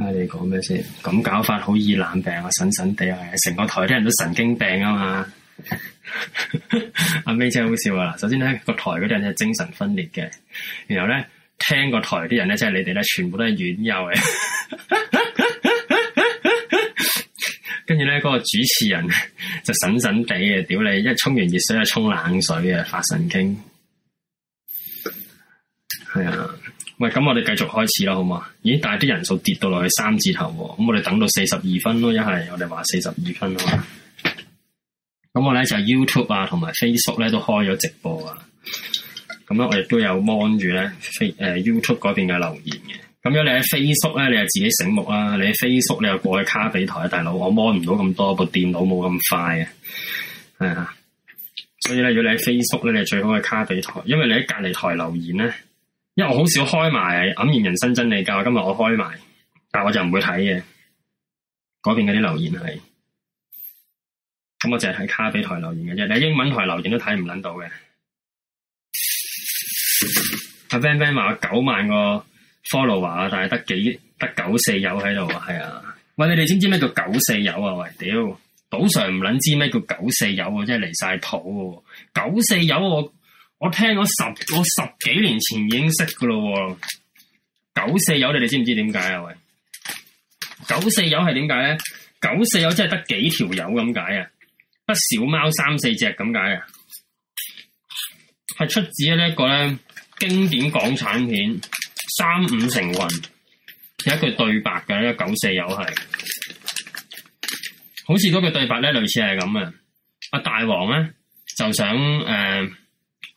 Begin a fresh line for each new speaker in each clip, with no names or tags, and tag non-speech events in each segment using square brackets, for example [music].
你講咩先？咁搞法好易攬病啊！神神地啊，成個台啲人都神經病啊嘛！阿 May 真係好笑啊。首先咧個台嗰啲人咧精神分裂嘅，然後咧聽個台啲人咧即係你哋咧全部都係院友。嘅， [laughs] 跟住咧個個主持人就神神地嘅、啊，屌你一沖完熱水就沖冷水嘅、啊，發神經係啊！哎呀喂，咁我哋繼續開始啦，好嘛？咦，但係啲人數跌到落去三字頭喎，咁我哋等到四十二分咯，一係我哋話四十二分囉。咁我咧就 YouTube 啊，同埋 Facebook 咧都開咗直播啊。咁咧我亦都有 mon 住呢飛誒 YouTube 嗰邊嘅留言嘅。咁樣你喺 Facebook 咧，你就自己醒目啦。你喺 Facebook 你又過去卡比台、啊、大佬，我 mon 唔到咁多，部電腦冇咁快啊。係啊，所以咧如果你喺 Facebook 咧，你係最好去卡比台，因為你喺隔離台留言咧。因為我好少開埋黯然人生真理教，今日我開埋，但係我就唔會睇嘅。嗰邊嗰啲留言係，咁我淨係睇卡比台留言嘅啫。你喺英文台留言都睇唔捻到嘅。阿、 [noise] 啊、van van 話九萬個 follower 啊，但係得幾得九四友喺度啊，係啊。喂，你哋知唔知咩叫九四友啊？喂，屌，賭 Sir 唔捻知咩叫九四友啊？即係離晒譜嘅，九四友我。我聽十我十我十幾年前已經識噶咯，九四友你哋知唔知點解啊？喂，九四友係點解咧？九四友即係得幾條友咁解啊？得小貓三四隻咁解啊？係出自呢一個咧經典港產片《三五成云》有一句對白嘅，個九四友係好似嗰句對白咧，類似係咁啊。阿大王咧就想誒。呃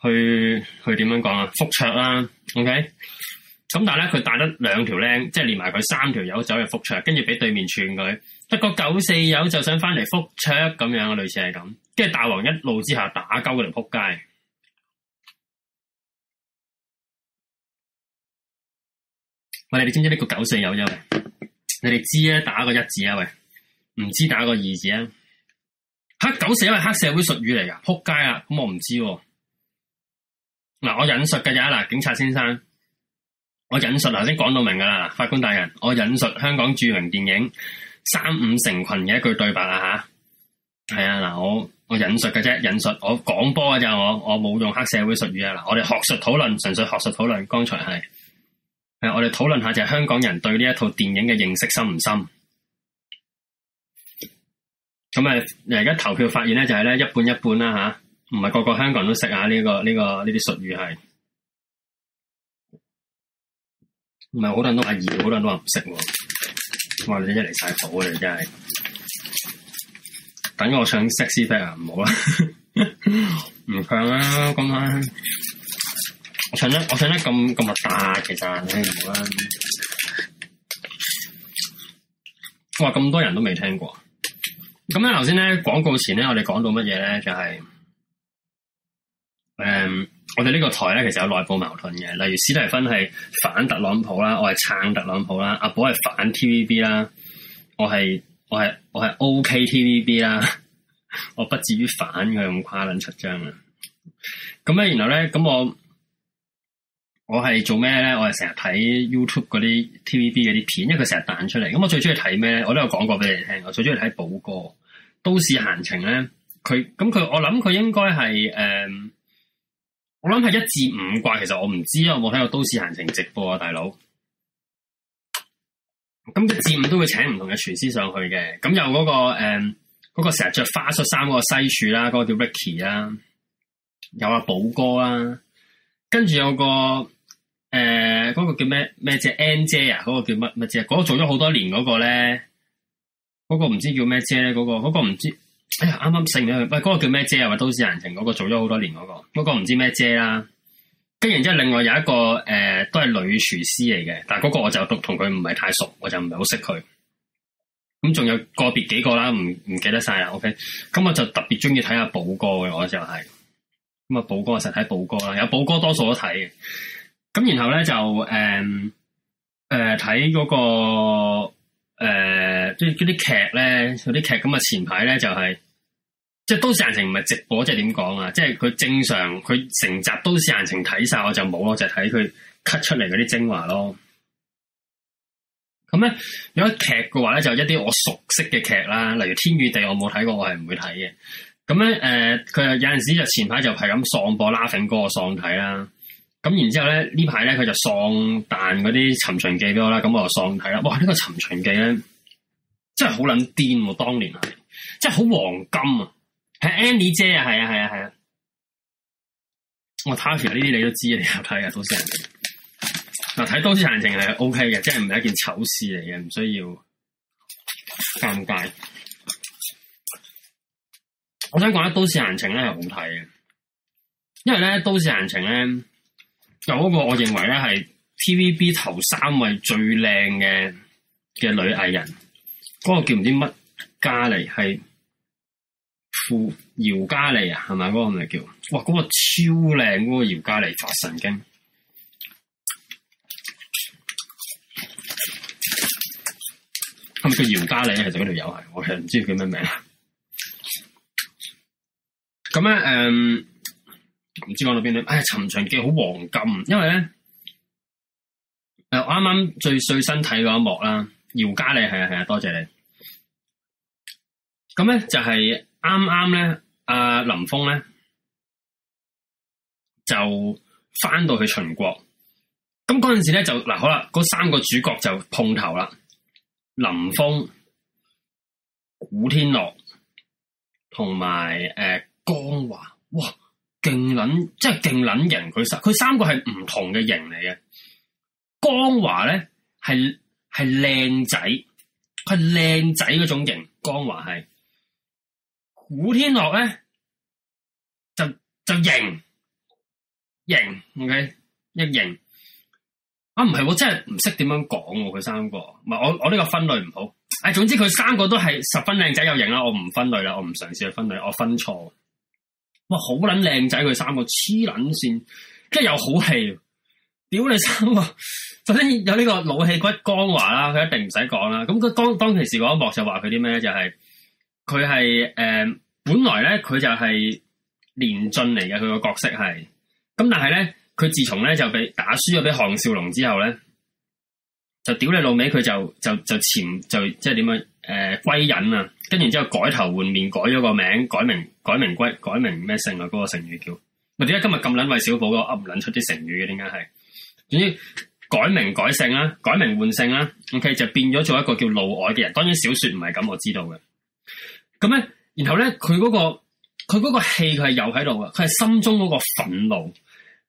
去佢點樣講啊？覆卓啦，OK。咁但係咧，佢帶得兩條僆，即係連埋佢三條友走入覆卓，跟住俾對面串佢。不過九四友就想翻嚟覆卓，咁樣，類似係咁。跟住大王一怒之下打鳩佢嚟撲街。
喂，你哋知唔知呢個九四友啫？
你哋知啊，打個一字啊，喂，唔知打個二字啊？黑九四，因為黑社會術語嚟噶，撲街啊！咁我唔知、啊。嗱，我引述嘅啫嗱，警察先生，我引述頭先講到明噶啦，法官大人，我引述香港著名電影三五成群嘅一句對白啊吓，係啊嗱，我我引述嘅啫，引述我講波嘅咋，我講我冇用黑社會術語啊，嗱，我哋學術討論，純粹學術討論，剛才係係我哋討論下就係香港人對呢一套電影嘅認識深唔深，咁誒，而家投票發現咧就係咧一半一半啦吓。唔係個個香港人都識啊！呢個呢個呢啲術語係，唔係好多人都阿易，好多人都話唔識喎、啊。哇！你一嚟晒譜啊！真係、啊，等我唱 sexy back 唔好啦，
唔
唱啦，今晚我唱得我唱得咁咁核突，其實你唔好啦。哇！咁多人都未聽過、啊，咁咧頭先咧廣告前咧，我哋講到乜嘢咧？就係、是。誒、嗯，我哋呢個台咧，其實有內部矛盾嘅，例如史蒂芬係反特朗普啦，我係撐特朗普啦，阿寶係反 TVB 啦，我係我係我係 OK TVB 啦， [laughs] 我不至於反佢咁誇撚出張啊。咁、嗯、咧，然後咧，咁我我係做咩咧？我係成日睇 YouTube 嗰啲 TVB 嗰啲片，因為佢成日彈出嚟。咁我最中意睇咩咧？我都有講過俾你聽。我最中意睇寶哥《都市閒情》咧，佢咁佢我諗佢應該係誒。嗯我諗係一至五啩，其實我唔知我有冇睇過都市閒情直播啊，大佬。咁一至五都會請唔同嘅廚師上去嘅，咁有嗰、那個誒，嗰、嗯那個成日着花恤衫嗰個西樹啦，嗰、那個叫 Ricky 啦，有阿、啊、寶哥啦，跟住有個誒，嗰、呃那個叫咩咩只 N 姐啊，嗰、那個叫乜乜姐，嗰、那個做咗好多年嗰個咧，嗰、那個唔知叫咩姐呢，嗰、那個嗰、那個唔知。哎呀，啱啱醒咗佢，喂，嗰、那個叫咩姐啊？話都市閒情嗰個做咗好多年嗰、那個，嗰個唔知咩姐啦。跟然之後，另外有一個誒、呃，都係女廚師嚟嘅，但係嗰個我就同佢唔係太熟，我就唔係好識佢。咁仲有個別幾個啦，唔唔記得晒啦。OK，咁我就特別中意睇下寶哥嘅，我就係咁啊，寶哥成日睇寶哥啦，有寶哥多數都睇嘅。咁然後咧就誒誒睇嗰個。誒，即係嗰啲劇咧，嗰啲劇咁啊，前排咧就係，即係都市閒情唔係直播，即係點講啊？即係佢正常，佢成集都市閒情睇晒，我就冇咯，就睇佢 cut 出嚟嗰啲精華咯。咁咧，如果劇嘅話咧，就一啲我熟悉嘅劇啦，例如《天與地》，我冇睇過，我係唔會睇嘅。咁咧，誒、呃，佢有陣時就前排就係咁喪播 Laughing 哥喪睇啦。咁然之後咧，呢排咧佢就喪彈嗰啲《尋秦記》俾我啦，咁我就喪睇啦。哇，呢個《尋秦記》咧真係好捻癲，當年係真係好黃金啊！係 Andy 姐啊，係啊，係啊，係啊！我睇下其實呢啲你都知，你有睇啊《都市閒情》。嗱，睇《都市閒情》係 O K 嘅，即係唔係一件醜事嚟嘅，唔需要尷尬。我想講咧，《都市閒情》咧係好睇嘅，因為咧，《都市閒情呢》咧。有嗰個我認為咧係 TVB 頭三位最靚嘅嘅女藝人，嗰個叫唔知乜嘉莉係傅姚嘉莉啊，係咪嗰個咪叫？哇，嗰、嗰個超靚，嗰、嗰個姚嘉莉，發神經，係咪叫姚嘉莉？係就嗰條友係，我係唔知佢叫咩名。咁咧，誒、嗯。唔知講到邊度？唉、哎，《尋秦記》好黃金，因為咧，我啱啱最最新睇嗰一幕啦，《姚嘉麗》係啊係啊，多謝你。咁咧就係啱啱咧，阿林峰咧就翻到去秦國。咁嗰陣時咧就嗱，好啦，嗰三個主角就碰頭啦。林峰、古天樂同埋誒江華，哇！勁捻，即係勁捻型。佢三，佢三個係唔同嘅型嚟嘅。江華咧係係靚仔，係靚仔嗰種型。江華係古天
樂咧就就型型，OK 一
型。啊，唔係我真係唔識點樣講佢，啊、三個，唔係我我呢個分類唔好。唉，總之佢三個都係十分靚仔又型啦。我唔分類啦，我唔嘗試去分類，我分錯。哇！好捻靚仔！佢三個黐捻線，跟住又好戲，屌你三個！首先有呢 [laughs] [laughs] 個老戲骨江華啦，佢一定唔使講啦。咁佢當當其時嗰一幕就話佢啲咩咧？就係佢係誒本來咧佢就係連晉嚟嘅，佢個角色係咁。但係咧佢自從咧就俾打輸咗俾項少龍之後咧，就屌你老味。佢就就就潛就即係點樣誒歸隱啊！呃跟住然之後改頭換面改，改咗個名，改名改名歸，改名咩姓啊？嗰、嗰個成語叫，我點解今日咁撚為小寶個噏撚出啲成語嘅？點解係？總之改名改姓啦，改名換姓啦，OK 就變咗做一個叫怒外嘅人。當然小說唔係咁，我知道嘅。咁咧，然後咧，佢嗰、嗰個佢嗰個戲佢係又喺度嘅，佢係心中嗰個憤怒。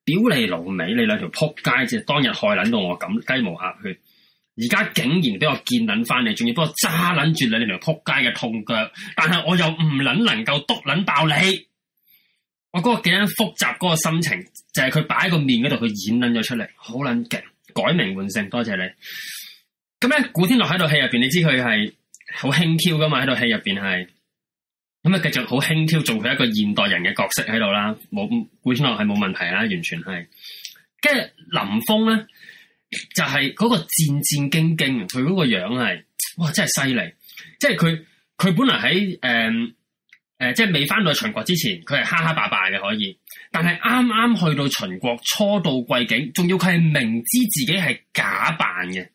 屌你老尾，你兩條扑街，即係當日害撚到我咁雞毛鴨血。而家竟然俾我見捻翻嚟，仲要幫我揸捻住你呢條撲街嘅痛腳，但係我又唔捻能夠督捻爆你。我嗰個幾樣複雜嗰個心情，就係佢擺喺個面嗰度，佢演捻咗出嚟，好捻勁。改名換姓，多謝你。咁咧，古天樂喺套戲入邊，你知佢係好輕佻噶嘛？喺套戲入邊係咁啊，繼續好輕佻，做佢一個現代人嘅角色喺度啦。冇古天樂係冇問題啦，完全係。跟住林峰咧，就係嗰個戰戰兢兢，佢嗰個樣係，哇真係犀利！即係佢佢本來喺誒誒，即係未返到去秦國之前，佢係蝦蝦霸霸嘅可以，但係啱啱去到秦國初到貴境，仲要佢係明知自己係假扮嘅，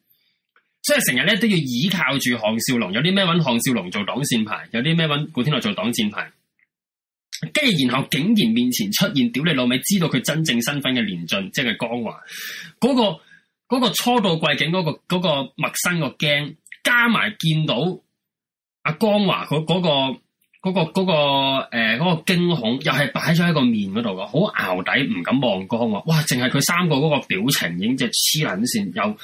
所以成日咧都要倚靠住項少龍，有啲咩揾項少龍做擋箭牌，有啲咩揾古天樂做擋箭牌，跟住然後竟然面前出現屌你老味，知道佢真正身份嘅連晉，即係江華嗰個。嗰個初到貴景嗰、嗰個嗰個陌生個驚，加埋見到阿江華嗰、嗰個嗰、嗰個嗰、嗰個嗰個呃嗰個驚恐，又係擺咗喺個面嗰度嘅，好淆底唔敢望光喎。哇！淨係佢三個嗰個表情已經係黐撚線，又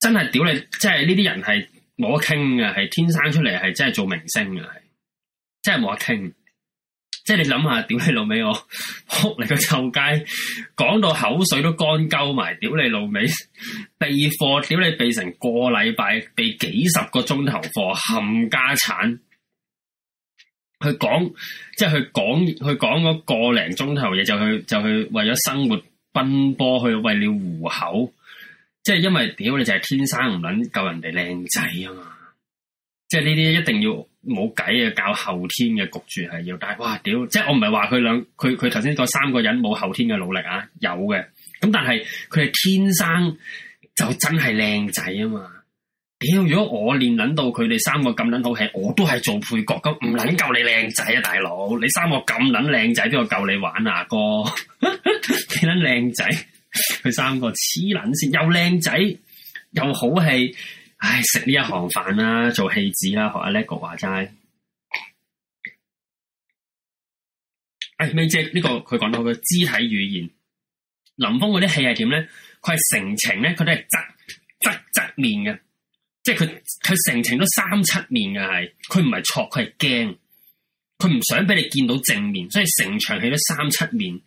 真係屌你！即係呢啲人係冇得傾嘅，係天生出嚟係即係做明星嘅，係真係冇得傾。即係你諗下，屌你老味我，哭你個臭街，講到口水都乾鳩埋，屌你老味，備課，屌你備成個禮拜，備幾十個鐘頭課，冚家鏟。去講，即係去講，去講嗰個零鐘頭嘢就去，就去為咗生活奔波，去為了糊口，即係因為屌你就係天生唔捻救人哋靚仔啊嘛，即係呢啲一定要。冇計啊，教後天嘅焗住係要帶，但嘩哇屌，即係我唔係話佢兩佢佢頭先三個人冇後天嘅努力啊，有嘅，咁但係佢係天生就真係靚仔啊嘛，屌如果我練捻到佢哋三個咁捻好戲，我都係做配角咁唔捻夠你靚仔啊大佬，你三個咁捻靚仔邊個夠你玩啊哥，幾捻靚仔，佢三個黐捻線又靚仔又好戲。唉，食呢、哎、一行飯啦，做戲子啦，學阿叻哥話齋。唉，咩即係呢個佢講到嘅肢體語言，林峰嗰啲戲係點咧？佢係成程咧，佢都係側側側面嘅，即係佢佢成程都三七面嘅係，佢唔係錯，佢係驚，佢唔想俾你見到正面，所以成場戲都三七面，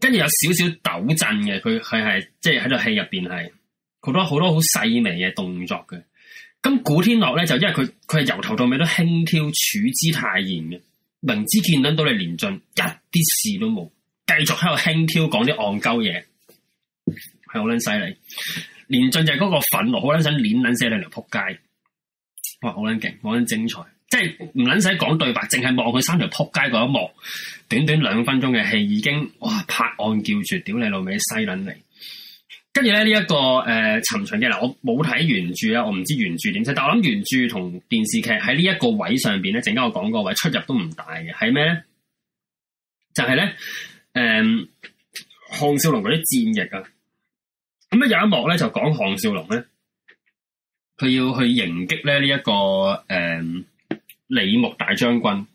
跟住有少少抖震嘅，佢佢係即係喺度戲入邊係好多好多好細微嘅動作嘅。咁古天樂咧就因為佢佢係由頭到尾都輕佻處之泰然嘅，明知見捻到你連晉一啲事都冇，繼續喺度輕佻講啲戇鳩嘢，係好捻犀利。連晉就係嗰個憤怒，好捻想捻捻死你條扑街，哇好捻勁，好捻精，精彩，即係唔捻使講對白，淨係望佢三條扑街嗰一幕，短短兩分鐘嘅戲已經哇拍案叫住，屌你老味犀捻嚟！跟住咧呢一個誒，尋秦記啦，我冇睇原著啦，我唔知原著點寫，但我諗原著同電視劇喺呢一個位上邊咧，陣間我講個位出入都唔大嘅，係咩咧？就係咧，誒，項少龍嗰啲戰役啊，咁咧有一幕咧就講項少龍咧，佢要去迎擊咧呢一個誒，李牧大將軍。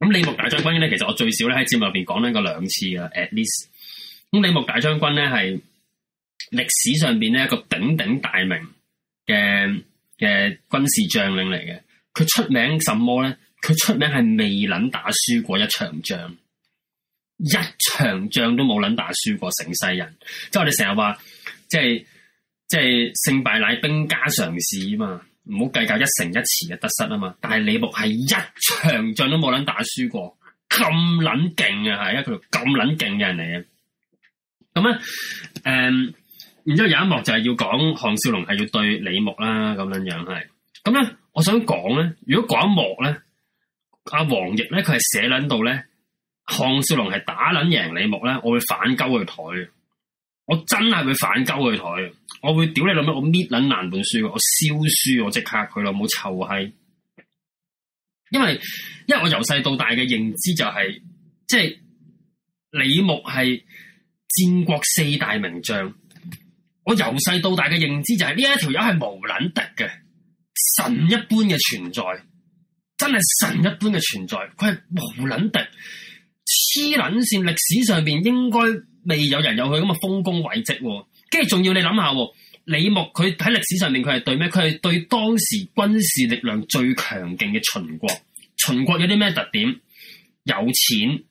咁李牧大將軍咧，其實我最少咧喺節目入邊講緊個兩次啊，at least。李牧大將軍咧，係歷史上邊咧一個鼎鼎大名嘅嘅軍事將領嚟嘅，佢出名什麼咧？佢出名係未捻打輸過一場仗，一場仗都冇捻打輸過，成世人即係我哋成日話，即係即係勝敗乃兵家常事啊嘛，唔好計較一城一池嘅得失啊嘛。但係李牧係一場仗都冇捻打輸過，咁捻勁啊，係一個咁捻勁嘅人嚟嘅。咁咧，誒、嗯，然之後有一幕就係要講項少龍係要對李牧啦，咁樣樣係。咁咧，我想講咧，如果講一幕咧，阿黃奕咧，佢係寫捻到咧，項少龍係打捻贏李牧咧，我會反鳩佢台，我真係會反鳩佢台，我會屌你老母，我搣捻爛本書，我燒書，我即刻佢咯，唔好臭閪。因為，因為我由細到大嘅認知就係、是，即係李牧係。戰國四大名將，我由細到大嘅認知就係、是、呢一條友係無捻敵嘅神一般嘅存在，真係神一般嘅存在。佢係無捻敵，黐捻線。歷史上邊應該未有人有佢咁嘅豐功偉績。跟住仲要你諗下，李牧佢喺歷史上面佢係對咩？佢係對當時軍事力量最強勁嘅秦國。秦國有啲咩特點？有錢、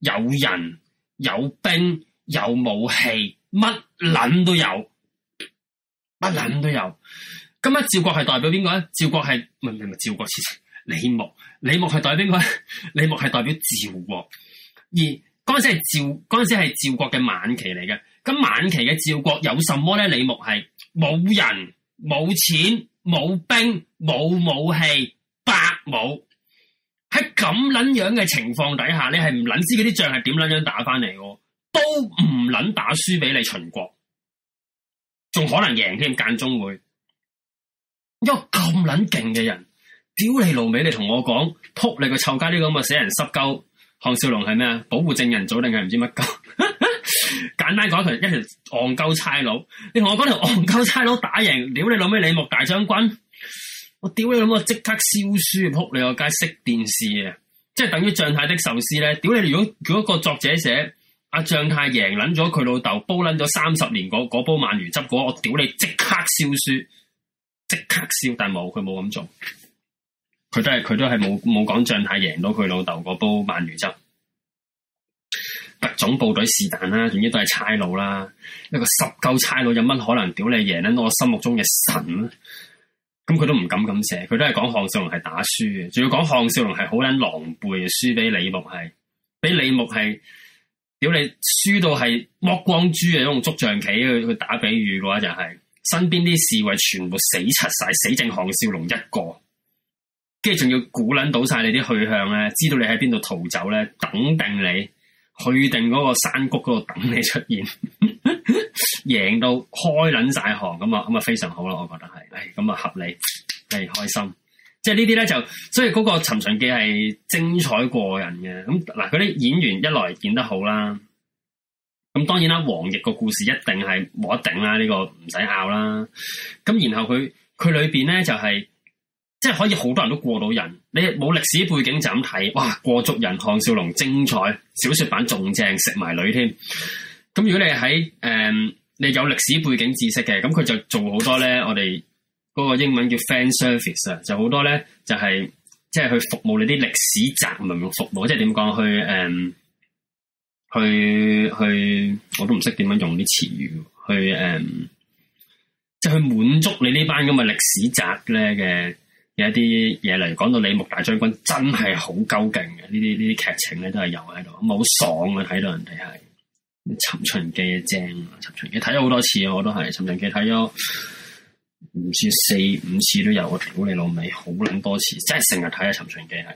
有人、有兵。有武器，乜捻都有，乜捻都有。咁啊，趙國係代表邊個咧？趙國係明係唔趙國？李牧，李牧係代表邊個？李牧係代表趙國。而嗰陣時係趙，陣時係趙國嘅晚期嚟嘅。咁晚期嘅趙國有什麼呢？李牧係冇人、冇錢、冇兵、冇武器，百冇。喺咁捻樣嘅情況底下，你係唔捻知嗰啲仗係點捻樣打翻嚟嘅？都唔捻打輸俾你秦國，仲可能贏添，間中會一個咁捻勁嘅人，屌你老味，你同我講扑你個臭街呢啲咁嘅死人濕鳩，項少龍係咩啊？保護證人組定係唔知乜鳩？ [laughs] 簡單講，佢一條戇鳩差佬，你同我講條戇鳩差佬打贏，屌你老尾李牧大將軍，我屌你老母即刻燒書，扑你個街熄電視啊！即係等於《將太的壽司》咧，屌你如果如果一個作者寫。阿張太贏捻咗佢老豆煲捻咗三十年嗰煲鰻魚汁，我、嗰個、我屌你即刻燒書，即刻燒，但冇佢冇咁做，佢都係佢都係冇冇講張太贏到佢老豆嗰煲鰻魚汁。特種部隊是但啦，總之都係差佬啦。一個十鳩差佬有乜可能屌你贏捻到我心目中嘅神？咁佢都唔敢咁寫，佢都係講項少龍係打輸嘅，仲要講項少龍係好捻狼狽，輸俾李牧係，俾李牧係。如果你輸到係剝光豬啊，用捉象棋去去打比喻嘅話、就是，就係身邊啲侍衛全部死柒晒，死淨項少龍一個，跟住仲要估捻到晒你啲去向咧，知道你喺邊度逃走咧，等定你去定嗰個山谷嗰度等你出現，贏 [laughs] 到開捻晒汗咁啊，咁啊非常好啦，我覺得係，唉咁啊合理，係、哎、開心。即係呢啲咧就，所以嗰個《尋秦記》係精彩過人嘅。咁嗱，佢啲演員一來演得好啦，咁當然啦，黃易個故事一定係冇得頂啦，呢、這個唔使拗啦。咁然後佢佢裏邊咧就係、是，即、就、係、是、可以好多人都過到人。你冇歷史背景就咁睇，哇，過足人！項少龍精彩，小說版仲正，食埋女添。咁如果你喺誒、呃，你有歷史背景知識嘅，咁佢就做好多咧，我哋。嗰個英文叫 fan service 啊，就好多咧，就係即係去服務你啲歷史宅、文、服務，即係點講去誒、嗯、去去，我都唔識點樣用啲詞語去誒、即、嗯、係、就是、去滿足你呢班咁嘅歷史宅咧嘅有一啲嘢嚟。講到李牧大將軍真係好鳩勁嘅，呢啲呢啲劇情咧都係有喺度，咁啊，好爽啊，睇到人哋係尋秦記正啊，尋秦記睇咗好多次，我都係尋秦記睇咗。唔少四五次都有，我屌你老味，好捻多次，真係成日睇下《尋秦記》係。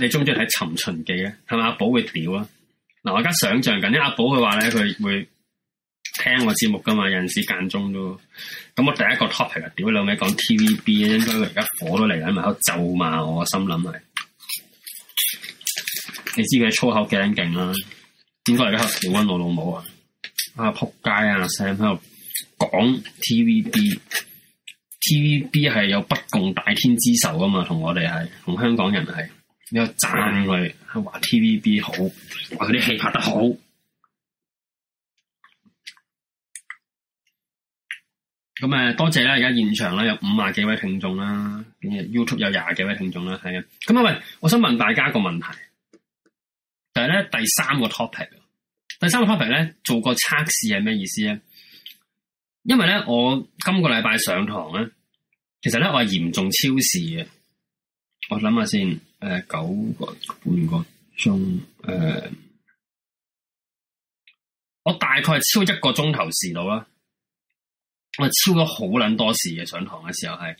你中唔中意睇《尋秦記》咧？係咪阿寶會屌啊？嗱，我而家想象緊，啲阿寶佢話咧，佢會聽我節目噶嘛，有陣時間中都。咁我第一個 topic 啊，屌你老味講 TVB 咧應該佢而家火都嚟緊，咪喺度咒罵我嘛，我心諗係。你知佢粗口幾靚勁啦？應該而家係小溫我老母啊！啊！仆街啊！成日喺度講 T V B，T V B 係有不共戴天之仇啊嘛！同我哋係，同香港人係，又讚佢，話 T V B 好，話佢啲戲拍得好。咁啊，多謝啦！而家現場咧有五十幾位聽眾啦，YouTube 有廿幾位聽眾啦，係啊！咁啊，喂，我想問大家一個問題，就係、是、咧第三個 topic。第三個 topic 咧，做個測試係咩意思咧？因為咧，我今個禮拜上堂咧，其實咧我係嚴重超時嘅。我諗下先，誒、呃，九個半個鐘，誒、呃，
我大概超一個鐘頭時到啦。
我超咗好卵多時嘅上堂嘅時候係，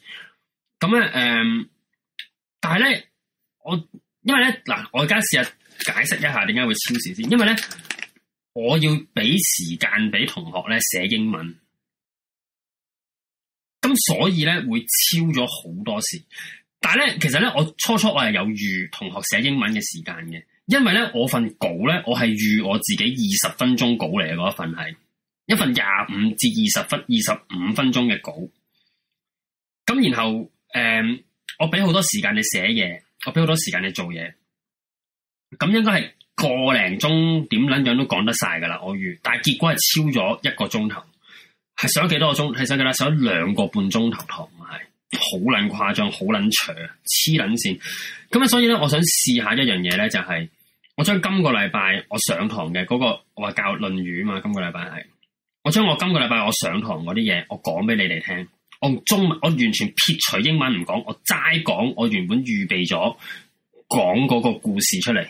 咁咧，誒、呃，但係咧，我因為咧嗱，我而家試下解釋一下點解會超時先，因為咧。我要俾時間俾同學咧寫英文，咁所以咧會超咗好多時。但係咧，其實咧我初初我係有預同學寫英文嘅時間嘅，因為咧我份稿咧我係預我自己二十分鐘稿嚟嘅嗰份係一份廿五至二十分，二十五分鐘嘅稿。咁然後誒、嗯，我俾好多時間你寫嘢，我俾好多時間你做嘢，咁應該係。個零鐘點捻樣都講得晒噶啦，我預，但係結果係超咗一個鐘頭，係上咗幾多個鐘？係上咗啦，上咗兩個半鐘頭堂，係好捻誇張，好捻長，黐捻線。咁啊，所以咧，我想試下一樣嘢咧，就係我將今個禮拜我上堂嘅嗰個我話教論語啊嘛，今個禮拜係我將我今個禮拜我上堂嗰啲嘢，我講俾你哋聽。我中文，我完全撇除英文唔講，我齋講我原本預備咗講嗰個故事出嚟。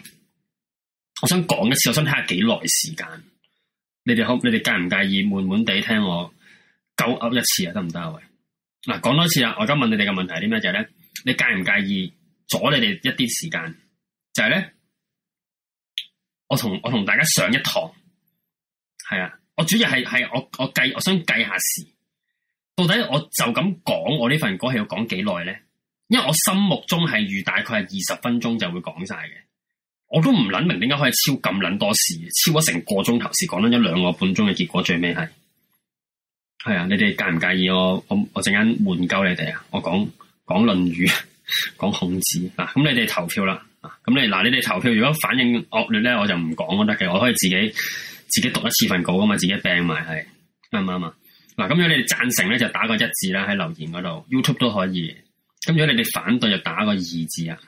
我想講一次，我想睇下幾耐時間，你哋好，你哋介唔介意悶悶地聽我九噏一次行行啊？得唔得啊？喂，嗱，講多一次啦，我而家問你哋嘅問題係啲咩？就係咧，你介唔介意阻你哋一啲時間？就係、是、咧，我同我同大家上一堂，係啊，我主要係係、啊、我我計，我想計下時，到底我就咁講，我呢份歌係要講幾耐咧？因為我心目中係預大概係二十分鐘就會講晒嘅。我都唔諗明點解可以超咁諗多事超咗成個鐘頭時，時，講咗一兩個半鐘嘅結果，最尾係係啊！你哋介唔介意我我我陣間換鳩你哋啊？我講講論語，講孔子嗱，咁你哋投票啦，咁你嗱你哋投票，如果反應惡劣咧，我就唔講都得嘅，我可以自己自己讀一次份稿啊嘛，自己病埋係啱唔啱啊？嗱，咁如果你哋贊成咧，就打個一字啦，喺留言嗰度，YouTube 都可以。咁如果你哋反對就打個二字啊。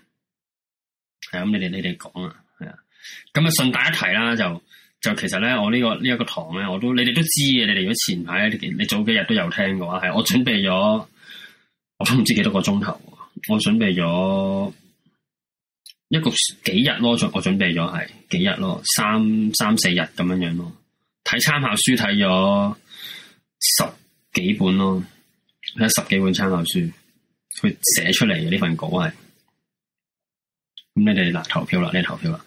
係咁，你哋你哋講啊，係啊。咁啊，順帶一提啦，就就其實咧，我呢個呢一個堂咧，我都你哋都知嘅。你哋如果前排你早幾日都有聽嘅話，係我準備咗，我都唔知幾多個鐘頭，我準備咗一個幾日咯。我準備咗係幾日咯，三三四日咁樣樣咯。睇參考書睇咗十幾本咯，睇十幾本參考書，佢寫出嚟嘅呢份稿係。咁你哋嗱投票啦，你哋投票啦。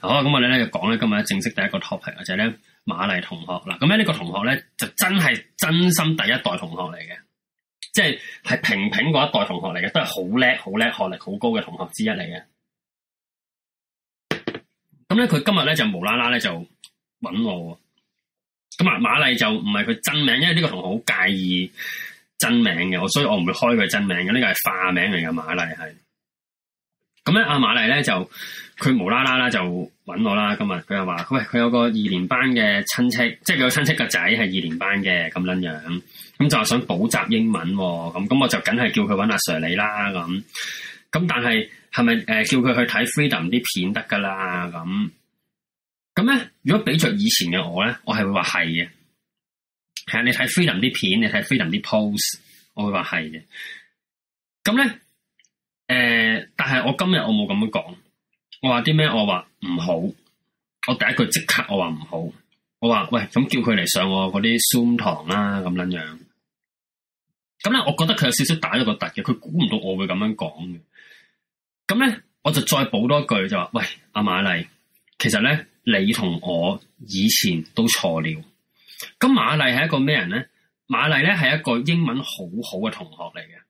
好，咁我哋咧就講咧今日正式第一個 topic，就係咧瑪麗同學啦。咁咧呢個同學咧就真係真心第一代同學嚟嘅，即係係平平嗰一代同學嚟嘅，都係好叻好叻，學歷好高嘅同學之一嚟嘅。咁咧佢今日咧就無啦啦咧就揾我。咁啊，瑪麗就唔係佢真名，因為呢個同學好介意真名嘅，我所以我唔會開佢真名嘅，呢個係化名嚟嘅。瑪麗係。咁咧，阿瑪麗咧就佢無啦啦啦就揾我啦。今日佢又話：喂，佢有個二年班嘅親戚，即係佢個親戚個仔係二年班嘅咁樣樣。咁就話想補習英文。咁咁我就梗係叫佢揾阿 Sir 你啦。咁咁但係係咪？誒、呃，叫佢去睇 Freedom 啲片得噶啦。咁咁咧，如果比着以前嘅我咧，我係會話係嘅。係啊，你睇 Freedom 啲片，你睇 Freedom 啲 pose，我會話係嘅。咁咧。誒、呃，但係我今日我冇咁樣講，我話啲咩？我話唔好，我第一句即刻我話唔好，我話喂，咁叫佢嚟上我嗰啲 Zoom 堂啦、啊，咁樣樣。咁咧，我覺得佢有少少打咗個突嘅，佢估唔到我會咁樣講嘅。咁咧，我就再補多句就話：喂，阿瑪麗，其實咧，你同我以前都錯了。咁瑪麗係一個咩人咧？瑪麗咧係一個英文好好嘅同學嚟嘅。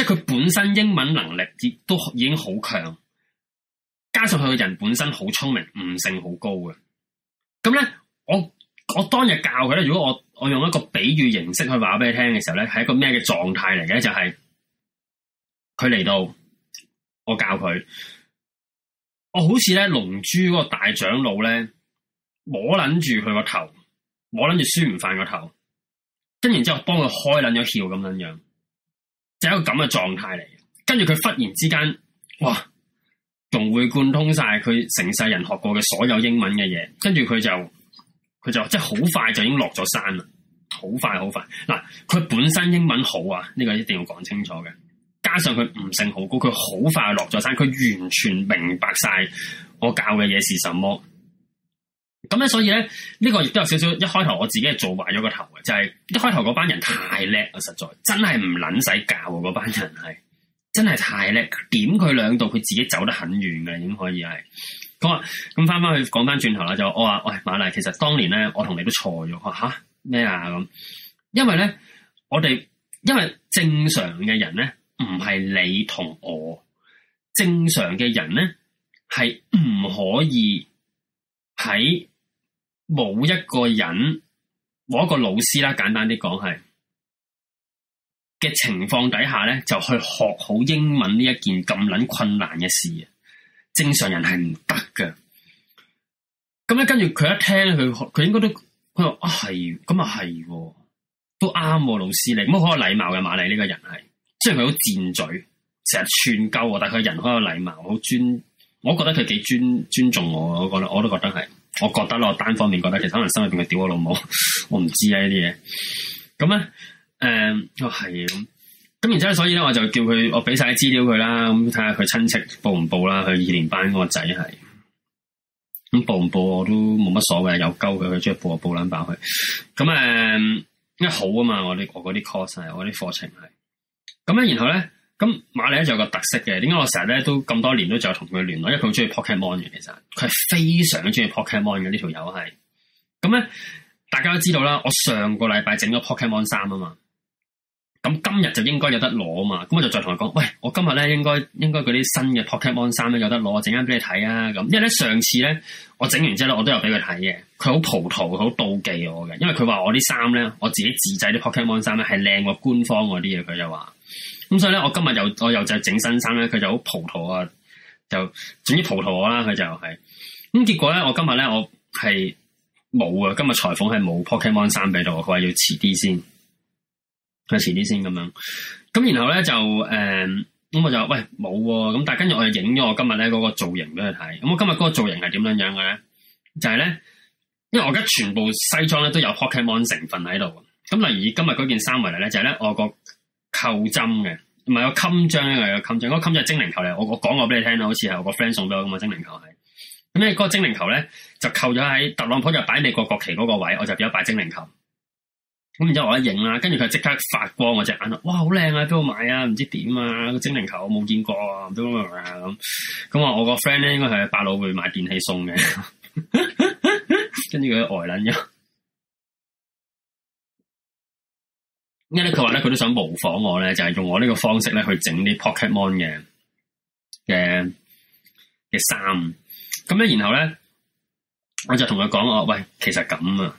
即係佢本身英文能力亦都已經好強，加上佢個人本身好聰明，悟性好高嘅。咁咧，我我當日教佢咧，如果我我用一個比喻形式去話俾你聽嘅時候咧，係一個咩嘅狀態嚟嘅？就係佢嚟到，我教佢，我好似咧龍珠嗰個大長老咧，摸捻住佢個頭，摸捻住孫悟空個頭，跟然之後幫佢開捻咗竅咁樣樣。就係一個咁嘅狀態嚟，跟住佢忽然之間，哇，仲會貫通晒佢成世人學過嘅所有英文嘅嘢，跟住佢就佢就即係好快就已經落咗山啦，好快好快。嗱，佢本身英文好啊，呢個一定要講清楚嘅，加上佢悟性好高，佢好快落咗山，佢完全明白晒我教嘅嘢是什麼。咁咧，所以咧，呢、這個亦都有少少。一開頭我自己係做壞咗個頭嘅，就係、是、一開頭嗰班人太叻啊！實在真係唔捻使教嗰、啊、班人，係真係太叻。點佢兩度，佢自己走得很遠嘅，已經可以係。咁啊，咁翻翻去講翻轉頭啦，就我話喂，瑪麗，其實當年咧，我同你都錯咗吓咩啊咁、啊。因為咧，我哋因為正常嘅人咧，唔係你同我。正常嘅人咧，係唔可以喺。冇一個人，冇一個老師啦，簡單啲講係嘅情況底下咧，就去學好英文呢一件咁捻困難嘅事。正常人係唔得噶。咁咧，跟住佢一聽，佢佢應該都佢話啊係，咁啊係，都啱啊，老師你，咁好有禮貌嘅瑪麗呢個人係，即係佢好賤嘴，成日串鳩，但係佢人好有禮貌，好尊，我覺得佢幾尊尊重我，我覺得我都覺得係。我覺得咯，我單方面覺得，其實可能心裏邊佢屌我老母，我唔知啊呢啲嘢。咁咧，誒，係、嗯、咁。咁然之後，所以咧，我就叫佢，我俾晒啲資料佢啦，咁睇下佢親戚報唔報啦。佢二年班嗰個仔係，咁報唔報我都冇乜所謂，有鳩佢，佢中意報就報撚爆佢。咁誒，因、嗯、為好啊嘛，我啲我嗰啲 course 係，我啲課程係。咁咧，然後咧。咁馬里咧就有個特色嘅，點解我成日咧都咁多年都就同佢聯絡，因為佢好中意 Pokemon 嘅，其實佢非常中意 Pokemon 嘅、這個、呢條友係。咁咧大家都知道啦，我上個禮拜整咗 Pokemon 衫啊嘛，咁今日就應該有得攞啊嘛，咁我就再同佢講，喂，我今日咧應該應該嗰啲新嘅 Pokemon 衫咧有得攞，我整間俾你睇啊咁。因為咧上次咧我整完之後咧，我都有俾佢睇嘅，佢好葡萄，好妒忌我嘅，因為佢話我啲衫咧，我自己自製啲 Pokemon 衫咧係靚過官方嗰啲嘅，佢就話。咁所以咧，我今日又我又整就整新衫咧，佢就好葡萄啊，就總之葡萄我啦，佢就係咁。結果咧，我今日咧，我係冇、呃、啊。今日裁縫係冇 Pokemon 衫俾到，佢話要遲啲先，佢遲啲先咁樣。咁然後咧就誒，咁我就喂冇喎。咁但係跟住我又影咗我今日咧嗰個造型俾佢睇。咁我今日嗰個造型係點樣樣嘅咧？就係、是、咧，因為我而家全部西裝咧都有 Pokemon 成分喺度。咁例如今日嗰件衫為例咧，就係、是、咧我個。扣針嘅唔係個襟章嚟嘅，個襟章嗰個襟就係精靈球嚟。我我講過俾你聽啦，好似係我個 friend 送俾我咁嘅精靈球係。咁咧嗰個精靈球咧就扣咗喺特朗普就擺美國國旗嗰個位，我就俾咗擺精靈球。咁然之後我一影啦，跟住佢即刻發光我隻眼哇，好靚啊！邊度買啊？唔知點啊？個精靈球我冇見過啊！咁。咁啊，我個 friend 咧應該係喺百老匯買電器送嘅，
跟住佢呆捻咗。
因為咧佢話咧佢都想模仿我咧，就係用我呢個方式咧去整啲 Pokemon 嘅嘅嘅衫。咁咧然後咧，我就同佢講我喂，其實咁啊，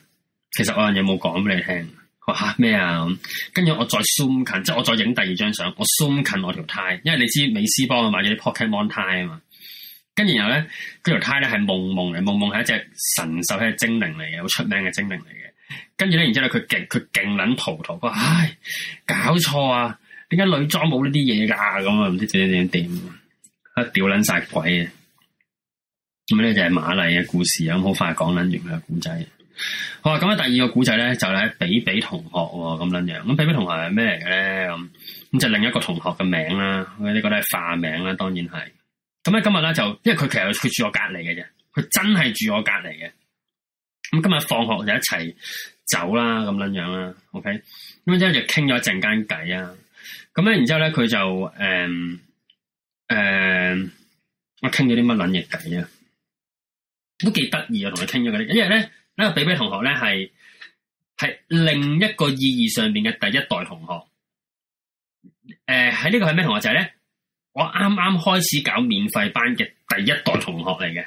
其實我樣嘢冇講俾你聽。話吓咩啊？咁跟住我再 zoom 近，即係我再影第二張相。我 zoom 近我條 tie，因為你知美斯幫我買咗啲 Pokemon tie 啊嘛。跟住然後咧，嗰條 tie 咧係夢夢嚟，夢夢係一隻神獸，係精靈嚟嘅，好出名嘅精靈嚟。跟住咧，然之後咧，佢勁佢勁捻糊塗，唉搞錯啊，點解女裝冇呢啲嘢噶？咁啊唔知點點點，一屌捻晒鬼嘅，咁呢就係瑪麗嘅故事，咁好快講捻完佢啦，故仔。好啊，咁啊第二個古仔咧就咧比比同學咁捻樣，咁比比同學係咩嚟嘅咧？咁咁就另一個同學嘅名啦，呢個咧係化名啦，當然係。咁啊今日咧就因為佢其實佢住我隔籬嘅啫，佢真係住我隔籬嘅。咁今日放學就一齊走啦，咁樣樣啦，OK。咁之後就傾咗一陣間偈啊。咁咧，然之後咧，佢就誒誒，我傾咗啲乜卵嘢偈啊，都幾得意啊，同佢傾咗嗰啲。因為咧，呢、呢個比比同學咧係係另一個意義上邊嘅第一代同學。誒、呃，喺、呢、呢個係咩同學就係咧，我啱啱開始搞免費班嘅第一代同學嚟嘅，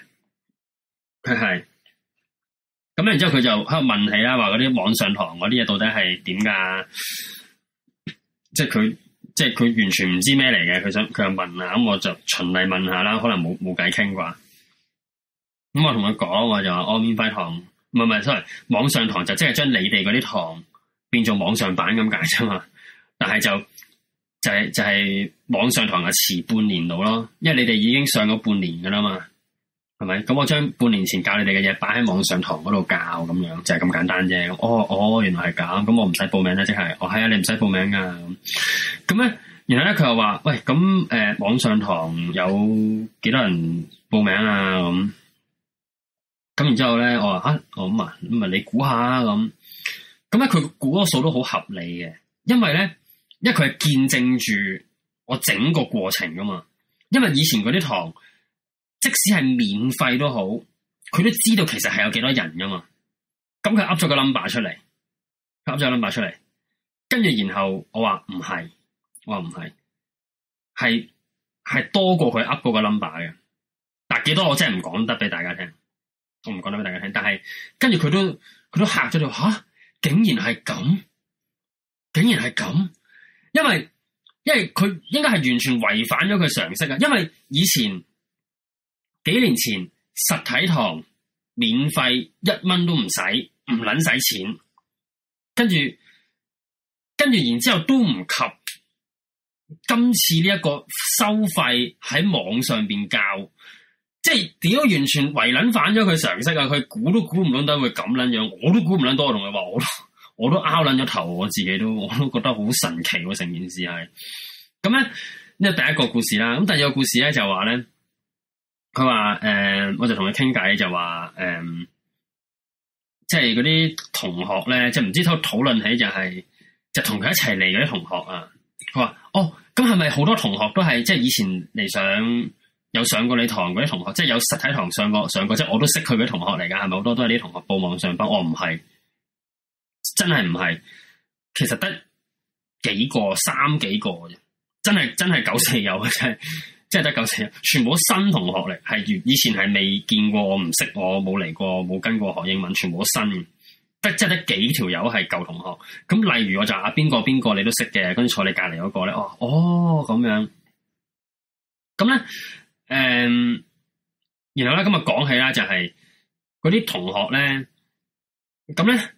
佢係。咁然之後佢就喺度問起啦，話嗰啲網上堂嗰啲嘢到底係點噶？即係佢，即係佢完全唔知咩嚟嘅。佢想佢又問下，咁我就循例問下啦。可能冇冇偈傾啩？咁、嗯、我同佢講，我就話：安免費堂唔係唔係，sorry，網上堂就即係將你哋嗰啲堂變做網上版咁解啫嘛。但係就就係、是、就係、是、網上堂啊，遲半年度咯，因為你哋已經上咗半年噶啦嘛。係咪？咁我將半年前教你哋嘅嘢擺喺網上堂嗰度教，咁樣就係、是、咁簡單啫。哦哦，原來係咁。咁我唔使報名啦，即、就、係、是。哦，係啊，你唔使報名噶。咁咧，然後咧，佢又話：喂，咁誒、呃，網上堂有幾多人報名啊？咁咁，然之後咧，我話：啊，我咁啊，咁啊，你估下？咁咁咧，佢估嗰個數都好合理嘅，因為咧，因為佢係見證住我整個過程噶嘛。因為以前嗰啲堂。.即使係免費都好，佢都知道其實係有幾多人噶嘛，咁佢噏咗個 number 出嚟，噏咗個 number 出嚟，跟住然後我話唔係，我話唔係，係係多過佢噏嗰個 number 嘅，但係幾多我真係唔講得俾大家聽，我唔講得俾大家聽，但係跟住佢都佢都嚇咗就嚇，竟然係咁，竟然係咁，因為因為佢應該係完全違反咗佢常識啊，因為以前。幾年前實體堂免費一蚊都唔使，唔捻使錢，跟住跟住然之後都唔及今次呢一個收費喺網上邊教，即係點解完全違捻反咗佢常識啊？佢估都估唔捻到會咁捻樣，我都估唔捻到，我同佢話我，我都拗捻咗頭，我自己都我都覺得好神奇個成件事係，咁咧呢第一個故事啦，咁第二個故事咧就話咧。佢話誒，我就同佢傾偈就話誒、嗯，即係嗰啲同學咧，即係唔知都討論起就係、是，就同佢一齊嚟嗰啲同學啊他說。佢話哦，咁係咪好多同學都係即係以前嚟上有上過你堂嗰啲同學，即係有實體堂上過上過，即係我都識佢嗰啲同學嚟㗎，係咪好多都係啲同學報網上班，我唔係，真係唔係，其實得幾個三幾個啫，真係真係九四有真係。 [laughs] 即係得九成，全部新同學嚟，係以前係未見過，不我唔識，我冇嚟過，冇跟過學英文，全部都新。得即係得幾條友係舊同學，咁例如我就阿邊個邊個你都識嘅，跟住坐你隔籬嗰個咧，哦哦咁樣。咁咧，誒，然後咧，那個哦哦嗯，今日講起啦，就是，就係嗰啲同學咧，咁咧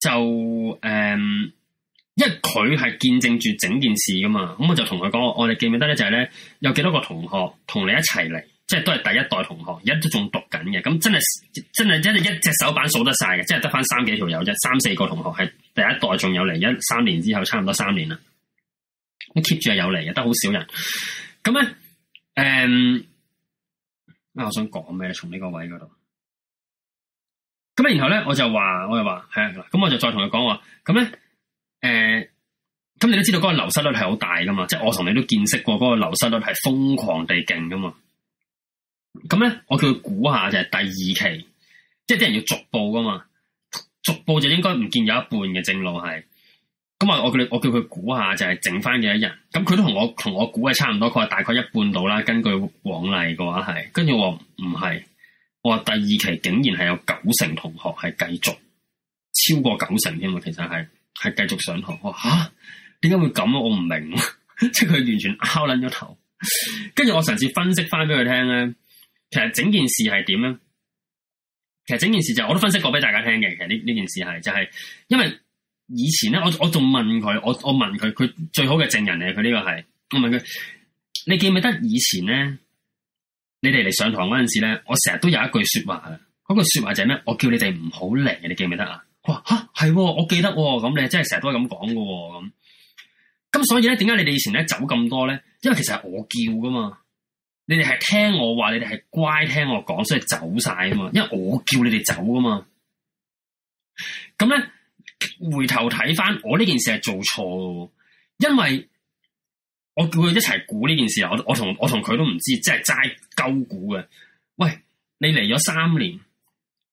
就誒。因為佢係見證住整件事噶嘛，咁我就同佢講，我哋記唔記得咧？就係咧，有幾多個同學同你一齊嚟，即係都係第一代同學，而家都仲讀緊嘅。咁真係真係真係一隻手板數得晒嘅，即係得翻三幾條友啫，三四個同學係第一代，仲有嚟一三年之後，差唔多三年啦。都 keep 住係有嚟嘅，得好少人。咁咧，
誒、嗯啊，我
想講咩？從呢個位嗰度。咁然後咧，我就話，我就話，係啦。咁我就再同佢講話，咁咧。誒，咁你都知道嗰個流失率係好大噶嘛？即係我同你都見識過嗰個流失率係瘋狂地勁噶嘛？咁咧，我叫佢估下就係第二期，即係啲人要逐步噶嘛，逐步就應該唔見有一半嘅正路係。咁啊，我叫你，我叫佢估下就係整翻幾多日。咁佢都同我同我估嘅差唔多，佢話大概一半到啦。根據往例嘅話係，跟住我話唔係，我話第二期竟然係有九成同學係繼續超過九成添嘛，其實係。係繼續上堂，我話吓，點解會咁啊？我唔明， [laughs] 即係佢完全拗捻咗頭。跟住我上次分析翻俾佢聽咧，其實整件事係點咧？其實整件事就係、我都分析過俾大家聽嘅。其實呢呢件事係就係、是、因為以前咧，我我仲問佢，我問我，我問佢，佢最好嘅證人嚟，佢呢個係我問佢，你記唔記得以前咧？你哋嚟上堂嗰陣時咧，我成日都有一句說話，嗰句說話就係咩？我叫你哋唔好嚟。」你記唔記得啊？哇吓係，我記得咁、哦、你真係成日都係咁講㗎咁，咁所以咧，點解你哋以前咧走咁多咧？因為其實係我叫噶嘛，你哋係聽我話，你哋係乖聽我講，所以走晒㗎嘛，因為我叫你哋走噶嘛。咁咧，回頭睇翻，我呢件事係做錯，因為我叫佢一齊估呢件事，我我同我同佢都唔知，即係齋鳩估嘅。喂，你嚟咗三年，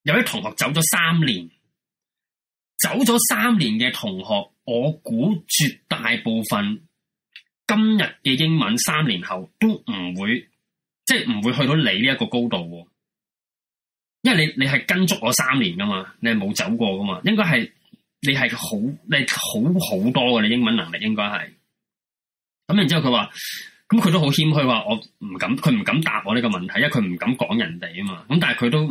有啲同學走咗三年。走咗三年嘅同學，我估絕大部分今日嘅英文三年後都唔會，即係唔會去到你呢一個高度。因為你你係跟足我三年噶嘛，你係冇走過噶嘛，應該係你係好你好好多嘅你英文能力應該係。咁然之後佢話，咁佢都好謙虛話，我唔敢，佢唔敢答我呢個問題，因為佢唔敢講人哋啊嘛。咁但係佢都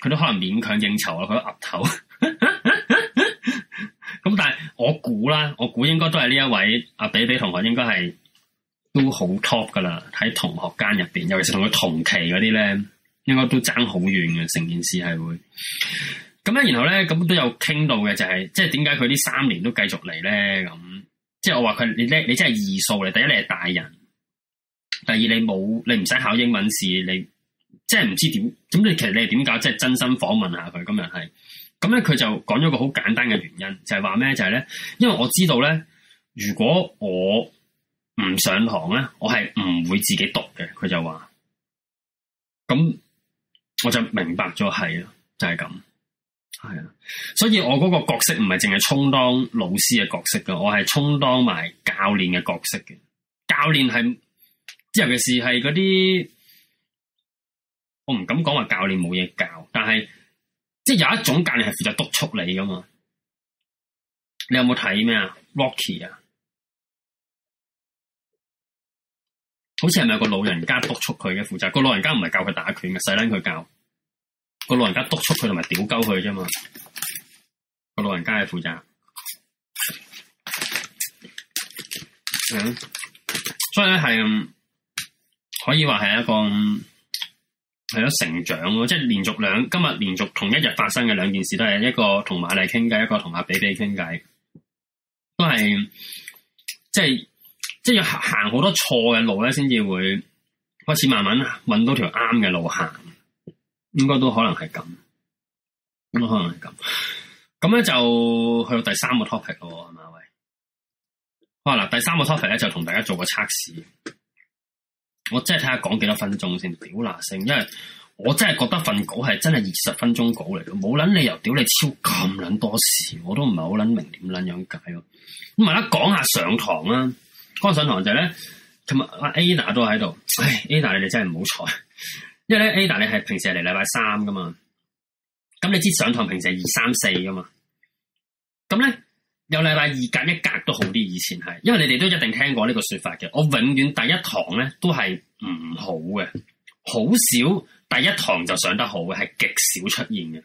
佢都可能勉強應酬啊，佢都岌頭。 [laughs] 咁但係我估啦，我估應該都係呢一位阿比比同學應該係都好 top 噶啦，喺同學間入邊，尤其是同佢同期嗰啲咧，應該都爭好遠嘅成件事係會。咁咧，然後咧，咁都有傾到嘅就係、是，即係點解佢呢三年都繼續嚟咧？咁即係我話佢，你你真係二數嚟，第一你係大人，第二你冇你唔使考英文試，你即係唔知點。咁你其實你係點搞即係真心訪問下佢，今日係。咁咧，佢就講咗個好簡單嘅原因就，就係話咩？就係咧，因為我知道咧，如果我唔上堂咧，我係唔會自己讀嘅。佢就話，咁我就明白咗係啦，就係、是、咁，係啊。所以我嗰個角色唔係淨係充當老師嘅角色㗎，我係充當埋教練嘅角色嘅。教練係即係，尤其是係嗰啲，我唔敢講話教練冇嘢教，但係。
即係有一種教練係負責督促你噶嘛？你有冇睇咩啊？Rocky 啊？好似係咪有個老人家督
促佢嘅負責？個老人家唔係教佢打拳嘅，細撚佢教。個老人家督促佢同埋屌鳩佢啫嘛。個老人家係負責。嗯，所以咧係可以話係一個。係咗成長咯，即係連續兩今日連續同一日發生嘅兩件事，都係一個同瑪麗傾偈，一個同阿比比傾偈，都係即係即係要行好多錯嘅路咧，先至會開始慢慢揾到條啱嘅路行，應該都可能係咁，應該可能係咁。咁咧就去到第三個 topic 咯，阿媽喂，好啦，第三個 topic 咧就同大家做個測試。我真係睇下講幾多分鐘先屌嗱聲，因為我真係覺得份稿係真係二十分鐘稿嚟嘅，冇撚理由屌你超咁捻多事，我都唔係好捻明點捻樣解咯。咁咪啦，講下上堂啦，講上堂就係咧，琴日阿 Ada 都喺度，唉，Ada 你哋真係唔好彩，因為咧 Ada 你係平時係嚟禮拜三噶嘛，咁你知上堂平時係二三四噶嘛，咁咧。有禮拜二隔一格都好啲，以前係，因為你哋都一定聽過呢個說法嘅。我永遠第一堂咧都係唔好嘅，好少第一堂就上得好嘅，係極少出現嘅。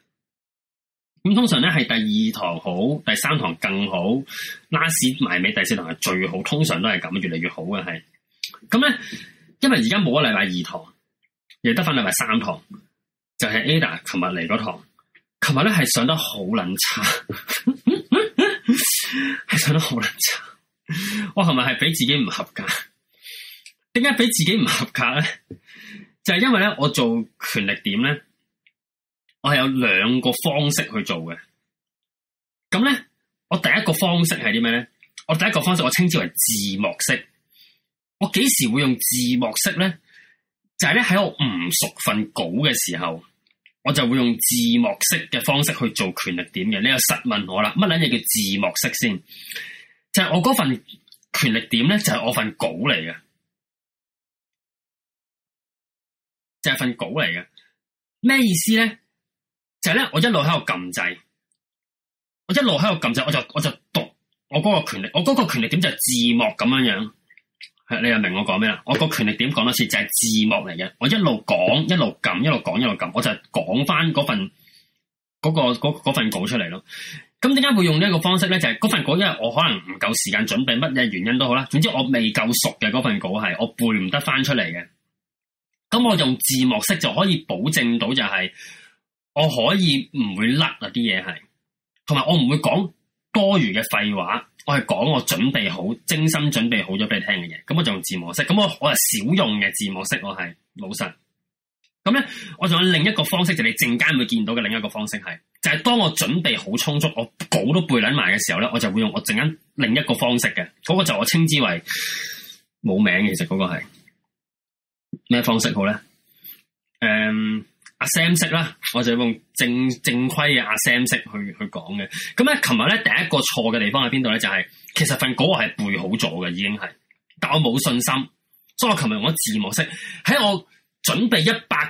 咁通常咧係第二堂好，第三堂更好，拉埋尾第四堂係最好，通常都係咁，越嚟越好嘅係。咁咧，因為而家冇咗禮拜二堂，亦得翻禮拜三堂，就係 Ada 琴日嚟嗰堂，琴日咧係上得好撚差。嗯係做得好難做， [laughs] 我係咪係俾自己唔合格？點解俾自己唔合格咧？就係、是，因為咧，我做權力點咧，我係有兩個方式去做嘅。咁咧，我第一個方式係啲咩咧？我第一個方式我稱之為字幕式。我幾時會用字幕式咧？就係咧喺我唔熟份稿嘅時候。我就會用字幕式嘅方式去做權力點嘅，你又實問我啦，乜捻嘢叫字幕式先？就係我嗰份權力點咧，就係我份稿嚟嘅，
就係份稿嚟嘅。咩意思咧？就係咧，我一路
喺度撳掣，我一路喺度撳掣，我就我就讀我嗰個權力，我嗰個權力點就字幕咁樣樣。你又明我講咩啦？我個權力點講多次就係、是、字幕嚟嘅。我一路講，一路撳，一路講，一路撳，我就講翻嗰份嗰、嗰個嗰份稿出嚟咯。咁點解會用呢個方式咧？就係、是、嗰份稿，因為我可能唔夠時間準備，乜嘢原因都好啦。總之我未夠熟嘅嗰份稿係，我背唔得翻出嚟嘅。咁我用字幕式就可以保證到就係、是、我可以唔會甩嗰啲嘢係，同埋我唔會講多餘嘅廢話。我係講我準備好，精心準備好咗俾你聽嘅嘢，咁我就用字幕式，咁我我係少用嘅字幕式，我係老實。咁咧，我仲有另一個方式，就是，你陣間會見到嘅另一個方式係，就係、是，當我準備好充足，我稿都背捻埋嘅時候咧，我就會用我陣間另一個方式嘅，嗰、那個就我稱之為冇名嘅，其實嗰、那個係咩方式好咧？誒、um,。Sam 式啦，我就用正正規嘅阿 Sam 式去去講嘅。咁咧，琴日咧第一個錯嘅地方喺邊度咧？就係、是、其實份稿我係背好咗嘅，已經係，但我冇信心，所以我琴日用咗字幕式。喺我準備一百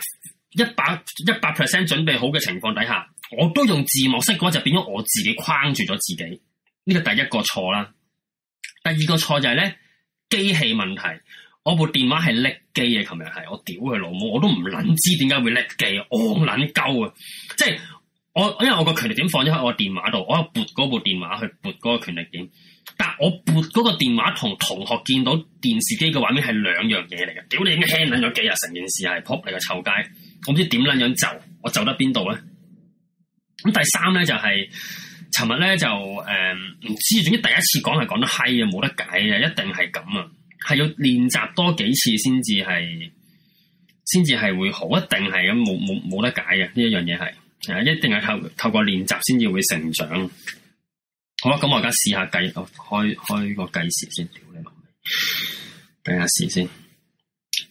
一百一百 percent 準備好嘅情況底下，我都用字幕式嘅，就變咗我自己框住咗自己。呢個第一個錯啦。第二個錯就係咧，機器問題。我部電話係叻機啊！琴日係我屌佢老母，我都唔捻知點解會叻機，我捻鳩啊！即係我因為我個權力點放咗喺我電話度，我又撥嗰部電話去撥嗰個權力點，但係我撥嗰個電話同同學見到電視機嘅畫面係兩樣嘢嚟嘅，屌你已經 hang 咗幾日，成件事係扑你個臭街，我唔知點捻樣走，我走得邊度咧？咁第三咧就係、是，琴日咧就誒唔、嗯、知，總之第一次講係講得嗨啊，冇得解啊，一定係咁啊！係要練習多幾次先至係，先至係會好，一定係咁，冇冇冇得解嘅呢一樣嘢係，一定係透透過練習先至會成長。好啦，咁我而家試下計，開開個計時先，掉你落嚟，計下時先。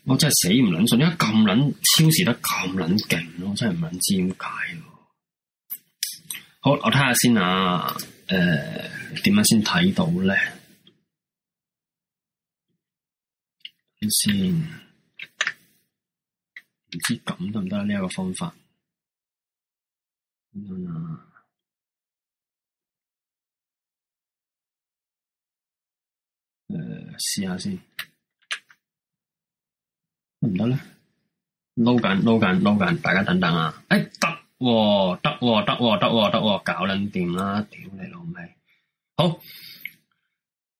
我真係死唔卵順，而家咁卵超時得咁卵勁咯，真係唔卵知點解咯。好，我睇下先啊，誒、呃，點樣先睇到咧？先，
唔知咁得唔得呢一個方法？嗯，等
啊，誒、呃，試下先，得唔得
咧？
撈緊，撈緊，撈緊，大家等等啊！哎，得喎、啊，得喎、啊，得喎、啊，得喎、啊，得喎、啊，搞捻掂啦！屌你老味，好。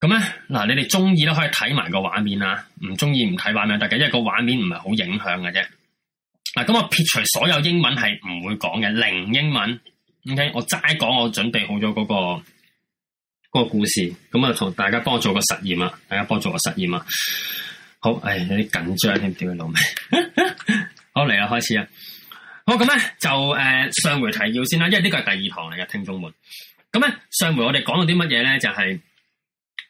咁咧，嗱，你哋中意咧可以睇埋個畫面啦，唔中意唔睇畫面得嘅，因為個畫面唔係好影響嘅啫。嗱，咁我撇除所有英文係唔會講嘅，零英文。OK，我齋講，我準備好咗嗰個嗰個故事，咁啊，同大家幫我做個實驗啦，大家幫我做個實驗啊。好，唉，有啲緊張添，唔咗到老味。 [laughs] 好嚟啊，開始啊。好，咁咧就誒上回提要先啦，因為呢個係第二堂嚟嘅，聽眾們。咁咧上回我哋講到啲乜嘢咧，就係。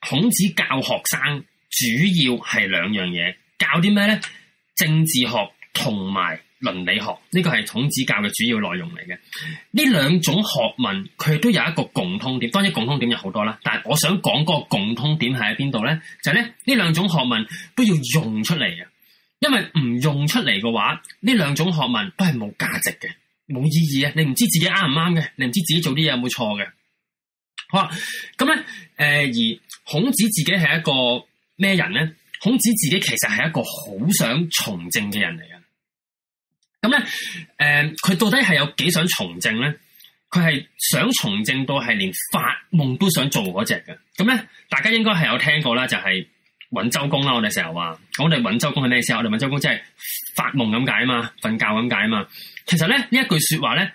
孔子教學生主要係兩樣嘢，教啲咩咧？政治學同埋倫理學，呢個係孔子教嘅主要內容嚟嘅。呢兩種學問佢都有一個共通點，當然共通點有好多啦。但係我想講個共通點係喺邊度咧？就係咧呢兩種學問都要用出嚟嘅，因為唔用出嚟嘅話，呢兩種學問都係冇價值嘅，冇意義嘅。你唔知自己啱唔啱嘅，你唔知自己做啲嘢有冇錯嘅。好，咁咧，誒而。孔子自己係一個咩人咧？孔子自己其實係一個好想從政嘅人嚟噶。咁、嗯、咧，誒、呃，佢到底係有幾想從政咧？佢係想從政到係連發夢都想做嗰隻嘅。咁、嗯、咧，大家應該係有聽過啦，就係、是、搵周公啦。我哋成日話，我哋搵周公係咩意思？我哋搵周公即係發夢咁解啊嘛，瞓覺咁解啊嘛。其實咧呢一句說話咧，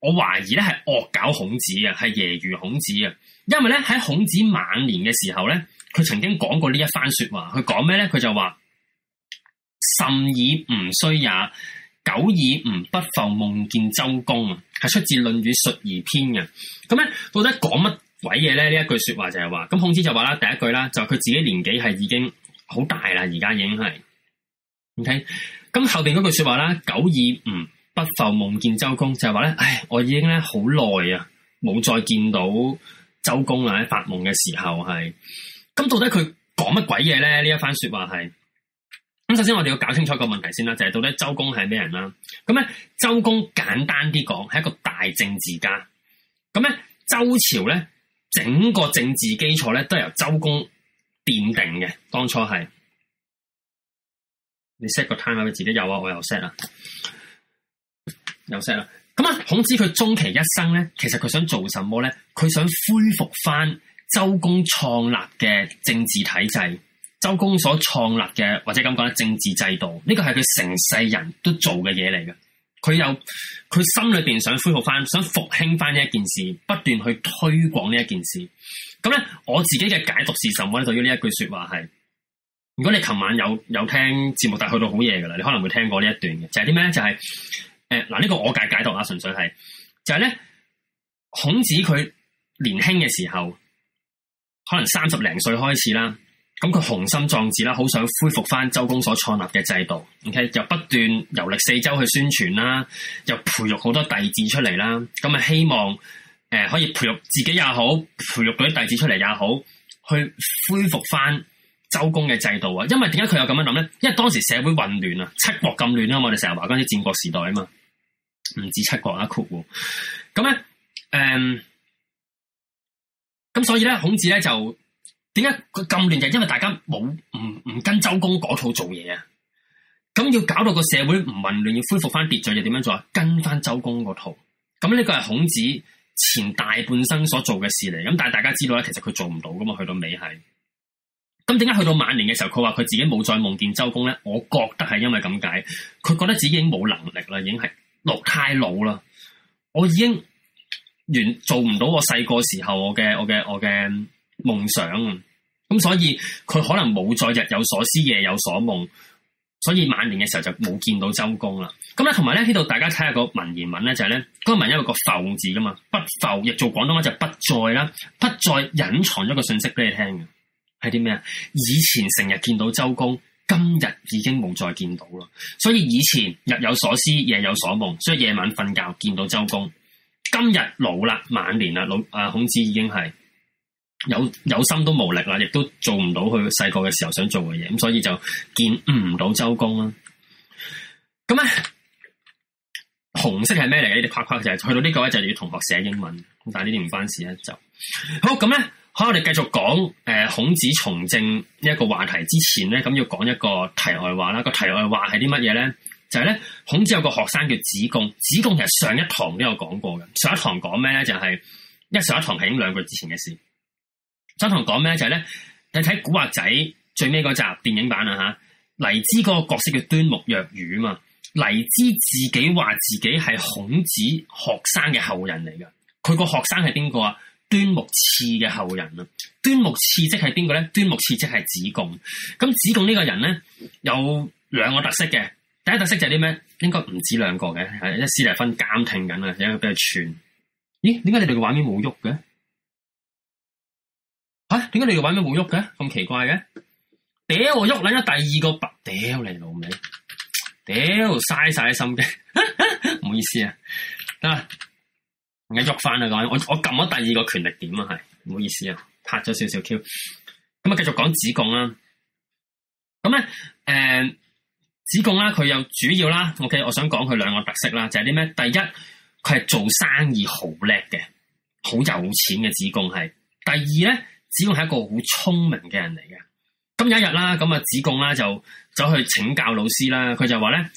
我懷疑咧係惡搞孔子啊，係揶揄孔子啊。因為咧喺孔子晚年嘅時候咧，佢曾經講過呢一番說話。佢講咩咧？佢就話甚矣吾衰也，久矣吾不復夢見周公，係出自《論語述而》篇嘅。咁咧到底講乜鬼嘢咧？呢一句說話就係、是、話，咁孔子就話啦，第一句啦就係佢自己年紀係已經好大啦，而家已經係，OK。咁後邊嗰句說話啦，久矣吾不，不復夢見周公就係話咧，唉，我已經咧好耐啊，冇再見到。周公啊，喺發夢嘅時候係，咁到底佢講乜鬼嘢咧？呢一番說話係，咁首先我哋要搞清楚一個問題先啦，就係、是、到底周公係咩人啦？咁咧，周公簡單啲講，係一個大政治家。咁咧，周朝咧整個政治基礎咧都係由周公奠定嘅，當初係。你 set 個 time 啊，畀自己有啊，我又 set 啦又 set 啦咁啊！孔子佢終其一生咧，其實佢想做什麼咧？佢想恢復翻周公創立嘅政治體制，周公所創立嘅，或者咁講咧政治制度，呢個係佢成世人都做嘅嘢嚟嘅。佢又佢心裏邊想恢復翻，想復興翻呢一件事，不斷去推廣呢一件事。咁咧，我自己嘅解讀事是什麼咧？就要呢一句說話係：如果你琴晚有有聽節目，但去到好夜噶啦，你可能會聽過呢一段嘅，就係啲咩咧？就係。誒，嗱，呢個我嘅解讀啊，純粹係就係咧，孔子佢年輕嘅時候，可能三十零歲開始啦，咁佢雄心壯志啦，好想恢復翻周公所創立嘅制度。OK，就不斷遊歷四周去宣傳啦，又培育好多弟子出嚟啦，咁啊，希望誒可以培育自己也好，培育嗰啲弟子出嚟也好，去恢復翻周公嘅制度啊。因為點解佢又咁樣諗咧？因為當時社會混亂啊，七國咁亂啊嘛，我哋成日話嗰啲戰國時代啊嘛。唔止七國一曲喎，咁、嗯、咧，誒，咁所以咧，孔子咧就點解佢咁亂？就係因為大家冇唔唔跟周公嗰套做嘢啊！咁要搞到個社會唔混亂，要恢復翻秩序，就點樣做啊？跟翻周公嗰套。咁呢個係孔子前大半生所做嘅事嚟。咁但係大家知道咧，其實佢做唔到噶嘛，去到尾係。咁點解去到晚年嘅時候，佢話佢自己冇再夢見周公咧？我覺得係因為咁解，佢覺得自己已經冇能力啦，已經係。太老啦，我已經完做唔到我細個時候的我嘅我嘅我嘅夢想，咁所以佢可能冇再日有所思，夜有所夢，所以晚年嘅時候就冇見到周公啦。咁咧，同埋咧，呢度大家睇下個文言文咧就係、是、咧，嗰、那個文因為有個浮字噶嘛，不浮亦做廣東話就「不再」啦，「不再」隱藏咗個信息俾你聽嘅，係啲咩啊？以前成日見到周公。今日已經冇再見到啦，所以以前日有所思，夜有所夢，所以夜晚瞓覺見到周公。今日老啦，晚年啦，老啊，孔子已經係有有心都無力啦，亦都做唔到佢細個嘅時候想做嘅嘢，咁所以就見唔、嗯、到周公啦。咁咧，紅色係咩嚟嘅？你框框就係去到呢個咧，就要同學寫英文，咁但係呢啲唔關事啊，就好咁咧。好，我哋繼續講誒，孔子從政呢一個話題之前咧，咁要講一個題外話啦。個題外話係啲乜嘢咧？就係咧，孔子有個學生叫子貢。子貢其實上一堂都有講過嘅，上一堂講咩咧？就係因為上一堂係已經兩個月之前嘅事。上一堂講咩就係咧？你睇《古惑仔》最尾嗰集電影版啊吓，黎姿嗰個角色叫端木若愚啊嘛。黎姿自己話自己係孔子學生嘅後人嚟㗎。佢個學生係邊個啊？端木賜嘅後人啦，端木賜即係邊個咧？端木賜即係子貢，咁子貢呢個人咧，有兩個特色嘅。第一特色就係啲咩？應該唔止兩個嘅。係斯提芬監聽緊啊，有個俾佢串。咦？點解你哋嘅畫面冇喐嘅？吓、啊？點解你哋嘅畫面冇喐嘅？咁奇怪嘅？屌我喐啦，有第二個白屌嚟老味屌嘥曬心嘅，唔好意思啊，我喐翻啦，講我我撳咗第二個權力點啊，係唔好意思啊，拍咗少少 Q。咁啊，繼續講子貢啦。咁咧，誒、呃，子貢啦，佢又主要啦。OK，我，我想講佢兩個特色啦，就係啲咩？第一，佢係做生意好叻嘅，好有錢嘅子貢係。第二咧，子貢係一個好聰明嘅人嚟嘅。咁有一日啦，咁啊，子貢啦就走去請教老師啦。佢就話咧，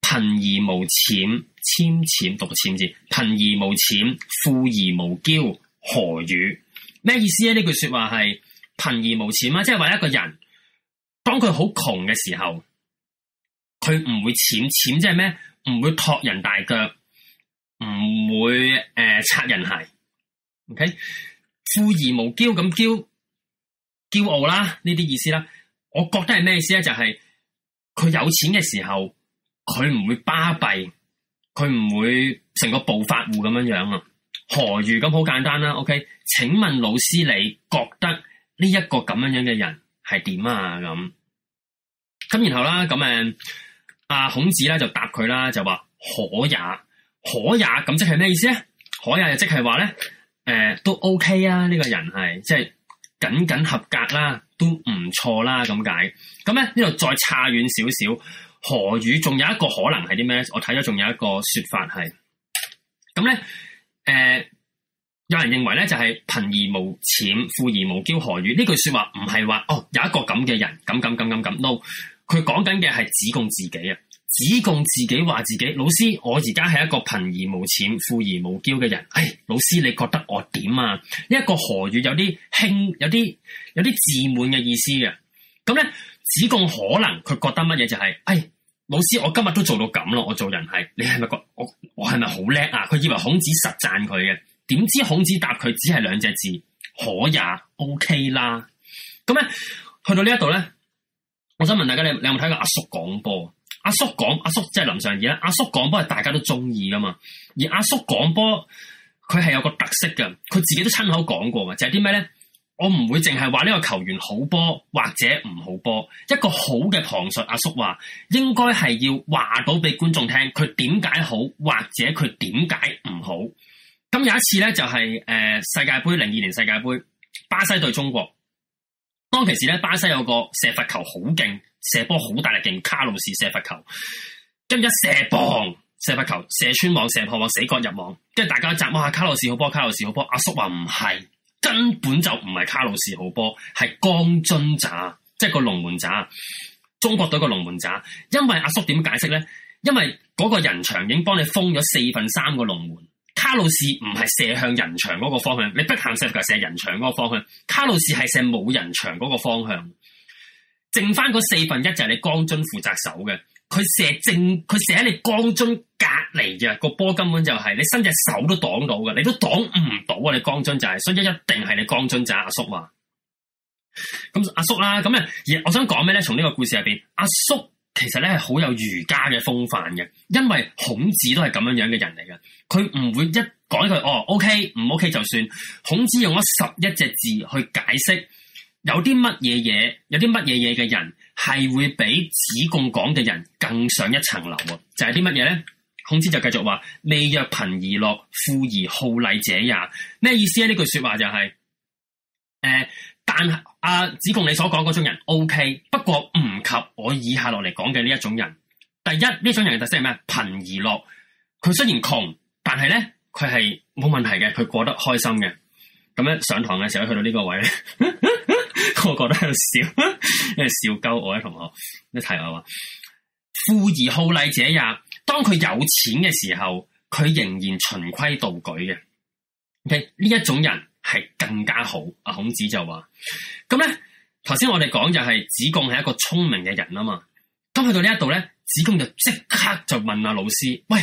貧而無諂。諂諂讀個諂字，貧而無諂，富而無驕，何如？咩意思咧？呢句說話係貧而無諂啊，即係話一個人當佢好窮嘅時候，佢唔會諂諂，即係咩？唔會托人大腳，唔會誒、呃、擦人鞋。O、okay? K，富而無驕咁驕驕傲啦，呢啲意思啦。我覺得係咩意思咧？就係、是、佢有錢嘅時候，佢唔會巴閉。佢唔會成個暴發戶咁樣樣啊，何如咁好簡單啦？OK？請問老師你覺得呢一個咁樣樣嘅人係點啊？咁咁然後啦，咁誒，阿孔子咧就答佢啦，就話可也，可也，咁即係咩意思咧？可也就即係話咧，誒都 OK 啊，呢個人係即係僅僅合格啦，都唔錯啦，咁解。咁咧呢度再差遠少少。何如？仲有一個可能係啲咩？我睇咗，仲有一個說法係咁咧。誒、呃，有人認為咧，就係貧而無諂，富而無驕。何如？呢句說話唔係話哦，有一個咁嘅人咁咁咁咁咁。No，佢講緊嘅係子貢自己啊。子貢自己話自己，老師，我而家係一個貧而無諂、富而無驕嘅人。誒、哎，老師你覺得我點啊？呢、這、一個何如有啲輕，有啲有啲自滿嘅意思嘅。咁咧，子貢可能佢覺得乜嘢就係、是、誒。哎老師，我今日都做到咁咯，我做人係，你係咪覺得我我係咪好叻啊？佢以為孔子實讚佢嘅，點知孔子答佢只係兩隻字，可也 OK 啦。咁咧，去到呢一度咧，我想問大家，你你有冇睇過阿叔講波？阿叔講，阿叔即係林尚義啦。阿叔講波係大家都中意噶嘛？而阿叔講波佢係有個特色嘅，佢自己都親口講過嘅，就係啲咩咧？我唔會淨係話呢個球員好波或者唔好波，一個好嘅旁述阿叔話，應該係要話到俾觀眾聽佢點解好或者佢點解唔好。咁有一次咧就係、是、誒、呃、世界盃零二年世界盃巴西對中國，當其時咧巴西有個射罰球好勁，射波好大力勁，卡路士射罰球，跟住一射棒射罰球射穿網射破網，射網死角入網，跟住大家集望下卡路士好波，卡路士好波，阿叔話唔係。根本就唔係卡路士好波，係江津閘，即係個龍門閘。中國隊個龍門閘，因為阿叔點解釋呢？因為嗰個人牆，已經幫你封咗四分三個龍門，卡路士唔係射向人牆嗰個方向，你不行射球射人牆嗰個方向，卡路士係射冇人牆嗰個方向，剩翻嗰四分一就係你江津負責守嘅。佢射正，佢射喺你鋼樽隔籬嘅個波根本就係、是、你伸隻手都擋到嘅，你都擋唔到啊！你鋼樽就係、是，所以一定係你鋼樽就係阿叔啊。咁阿叔啦、啊，咁咧，而我想講咩咧？從呢個故事入邊，阿叔其實咧係好有儒家嘅風範嘅，因為孔子都係咁樣樣嘅人嚟嘅。佢唔會一講佢哦，OK 唔 OK 就算。孔子用咗十一隻字去解釋，有啲乜嘢嘢，有啲乜嘢嘢嘅人。係會比子貢講嘅人更上一層樓啊！就係啲乜嘢咧？孔子就繼續話：未若貧而樂、富而好禮者也。咩意思咧？呢句說話就係，誒，但係阿子貢你所講嗰種人 OK，不過唔及我以下落嚟講嘅呢一種人。第一呢種人嘅特色係咩？貧而樂，佢雖然窮，但係咧佢係冇問題嘅，佢過得開心嘅。咁樣上堂嘅時候去到呢個位咧， [laughs] 我覺得喺度笑，因為笑鳩我位同學一提我話，富而好禮者也。當佢有錢嘅時候，佢仍然循規蹈矩嘅。OK，呢一種人係更加好。阿孔子就話：咁咧，頭先我哋講就係子貢係一個聰明嘅人啊嘛。咁去到呢一度咧，子貢就即刻就問阿老師：喂？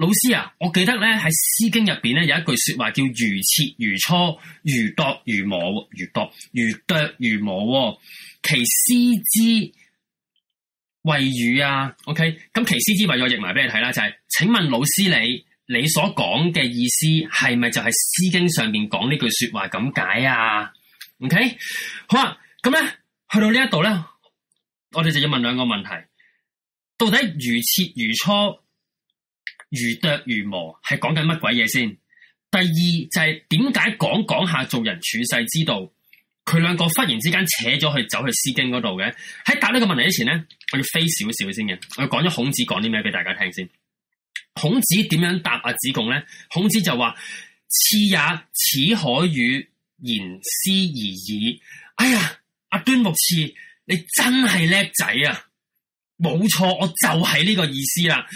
老師啊，我記得咧喺《詩經》入邊咧有一句說話叫如切如磋，如琢如磨，如琢如琢如磨。其師之謂語啊，OK？咁其師之謂我譯埋俾你睇啦，就係、是、請問老師你你所講嘅意思係咪就係《詩經》上面講呢句說話咁解啊？OK？好啊，咁咧去到這裡呢一度咧，我哋就要問兩個問題：到底如切如磋？如琢如磨係講緊乜鬼嘢先？第二就係點解講講下做人處世之道，佢兩個忽然之間扯咗去走去《詩經》嗰度嘅？喺答呢個問題之前咧，我要飛少少先嘅。我要講咗孔子講啲咩俾大家聽先。孔子點樣答阿子貢咧？孔子就話：次也，此可與言詩而已？哎呀，阿、啊、端木賜你真係叻仔啊！冇錯，我就係呢個意思啦。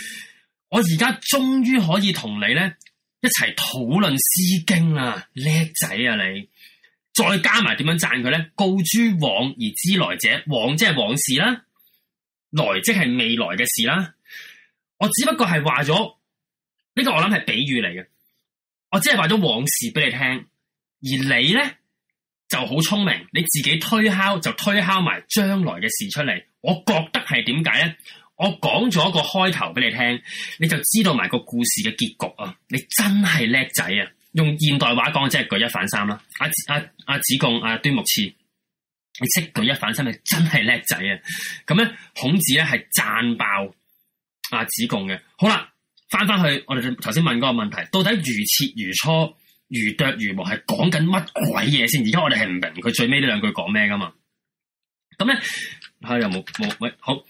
我而家終於可以同你咧一齊討論《詩經》啦，叻仔啊你！再加埋點樣讚佢咧？告諸往而知來者，往即係往事啦，來即係未來嘅事啦。我只不過係話咗呢個，我諗係比喻嚟嘅。我只係話咗往事俾你聽，而你咧就好聰明，你自己推敲就推敲埋將來嘅事出嚟。我覺得係點解咧？我講咗一個開頭俾你聽，你就知道埋個故事嘅結局啊！你真係叻仔啊！用現代話講，即係舉一反三啦。阿阿阿子貢、阿、啊、端木次端木賜你識舉一反三，你真係叻仔啊！咁咧，孔子咧係讚爆阿、啊、子貢嘅。好啦，翻翻去我哋頭先問嗰個問題，到底如切如磋、如琢如磨係講緊乜鬼嘢先？而家我哋係唔明佢最尾呢兩句講咩噶嘛？咁咧，吓有冇冇？喂，好。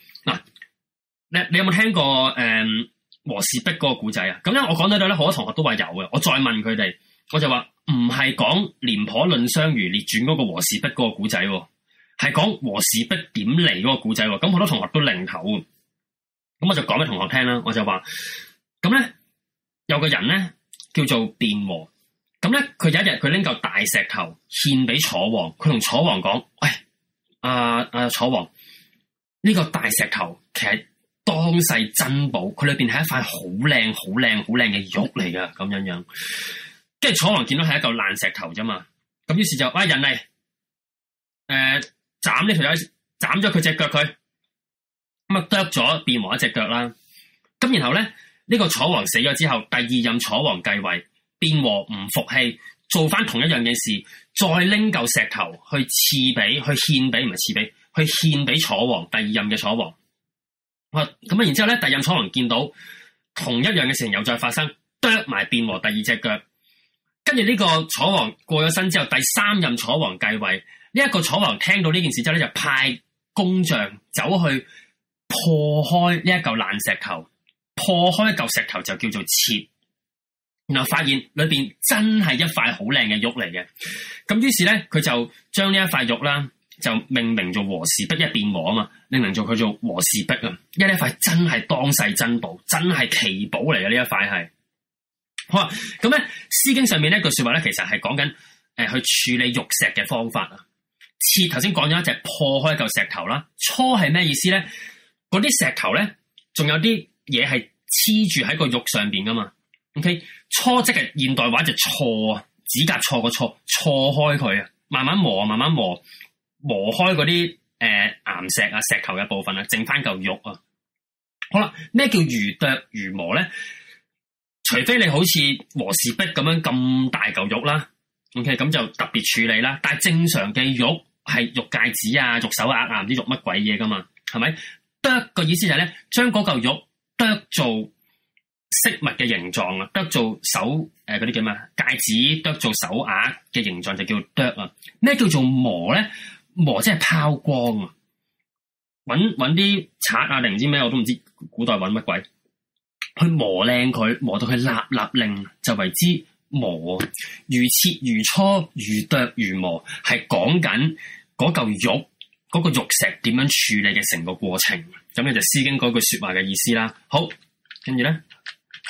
你，你有冇聽過誒、嗯、和氏璧嗰個古仔啊？咁因為我講到咧，好多同學都話有嘅。我再問佢哋，我就話唔係講《廉頗藺相如列傳》嗰個和氏璧嗰個古仔，係講和氏璧點嚟嗰個古仔。咁好多同學都擰頭。咁我就講俾同學聽啦。我就話咁咧，有個人咧叫做卞和。咁咧，佢有一日佢拎嚿大石頭獻俾楚王，佢同楚王講，喂，阿、啊、阿、啊、楚王，呢、呢個大石頭其實。當世珍寶，佢裏邊係一塊好靚、好靚、好靚嘅玉嚟噶，咁樣樣。跟住楚王見到係一嚿爛石頭啫嘛，咁於是就，喂人嚟，誒斬呢條友，斬咗佢隻腳佢，咁啊剁咗，卞和一隻腳啦。咁然後咧，呢、這個楚王死咗之後，第二任楚王繼位，卞和唔服氣，做翻同一樣嘅事，再拎嚿石頭去賜俾，去獻俾唔係賜俾，去獻俾楚王第二任嘅楚王。咁啊！然之後咧，第二任楚王見到同一樣嘅事情，又再發生，剁埋卞和第二隻腳。跟住呢個楚王過咗身之後，第三任楚王繼位。呢、這、一個楚王聽到呢件事之後咧，就派工匠走去破開呢一嚿爛石頭。破開一嚿石頭就叫做切，然後發現裏邊真係一塊好靚嘅玉嚟嘅。咁於是咧，佢就將呢一塊玉啦。就命名做和氏璧一變和啊嘛，命名做佢做和氏璧啊！呢一塊真係當世珍寶，真係奇寶嚟嘅呢一塊係。好啊，咁、嗯、咧《詩經》上面呢一句說話咧，其實係講緊誒去處理玉石嘅方法啊。切頭先講咗一只破開一嚿石頭啦，磋係咩意思咧？嗰啲石頭咧，仲有啲嘢係黐住喺個玉上邊噶嘛？OK，磋即係現代話就磋啊，指甲磋個磋，磋開佢啊，慢慢磨，慢慢磨。磨開嗰啲誒岩石啊石頭嘅部分啊，剩翻嚿玉啊好了。好啦，咩叫如琢如磨咧？除非你好似和氏璧咁樣咁大嚿玉啦。OK，咁就特別處理啦。但係正常嘅玉係玉戒指啊、玉手鐲啊，唔知玉乜鬼嘢噶嘛？係咪？琢個意思就係呢將那、呃、那就係咧，將嗰嚿玉琢做飾物嘅形狀啊，琢做手誒嗰啲叫咩戒指，琢做手鐲嘅形狀就叫琢啊。咩叫做磨咧？磨即係拋光啊，揾揾啲刷啊，定唔知咩，我都唔知古代揾乜鬼，去磨靚佢，磨到佢立立令就為之磨，如切如磋，如琢如磨，係講緊嗰嚿玉嗰個玉石點樣處理嘅成個過程。咁你就《詩經》嗰句說話嘅意思啦。好，跟住咧，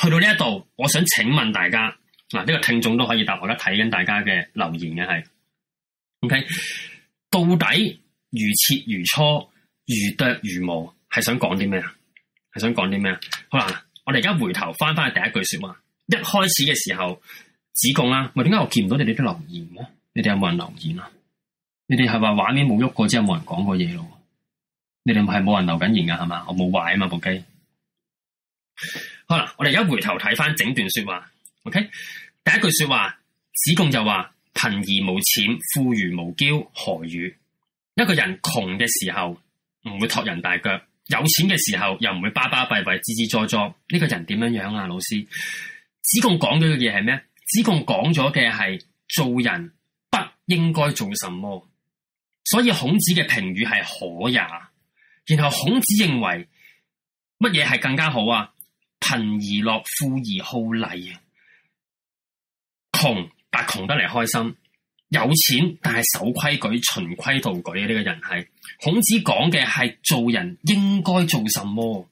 去到呢一度，我想請問大家，嗱、這、呢個聽眾都可以答，我而家睇緊大家嘅留言嘅係，OK。到底如切如磋，如琢如磨，係想講啲咩啊？係想講啲咩啊？好啦，我哋而家回頭翻翻第一句說話。一開始嘅時候，子貢啦、啊，喂，點解我見唔到你哋啲留言嘅？你哋有冇人留言啊？你哋係話畫面冇喐過，之後冇人講過嘢咯？你哋係冇人留緊言噶係嘛？我冇壞啊嘛部機。好啦，我哋而家回頭睇翻整段說話。O、okay? K，第一句說話，子貢就話。貧而無諂，富而無驕，何如？一個人窮嘅時候唔會托人大腳，有錢嘅時候又唔會巴巴閉閉，自自在作。呢、這個人點樣樣啊？老師，子貢講咗嘅嘢係咩？子貢講咗嘅係做人不應該做什麼，所以孔子嘅評語係可也。然後孔子認為乜嘢係更加好啊？貧而樂，富而好禮，窮。但白窮得嚟開心，有錢但係守規矩、循規蹈矩嘅呢個人係孔子講嘅係做人應該做什麼。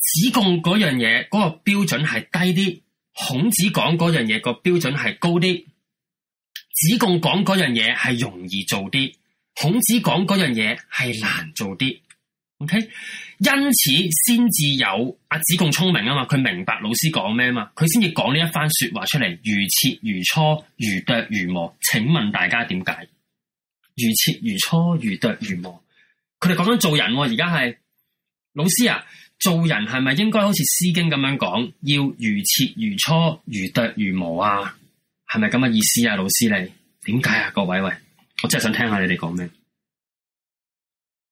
子貢嗰樣嘢嗰個標準係低啲，孔子講嗰樣嘢個標準係高啲。子貢講嗰樣嘢係容易做啲，孔子講嗰樣嘢係難做啲。OK，因此先至有阿子貢聰明啊嘛，佢明白老師講咩嘛，佢先至講呢一番說話出嚟，如切如磋，如琢如磨。請問大家點解如切如磋，如琢如磨？佢哋講緊做人，啊，而家係老師啊，做人係咪應該好似《詩經》咁樣講，要如切如磋，如琢如磨啊？係咪咁嘅意思啊？老師你點解啊？各位喂，我真係想聽下你哋講咩？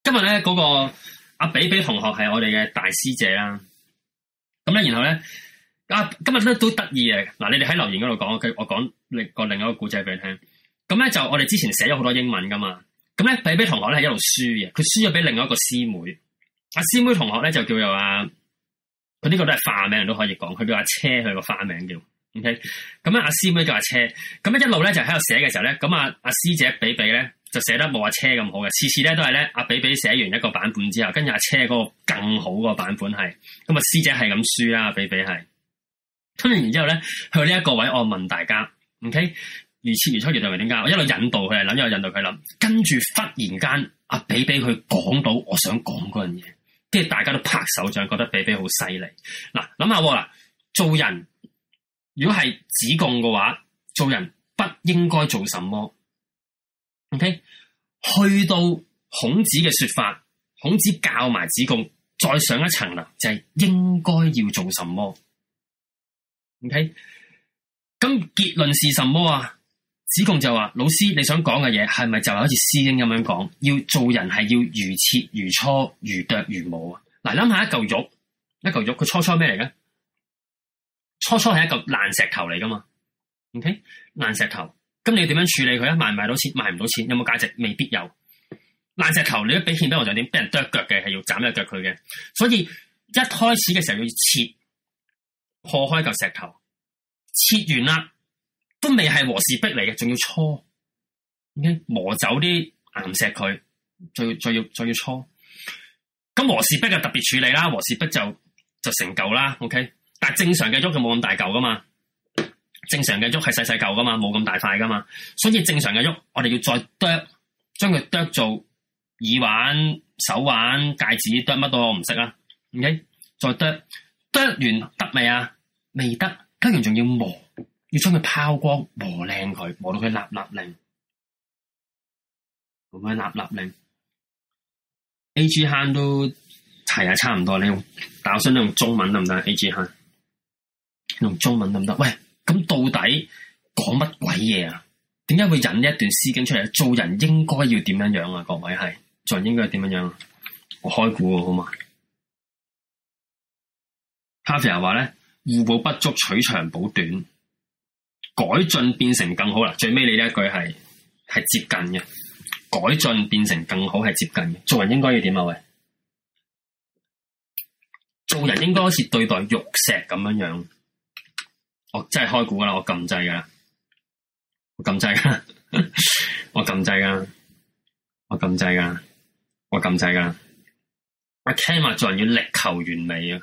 今日咧嗰個。阿比比同學係我哋嘅大師姐啦，咁咧然後咧，阿今日咧都得意嘅嗱，你哋喺留言嗰度講，佢我講另個另一個故仔俾你聽，咁咧就我哋之前寫咗好多英文噶嘛，咁咧比比同學咧係一路輸嘅，佢輸咗俾另外一個師妹，阿師妹同學咧就叫做阿，佢呢個都係化名都可以講，佢叫阿車，佢個化名叫。O K，咁樣阿師妹就話、啊、車，咁一路咧就喺度寫嘅時候咧，咁啊阿師姐比比咧就寫得冇阿、啊、車咁好嘅，次次咧都係咧阿比比寫完一個版本之後，跟住阿、啊、車嗰個更好個版本係，咁、那、啊、個、師姐係咁輸啦，比比係，咁然之後咧去呢一個位我問大家，O K，越切越出越入嚟，點解？我一路引導佢，諗一路引導佢諗，跟住忽然間阿、啊、比比佢講到我想講嗰樣嘢，跟住大家都拍手掌，覺得比比好犀利。嗱、啊、諗下嗱，做人。如果係子貢嘅話，做人不應該做什麼？OK，去到孔子嘅說法，孔子教埋子貢，再上一層啦，就係、是、應該要做什麼？OK，咁結論是什麼啊？子貢就話：老師，你想講嘅嘢係咪就係好似詩經咁樣講？要做人係要如切如磋，如琢如磨啊！嗱，諗下一嚿玉，一嚿玉，佢初初咩嚟嘅？初初係一嚿爛石頭嚟噶嘛？OK，爛石頭，咁你要點樣處理佢啊？賣唔賣到錢？賣唔到錢，有冇價值？未必有。爛石頭，你都俾錢俾我就點、是？俾人剁腳嘅係要斬一腳佢嘅。所以一開始嘅時候要切，破開一嚿石頭。切完啦，都未係和氏璧嚟嘅，仲要搓，okay？磨走啲岩石佢，再再要再要搓。咁和氏璧就特別處理啦，和氏璧就就成嚿啦。OK。.但正常嘅喐就冇咁大嚿噶嘛，正常嘅喐係細細嚿噶嘛，冇咁大塊噶嘛，所以正常嘅喐我哋要再剁，將佢剁做耳環、手腕、戒指，剁乜都我唔識啦，OK，再剁，剁完得未啊？未得，剁完仲要磨，要
將佢拋光磨靚佢，磨到佢立立令，會唔會
立立令？A G 慳都齊啊，差唔多，你用，打聲用中文得唔得？A G 慳。用中文得唔得？喂，咁到底講乜鬼嘢啊？點解會引一段《詩經》出嚟？做人應該要點樣樣啊？各位係做人應該要點樣樣啊？我開估好嘛？哈菲亞話咧，互補不足，取長補短，改進變成更好啦。最尾你呢一句係係接近嘅，改進變成更好係接近嘅。做人應該要點啊？喂，做人應該好似對待玉石咁樣樣。我真係開估噶啦，我撳掣噶，我撳掣噶，我撳掣噶，我撳掣噶，我阿 Ken 話做人要力求完美啊！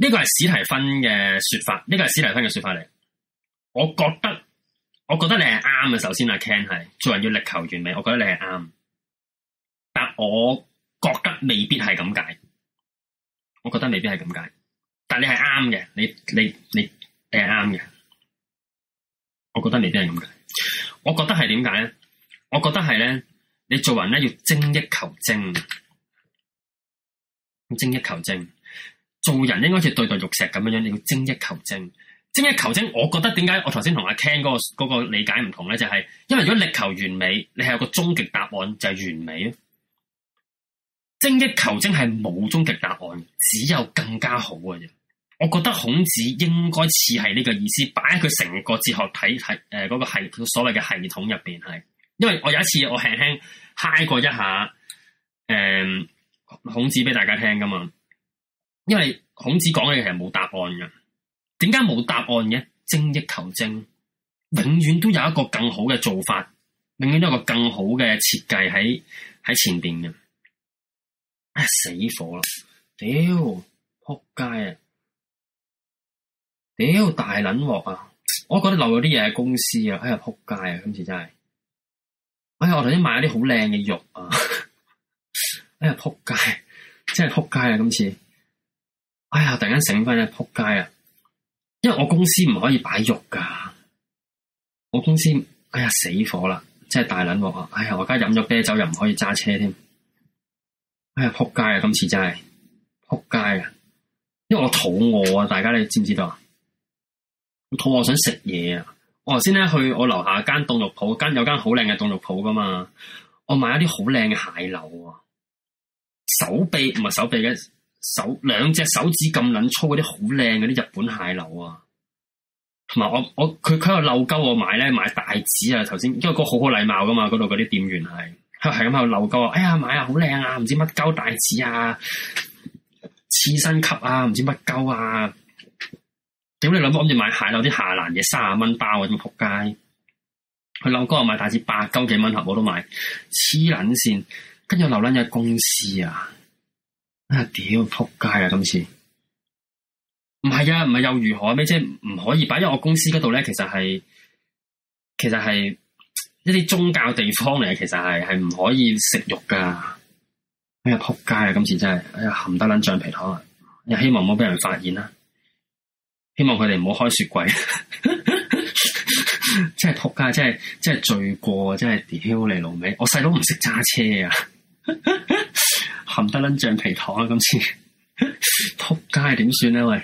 呢個係史提芬嘅說法，呢、呢個係史提芬嘅說法嚟。我覺得，我覺得你係啱嘅。首先阿 Ken 係做人要力求完美，我覺得你係啱。但我覺得未必係咁解，我覺得未必係咁解。但你係啱嘅，你你你你係啱嘅，我覺得你啲係咁嘅。我覺得係點解咧？我覺得係咧，你做人咧要精益求精，精益求精，做人應該似對待玉石咁樣樣，你要精益求精，精益求精。我覺得點解我頭先同阿 Ken 嗰個個理解唔同咧？就係、是、因為如果力求完美，你係有個終極答案就係、是、完美。精益求精係冇終極答案，只有更加好嘅啫。我覺得孔子應該似係呢個意思，擺喺佢成個哲學體系誒嗰個係所謂嘅系統入邊係。因為我有一次我輕輕嗨過一下，誒、嗯，孔子俾大家聽噶嘛。因為孔子講嘅嘢係冇答案嘅，點解冇答案嘅？精益求精，永遠都有一個更好嘅做法，永遠都有一個更好嘅設計喺喺前邊嘅。哎呀死火啦！
屌、哎、撲街啊！屌、哎、大撚鑊
啊！我覺得留咗啲嘢喺公司、哎呀撲街、啊！哎呀撲街啊！今次真係哎呀我頭先買咗啲好靚嘅肉啊！哎呀撲街，真係撲街啊！今次哎呀突然間醒翻啦撲街啊！因為我公司唔可以擺肉噶，我公司哎呀死火啦！真係大撚鑊啊！哎呀我而家飲咗啤酒又唔可以揸車添。唉、哎、呀，扑街啊！今次真係扑街啊！因為我肚餓啊，大家你知唔知道啊？肚餓想食嘢啊！我頭先咧去我樓下間凍肉鋪，間有間好靚嘅凍肉鋪噶嘛，我買咗啲好靚嘅蟹柳啊，手臂唔係手臂嘅手兩隻手指咁捻粗嗰啲好靚嘅啲日本蟹柳啊，同埋我我佢佢又漏鳩我買咧買大紙啊！頭先因為個好好禮貌噶嘛，嗰度嗰啲店員係。佢係咁喺度漏哥，哎呀買啊，好靚啊，唔知乜鳩帶子啊，刺身級啊，唔知乜鳩啊，屌你老母諗住買蟹柳啲下欄嘢，卅蚊包啊，咁仆街。佢漏哥又買帶子八鳩幾蚊盒我都買，黐撚綫，跟住流捻入公司啊，哎呀啊屌仆街啊今次。唔係啊，唔係又如何咩？即係唔可以擺，因為我公司嗰度咧，其實係，其實係。一啲宗教地方嚟，其實係係唔可以食肉噶。哎呀，扑街啊！今次真係哎呀含得撚橡皮糖啊！又希望唔好俾人發現啦。希望佢哋唔好開雪櫃。 [laughs] 真係扑街，真係真係罪過，真係屌你老味。我細佬唔識揸車啊， [laughs] 含得撚橡皮糖啊！今次扑街點算咧？喂，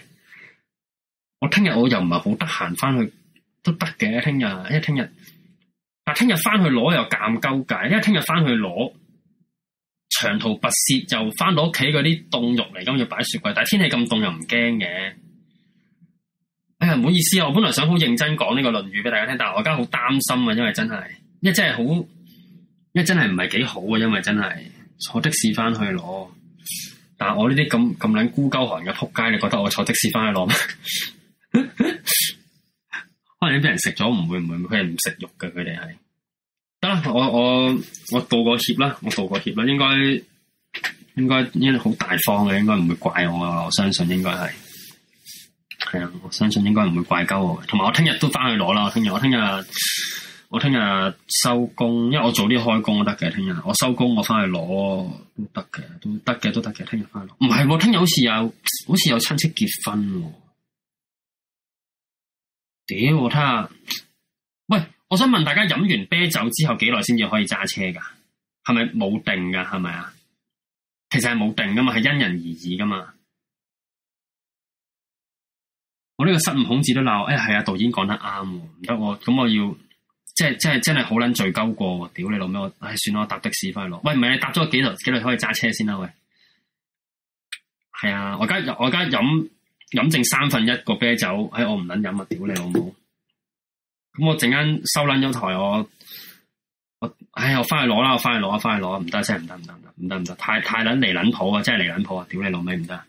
我聽日我又唔係好得閒翻去，都得嘅。聽日，因為聽日。但聽日翻去攞又咁鳩解，因為聽日翻去攞長途跋涉，又翻到屋企嗰啲凍肉嚟，咁要擺雪櫃。但係天氣咁凍又唔驚嘅。哎呀，唔好意思啊，我本來想好認真講呢個論語俾大家聽，但係我而家好擔心啊，因為真係，因為真係好，因為真係唔係幾好啊，因為真係坐的士翻去攞。但係我呢啲咁咁撚孤鳩寒嘅仆街，你覺得我坐的士翻去攞咩？ [laughs] 可能俾人食咗，唔會唔會，佢係唔食肉嘅，佢哋係得啦。我我我道個歉啦，我道個歉啦，應該應該應該好大方嘅，應該唔會怪我啊。我相信應該係係啊，我相信應該唔會怪鳩我。同埋我聽日都翻去攞啦，聽日我聽日我聽日收工，因為我早啲開工都得嘅。聽日我收工，我翻去攞都得嘅，都得嘅，都得嘅。聽日翻去攞。唔係我聽日好似有好似有親戚結婚。屌我睇下，喂！我想問大家飲完啤酒之後幾耐先至可以揸車噶？係咪冇定噶？係咪啊？其實係冇定噶嘛，係因人而異
噶嘛。我呢個失誤，孔子都鬧。誒、哎，係啊，導
演講得啱，唔得我，咁我要，即係，即係，真係好撚醉鳩過。屌你老味、哎，我唉，算啦，搭的士翻去咯。喂，唔係你搭咗幾耐，幾耐可以揸車先啦？喂，係啊，我而家，我而家飲。飲剩三分一個啤酒，喺、哎、我唔撚飲啊，屌你老母！咁 [music] 我陣間收撚咗台我，我唉！我翻去攞啦，我翻去攞，我翻去攞，唔、就是、得真係唔得唔得唔得唔得，得，太太撚離撚譜啊！真係離撚譜啊！屌你老味唔得，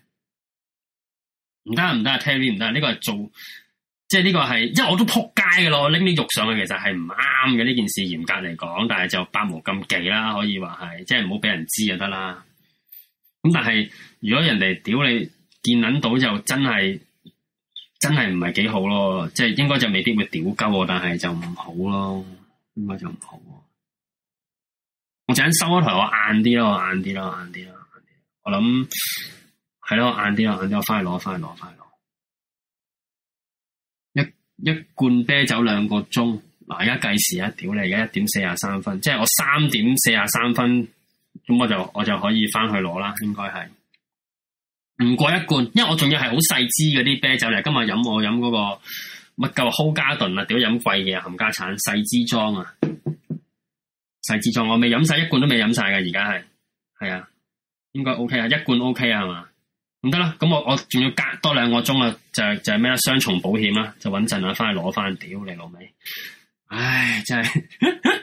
唔得唔得，聽邊唔得？呢個係做，即係呢個係，因為我都仆街嘅咯，拎啲肉上去其實係唔啱嘅，呢件事嚴格嚟講，但係就百無禁忌啦，可以話係，即係唔好俾人知就得啦。咁但係如果人哋屌你？見撚到就真係真係唔係幾好咯，即係應該就未必會屌鳩，但係就唔好咯，應該就唔好。我陣間收一台，我晏啲咯，晏啲咯，晏啲咯，晏啲。我諗係咯，晏啲咯，晏啲，我翻去攞，翻去攞，翻去攞。一一罐啤酒兩個鐘，嗱，而家計時一屌你而家一點四十三分，即係我三點四十三分，咁我就我就可以翻去攞啦，應該係。唔過一罐，因為我仲要係好細支嗰啲啤酒嚟。今日飲我飲嗰個乜鳩好加頓啊！屌飲貴嘢，冚家鏟細支裝啊！細支裝我未飲晒，一罐都未飲晒嘅，而家係係啊，應該 OK 啊，一罐 OK 啊，係嘛？咁得啦，咁我我仲要隔多兩個鐘啊，就就咩雙重保險啦，就穩陣啊，翻去攞翻，屌你老味！唉，真係。 [laughs]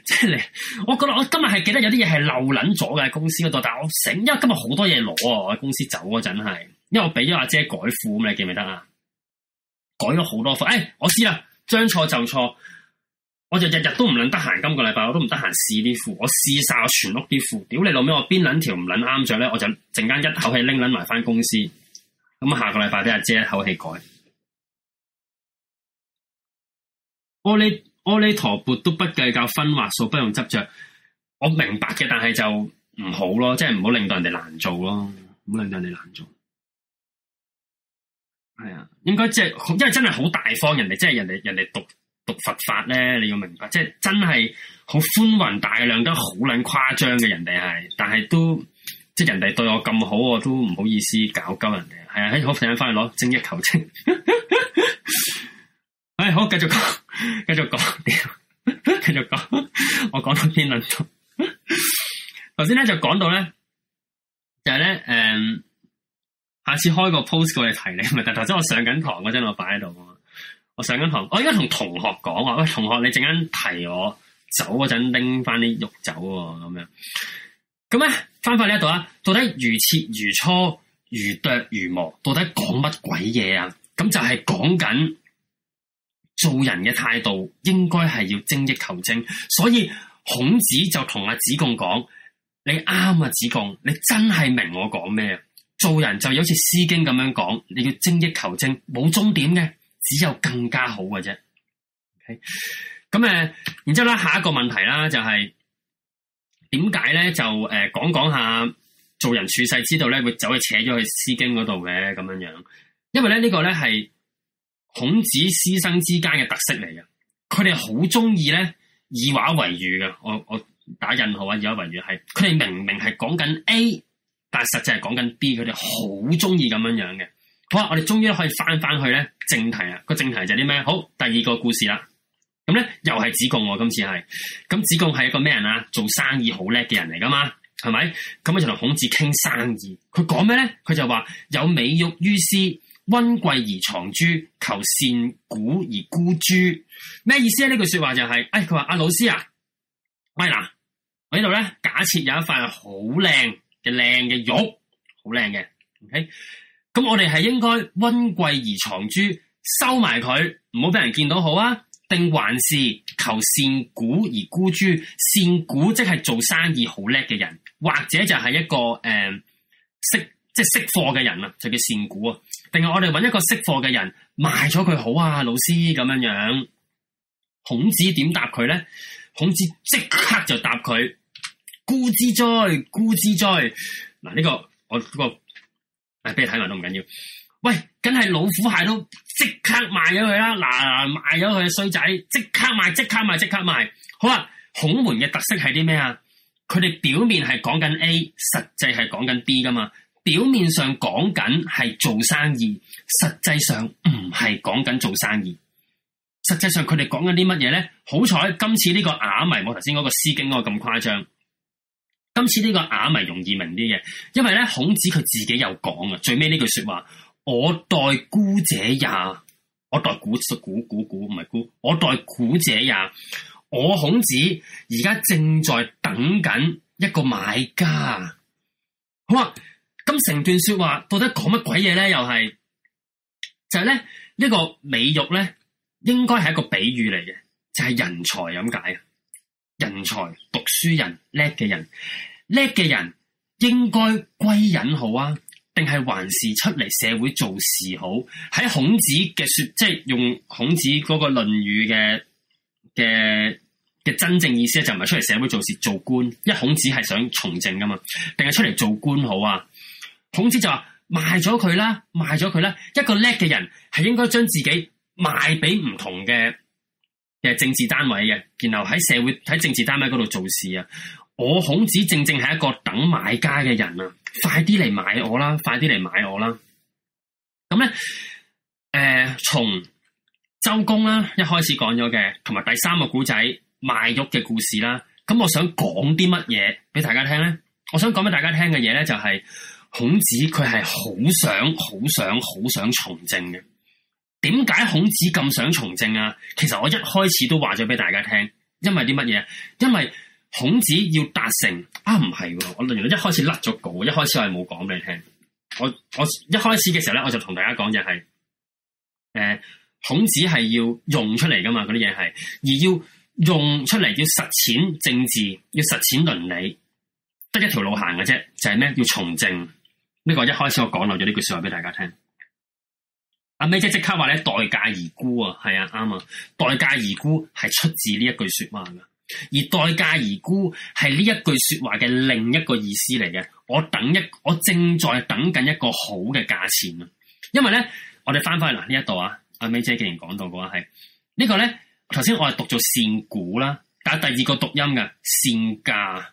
即係你， [laughs] 我覺得我今日係記得有啲嘢係漏捻咗嘅，公司嗰度，但係我醒，因為今日好多嘢攞啊，我喺公司走嗰陣係，因為我俾咗阿姐改褲，你記唔記得啊？改咗好多褲，哎，我試啦，將錯就錯，我就日日都唔捻得閒，今個禮拜我都唔得閒試啲褲，我試晒我全屋啲褲，屌你老尾，我邊捻條唔捻啱着咧，我就陣間一口氣拎捻埋翻公司，咁下個禮拜俾阿姐一口氣改。我你。阿、哦、彌陀缽都不計較分話數，不用執着。我明白嘅，但係就唔好咯，即係唔好令到人哋難做咯。唔好令到人哋難做，係啊、哎。應該即係，因為真係好大方，人哋即係人哋人哋讀讀佛法咧，你要明白，即係真係好寬宏大量，得好卵誇張嘅人哋係，但係都即係人哋對我咁好，我都唔好意思搞鳩人哋。係、哎、啊，喺好朋友返去攞精益求精。 [laughs] 哎，好，繼續講，繼續講，繼續講，我講到天輪到？頭先咧，就講到咧，就係咧，誒、就是嗯，下次開個 post 過嚟提你，咪但頭先我上緊堂，嗰陣我擺喺度啊，我，我上緊堂，我而家同同學講話，喂，同學，你陣間提我走嗰陣拎翻啲肉走喎，咁樣。咁咧翻返呢度啊？到底如切如磋，如琢如磨，到底講乜鬼嘢啊？咁就係講緊。做人嘅態度應該係要精益求精，所以孔子就同阿子貢講：你啱啊，子貢，你真係明我講咩啊？做人就好似《詩經》咁樣講，你要精益求精，冇終點嘅，只有更加好嘅啫。咁、okay? 誒，然之後咧，下一個問題啦、就是，就係點解咧？就、呃、誒，講講下做人處世之道咧，會走去扯咗去那裏《詩經》嗰度嘅咁樣樣，因為咧呢、呢個咧係。是孔子師生之間嘅特色嚟嘅，佢哋好中意咧以話為喻嘅，我我打印號，啊，以話為喻係，佢哋明明係講緊 A，但係實際係講緊 B，佢哋好中意咁樣樣嘅。好，我哋終於可以翻翻去咧正題啦！個正題就係啲咩？好，第二個故事啦。咁咧又係子貢、啊，我今次係。咁子貢係一個咩人啊？做生意好叻嘅人嚟噶嘛？係咪？咁佢就同孔子傾生意，佢講咩咧？佢就話有美玉於斯。溫貴而藏珠，求善古而孤珠。咩意思啊？呢句說話就係、是，哎，佢話阿老師啊，喂嗱、啊，我呢度咧，假設有一塊好靚嘅靚嘅玉，好靚嘅，OK，咁我哋係應該溫貴而藏珠，收埋佢，唔好俾人見到好啊？定還是求善古而孤珠？善古即係做生意好叻嘅人，或者就係一個誒、嗯、識即係識貨嘅人啊，就叫善古啊。定係我哋揾一個識貨嘅人賣咗佢好啊，老師咁樣樣。孔子點答佢咧？孔子即刻就答佢：「沽之哉，沽之哉！嗱，呢個我嗰個，哎，俾你睇埋都唔緊要。喂，梗係老虎蟹都即刻賣咗佢啦！嗱，賣咗佢衰仔，即刻賣，即刻賣，即刻賣。好啊，孔門嘅特色係啲咩啊？佢哋表面係講緊 A，實際係講緊 B 噶嘛。表面上講緊係做生意，實際上唔係講緊做生意。實際上佢哋講緊啲乜嘢咧？好彩今次呢個啞謎，我頭先嗰個詩經嗰個咁誇張。今次呢個啞謎容易明啲嘅，因為咧孔子佢自己有講啊，最尾呢句說話：我待沽者也，我待沽沽沽唔係沽，我待沽者也。我孔子而家正在等緊一個買家。好啊。咁成段說話到底講乜鬼嘢咧？又係就係咧呢個美玉咧，應該係一個比喻嚟嘅，就係人才咁解。人才讀書人叻嘅人，叻嘅人應該歸隱好啊？定係還是出嚟社會做事好？喺孔子嘅說，即係用孔子嗰個《論語》嘅嘅嘅真正意思咧，就唔係出嚟社會做事做官。一孔子係想從政噶嘛？定係出嚟做官好啊？孔子就話賣咗佢啦，賣咗佢啦。一個叻嘅人係應該將自己賣俾唔同嘅嘅政治單位嘅，然後喺社會喺政治單位嗰度做事啊。我孔子正正係一個等買家嘅人啊，快啲嚟買我啦，快啲嚟買我啦。咁咧，誒、呃，從周公啦一開始講咗嘅，同埋第三個古仔賣玉嘅故事啦，咁我想講啲乜嘢俾大家聽咧？我想講俾大家聽嘅嘢咧就係、是。孔子佢係好想，好想，好想從政嘅。點解孔子咁想從政啊？其實我一開始都話咗俾大家聽，因為啲乜嘢？因為孔子要達成啊，唔係我論一開始甩咗稿，一開始我係冇講俾你聽。我我一開始嘅時候咧，我就同大家講就係，誒、欸，孔子係要用出嚟噶嘛，嗰啲嘢係，而要用出嚟，要實踐政治，要實踐倫理，得一條路行嘅啫，就係、是、咩？要從政。呢個一開始我講漏咗呢句說話俾大家聽，阿美姐即刻話咧待價而沽啊，係啊啱，啊待價而沽係出自呢一句說話噶，而待價而沽係呢一句說話嘅另一個意思嚟嘅，我等一我正在等緊一個好嘅價錢啊，因為咧我哋翻翻去嗱呢一度啊，阿美姐既然講到嘅話係呢個咧，頭先我係讀做「善股啦，但係第二個讀音嘅善價，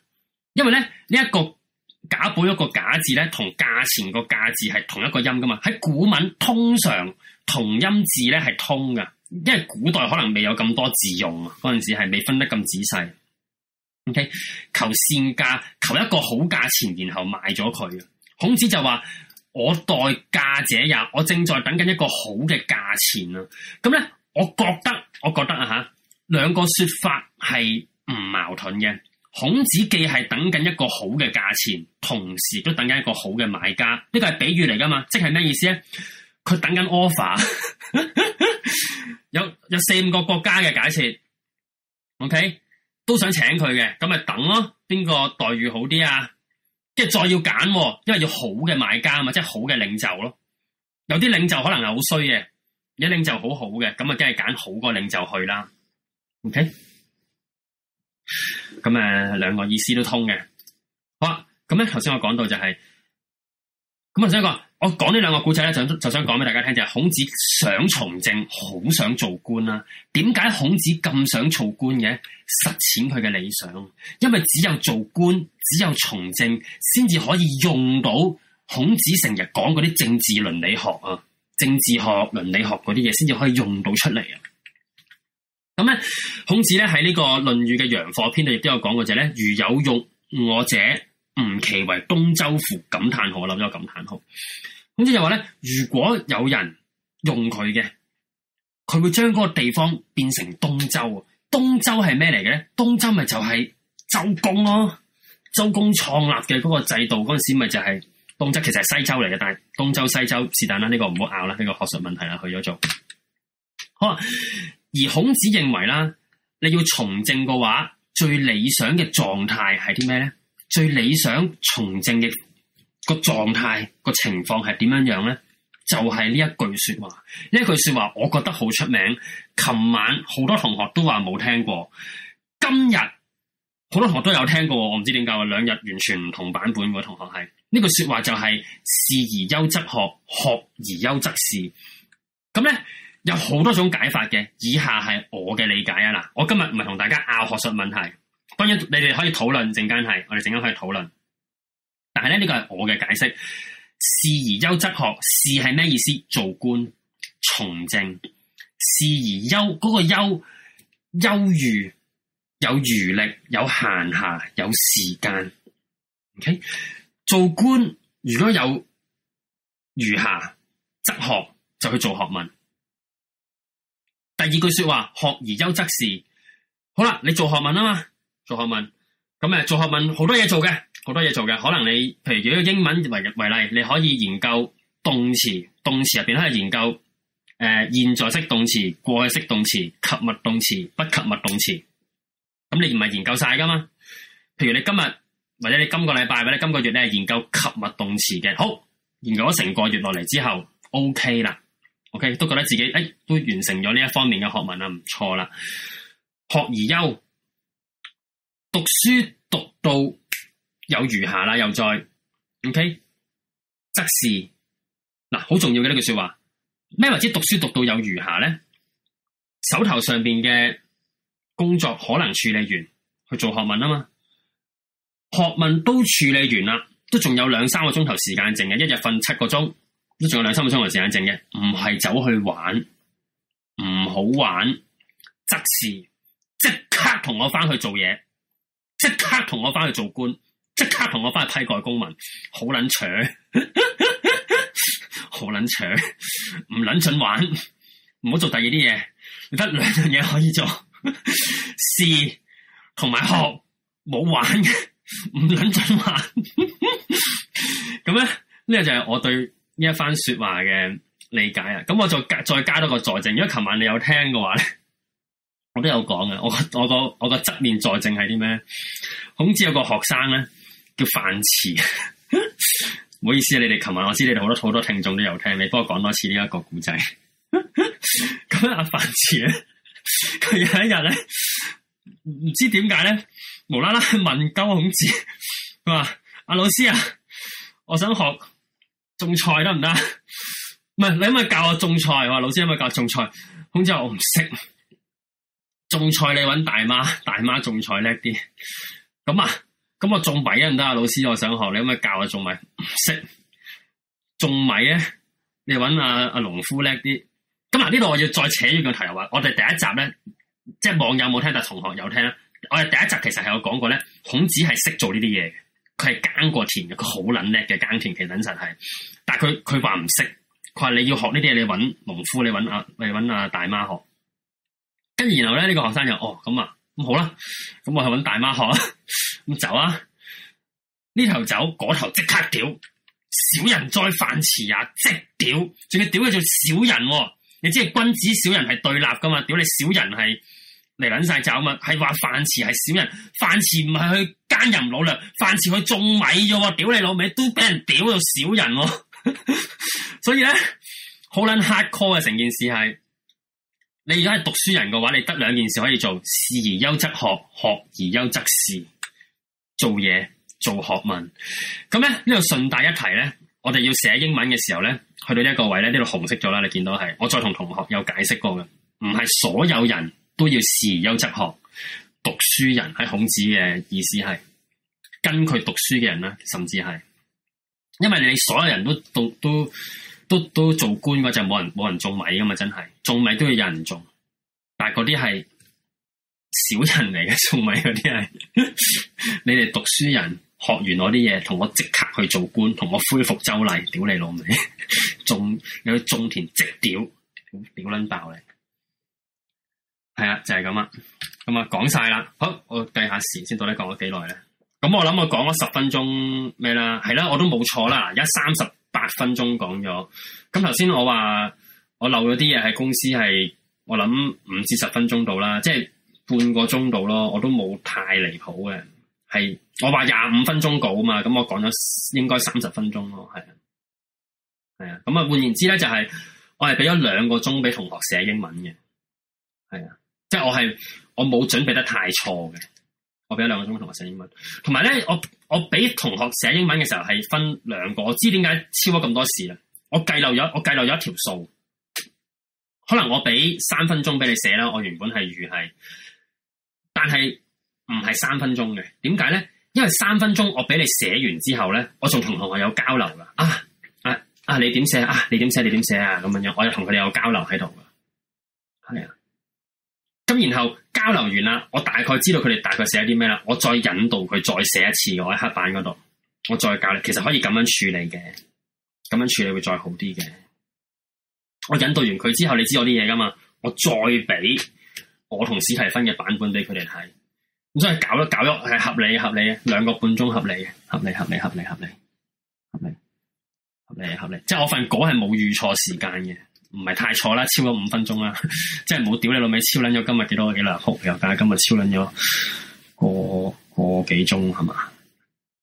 因為咧呢一個。假保一個假字咧，同價錢個價字係同一個音噶嘛？喺古文通常同音字咧係通噶，因為古代可能未有咁多字用，嗰陣時係未分得咁仔細。O K，求善價，求一個好價錢，然後賣咗佢。孔子就話：我待價者也，我正在等緊一個好嘅價錢啊！咁咧，我覺得，我覺得啊吓，兩個說法係唔矛盾嘅。孔子既係等緊一個好嘅價錢，同時都等緊一個好嘅買家，呢個係比喻嚟噶嘛？即係咩意思咧？佢等緊 offer， [laughs] 有有四五個國家嘅解設，OK，都想請佢嘅，咁咪等咯。邊個待遇好啲啊？即係再要揀，因為要好嘅買家嘛，即係好嘅領袖咯。有啲領袖可能係好衰嘅，有領袖好好嘅，咁啊梗係揀好個領袖去啦。OK。咁誒，兩個意思都通嘅。好啦，咁咧，頭先我講到就係、是，咁啊，想講我講呢兩個故仔咧，就想就想講俾大家聽就係，孔子想從政，好想做官啦。點解孔子咁想做官嘅？實踐佢嘅理想，因為只有做官，只有從政，先至可以用到孔子成日講嗰啲政治倫理學啊，政治學、倫理學嗰啲嘢，先至可以用到出嚟啊。咁咧，孔子咧喺呢個《論語》嘅《陽貨》篇度，亦都有講過，就係咧，如有用我者，吾其為東周乎？感嘆號，我諗咗感嘆號。咁即係話咧，如果有人用佢嘅，佢會將嗰個地方變成東周。東周係咩嚟嘅咧？東周咪就係周公咯。周公創立嘅嗰個制度，嗰陣時咪就係東周，其實係西周嚟嘅。但係東周、西周是但啦，呢、這個唔好拗啦，呢、這個學術問題啦，去咗做。好、啊。而孔子認為啦，你要從政嘅話，最理想嘅狀態係啲咩咧？最理想從政嘅個狀態個情況係點樣樣咧？就係、是、呢一句說話，呢一句說話我覺得好出名。琴晚好多同學都話冇聽過，今日好多同學都有聽過，我唔知點解話兩日完全唔同版本。個同學係呢句說話就係、是、仕而優則學，學而優則仕。咁咧？有好多種解法嘅，以下係我嘅理解啊！嗱，我今日唔係同大家拗學術問題，當然你哋可以討論陣間係，我哋陣間可以討論。但係咧，呢個係我嘅解釋。仕而優則學，仕係咩意思？做官從政，仕而優嗰、嗰個優，優裕有餘力，有閒暇，有時間。OK，做官如果有
餘下，則學就去做學問。
第二句說話，學而優則仕。好啦，你做學問啊嘛，做學問咁誒，做學問好多嘢做嘅，好多嘢做嘅。可能你譬如如果英文為為例，你可以研究動詞，動詞入邊都係研究誒、呃、現在式動詞、過去式動詞、及物動詞、不及物動詞。咁你唔係研究晒噶嘛？譬如你今日或者你今個禮拜或者今個月咧研究及物動詞嘅，好研究咗成個月落嚟之後，OK 啦。OK，都覺得自己誒、哎，都完成咗呢一方面嘅學問啊，唔錯啦。學而優，讀書讀到有餘下啦，又再 OK，則是嗱，好重要嘅呢句說話咩謂之讀書讀到有餘下咧，手頭上面嘅工作可能處理完，去做學問啊嘛。學問都處理完啦，都仲有兩三個鐘頭時，時間，淨係一日瞓七個鐘。都仲有兩三個鐘頭時間正嘅，唔係走去玩，唔好玩，即是即刻同我翻去做嘢，即刻同我翻去，去做官，即刻同我翻去批改公文。好捻搶，好捻搶，唔捻准玩，唔好，好，好做第二啲嘢，得兩樣嘢可以做，試同埋學，冇玩嘅，唔捻准玩，咁咧呢個就係我對。呢一番說話嘅理解啊，咁我再再加多個佐證。如果琴晚你有聽嘅話咧，我都有講嘅。我我個我個側面佐證係啲咩？孔子有個學生咧，叫樊遲，唔好意思啊，你哋琴晚我知你哋好多好多聽眾都有聽，你幫我講多次呢一個古仔。咁阿樊遲咧，佢有一日咧，唔知點解咧，無啦啦問鳩孔子，佢話：阿、啊、老師啊，我想學。種菜得唔得？唔係，你可唔可以教我種菜，話老師可唔可以教種菜，孔子話我唔識種菜，你揾大媽，大媽種菜叻啲。咁啊，咁我種米得唔得啊？老師，我想學，你可唔可以教我種米唔識種米咧、啊，你揾阿阿農夫叻啲。咁啊，呢度我要再扯遠個題又話，我哋第一集咧，即係網友冇聽，但同學有聽。我哋第一集其實係有講過咧，孔子係識做呢啲嘢嘅。佢係耕過田嘅，佢好撚叻嘅耕田，佢等實係。但係佢佢話唔識，佢話你要學呢啲嘢，你揾農夫，你揾阿你揾大媽學。跟住然後咧，呢、這個學生就哦咁啊，咁好啦、啊，咁我去揾大媽學啦，咁走啊，呢頭走嗰頭即刻屌，小人哉樊遲啊，即屌，仲要屌佢做小人、啊，你知係君子小人係對立噶嘛？屌你小人係。嚟捻晒爪物，係話飯池係小人，飯池唔係去奸淫老娘，飯池去種米啫，屌你老味都俾人屌到小人喎、啊！所以咧，好捻 hard call 嘅成件事係，你而家係讀書人嘅話，你得兩件事可以做：事而優則學，學而優則事。做嘢做，做學問，咁咧呢度順帶一提咧，我哋要寫英文嘅時候咧，去到呢一個位咧，呢度紅色咗啦，你見到係，我再同同學有解釋過嘅，唔係所有人。都要仕優則學，讀書人喺孔子嘅意思係跟佢讀書嘅人咧，甚至係，因為你所有人都讀都都都做官嘅就冇人冇人種米噶嘛，真係種米都要有人種，但係嗰啲係小人嚟嘅種米嗰啲係， [laughs] 你哋讀書人學完東西我啲嘢，同我即刻去做官，同我恢復周禮，屌你老味，種有去種田即屌屌撚爆你！係啊，就係咁啊，咁啊講晒啦。好，我計下時先，到底講咗幾耐咧？咁我諗我講咗十分鐘咩啦？係啦，啊，我都冇錯啦。而家三十八分鐘講咗。咁頭先我話我漏咗啲嘢喺公司是，係我諗五至十分鐘到啦，即係半個鐘到咯。我都冇太離譜嘅。係我話廿五分鐘稿嘛，咁我講咗應該三十分鐘咯。係啊，係啊。咁，就是，啊，換言之咧，就係我係俾咗兩個鐘俾同學寫英文嘅。係啊。即係我係我冇準備得太錯嘅，我俾咗兩個鐘同學寫英文，同埋咧我我俾同學寫英文嘅時候係分兩個，我知點解超咗咁多事啦，我計漏咗我計漏咗一條數，可能我俾三分鐘俾你寫啦，我原本係預係，但係唔係三分鐘嘅，點解咧？因為三分鐘我俾你寫完之後咧，我仲同同學有交流噶，啊啊啊你點寫啊你點寫你點寫啊咁樣樣，我有同佢哋有交流喺度噶，係啊。咁然後交流完啦，我大概知道佢哋大概寫咗啲咩啦，我再引導佢再寫一次，我喺黑板嗰度，我再教你。其實可以咁樣處理嘅，咁樣處理會再好啲嘅。我引導完佢之後，你知我啲嘢噶嘛？我再俾我同史提芬嘅版本俾佢哋睇，咁所以搞一搞一係合理合理，兩個半鐘合理嘅，合理合理合理合理合理合理合理，即係我份稿係冇預錯時間嘅。唔係太錯啦，超咗五分鐘啦，即係冇屌你老味，超捻咗今日幾多幾耐，哭又但係今日超捻咗個個幾鐘係嘛？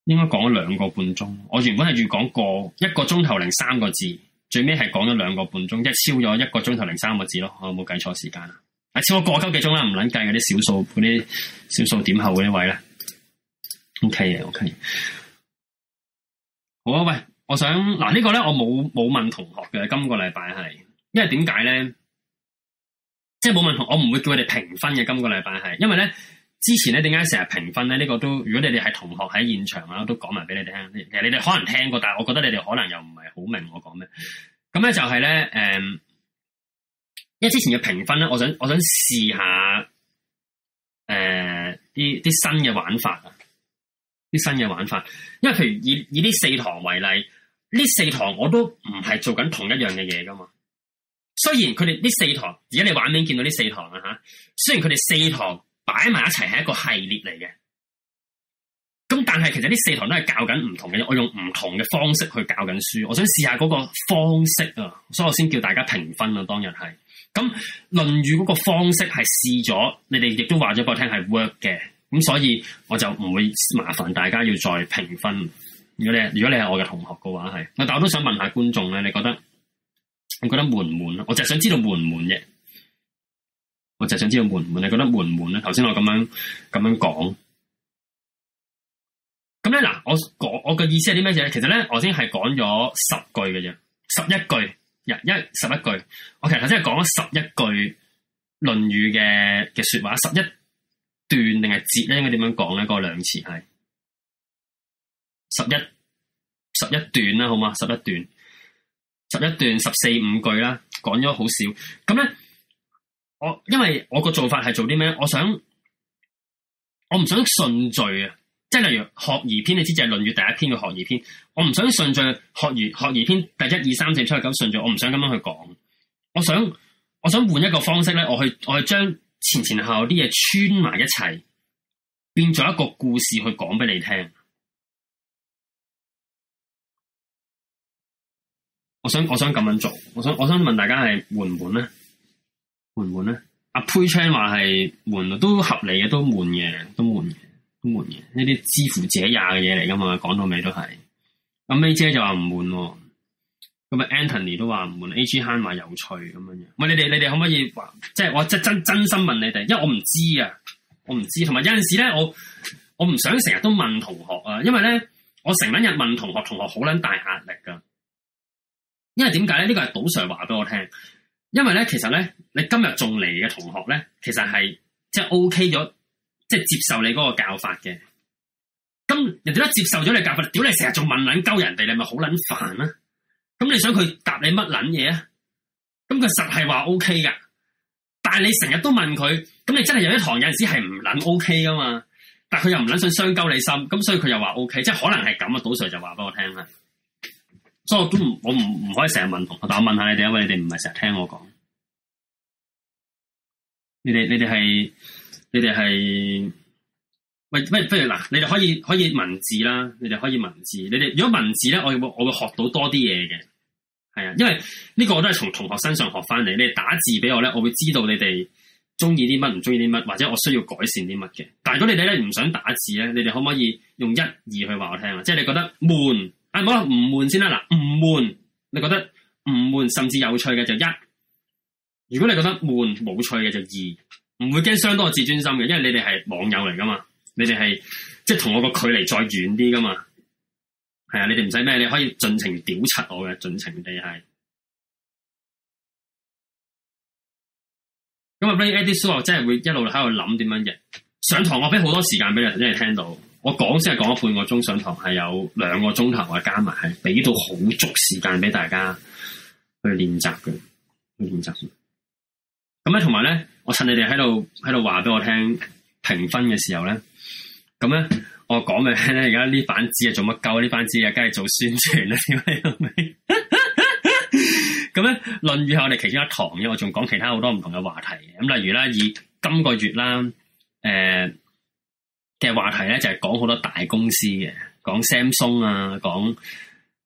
應該講咗兩個半鐘，我原本係預講，過一，是講是過一個鐘頭零三個字，最尾係講咗兩個半鐘，即係超咗一個鐘頭零三個字咯。我有冇計錯時間啊？啊，超咗過個過幾鐘啦，唔捻計嗰啲小數嗰啲小數點後嗰啲位咧。OK 嘅，OK 好啊，喂，我想嗱、這個、呢個咧，我冇冇問同學嘅，今個禮拜係。因為點解咧，即係冇問題，我唔會叫佢哋評分嘅。今個禮拜係因為咧，之前咧點解成日評分咧？呢、這個都如果你哋係同學喺現場啊，我都講埋俾你哋聽。其實你哋可能聽過，但係我覺得你哋可能又唔係好明我講咩。咁咧就係咧，誒、嗯，因為之前嘅評分咧，我想我想試下誒啲啲新嘅玩法啊，啲新嘅玩法。因為譬如以以呢四堂為例，呢四堂我都唔係做緊同一樣嘅嘢，噶嘛。雖然佢哋呢四堂，而家你畫面見到呢四堂啊吓？雖然佢哋四堂擺埋一齊係一個系列嚟嘅，咁但係其實呢四堂都係教緊唔同嘅，我用唔同嘅方式去教緊書。我想試下嗰個方式啊，所以我先叫大家評分啊。當日係咁，論語嗰個方式係試咗，你哋亦都話咗俾我聽係 work 嘅，咁所以我就唔會麻煩大家要再評分。如果你如果你係我嘅同學嘅話係，但我都想問下觀眾咧，你覺得？你覺得悶唔悶啊？我就係想知道悶唔悶啫。我就係想知道悶唔悶。你覺得悶唔悶咧？頭先我咁樣咁樣講，咁咧嗱，我講我嘅意思係啲咩嘢咧？其實咧，我先係講咗十句嘅啫，十一句，一一十一句。我其實頭先係講咗十一句論的《論語》嘅嘅說話，十一段定係節咧？應該點樣講咧？嗰兩詞係十一十一段啦，好嘛？十一段。好十一段十四五句啦，講咗好少，咁咧，我因為我個做法係做啲咩？我想，我唔想順序啊，即係例如學學學《學而篇》你知，就係《論語》第一篇嘅《學而篇》，我唔想順序《學而》《學而篇》第一二三四七咁順序，我唔想咁樣去講，我想，我想換一個方式咧，我去，我去將前前後後啲嘢穿埋一齊，變做一個故事去
講俾你聽。
我想我想咁樣做，我想我想問大家係換唔換咧？換唔換咧？阿、啊、Paychain 話係換，都合理嘅，都換嘅，都換嘅，都換嘅，呢啲之乎者也嘅嘢嚟噶嘛？講到尾都係咁，阿 May 姐就話唔換，咁 An 啊 Anthony 都話唔換，A G Han 話有趣咁樣嘅。唔係你哋你哋可唔可以話？即、就、係、是、我即真真心問你哋，因為我唔知啊，我唔知，同埋有陣時咧，我我唔想成日都問同學啊，因為咧我成日問同學，同學好撚大壓力噶。因為點解咧？呢個係賭 Sir 話俾我聽。因為咧，其實咧，你今日仲嚟嘅同學咧，其實係即係 O K 咗，即係、OK、接受你嗰個教法嘅。咁人哋都接受咗你教法，屌你成日仲問撚鳩人哋，你咪好撚煩啊！咁你想佢答你乜撚嘢啊？咁佢實係話 O K 噶，但係你成日都問佢，咁你真係有一堂有陣時係唔撚 O K 噶嘛？但係佢又唔撚想傷鳩你心，咁所以佢又話 O K，即係可能係咁啊！賭 Sir 就話俾我聽啦。所以我都唔，我唔唔可以成日問同學，但我問下你哋，因為你哋唔係成日聽我講。你哋你哋係，你哋係，喂，不如不如嗱，你哋可以可以文字啦，你哋可以文字，你哋如果文字咧，我會我會學到多啲嘢嘅，係啊，因為呢個我都係從同學身上學翻嚟。你哋打字俾我咧，我會知道你哋中意啲乜，唔中意啲乜，或者我需要改善啲乜嘅。但係如果你哋咧唔想打字咧，你哋可唔可以用一二去話我聽啊？即係你覺得悶。係冇啦，唔悶先啦，嗱，唔悶，你覺得唔悶，甚至有趣嘅就一；如果你覺得悶、冇趣嘅就二，唔會驚傷到我自尊心嘅，因為你哋係網友嚟噶嘛，你哋係即係同我個距離再遠啲噶嘛，係啊，你哋唔使咩，你可以盡情屌柒我嘅，盡
情地係。咁啊
，Ray edit show 真係會一路喺度諗點樣嘅。上堂我俾好多時間俾人真係聽到。我講先係講咗半個鐘上堂，係有兩個鐘頭啊，加埋係俾到好足時間俾大家去練習嘅，練習。咁咧，同埋咧，我趁你哋喺度喺度話俾我聽評分嘅時候咧，咁咧我講嘅咧，而家呢版紙係做乜鳩？呢版紙啊，梗係做宣傳呢點解咁？咁咧， [laughs] 《論語》係我哋其中一堂嘅，我仲講其他好多唔同嘅話題咁，例如啦，以今個月啦，誒、呃。嘅話題咧就係講好多大公司嘅，講 Samsung 啊，講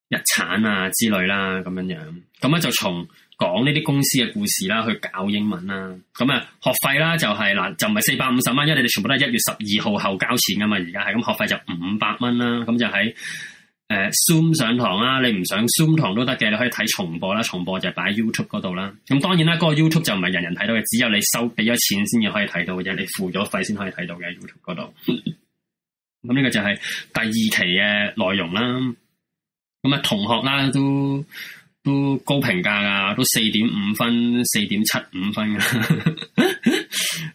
日產啊之類啦，咁樣樣，咁咧就從講呢啲公司嘅故事啦，去搞英文啦。咁啊，學費啦就係、是、嗱，就唔係四百五十蚊，因為你哋全部都係一月十二號後交錢噶嘛，而家係咁，學費就五百蚊啦，咁就喺、是。誒，Zoom 上堂啦，你唔上 Zoom 堂都得嘅，你可以睇重播啦，重播就擺喺 YouTube 嗰度啦。咁當然啦，嗰個 YouTube 就唔係人人睇到嘅，只有你收俾咗錢先至可以睇到嘅，你付咗費先可以睇到嘅 YouTube 嗰度。咁 [laughs] 呢個就係第二期嘅內容啦。咁啊， [laughs] 同學啦都都高評價㗎，都四點五分、四點七五分噶。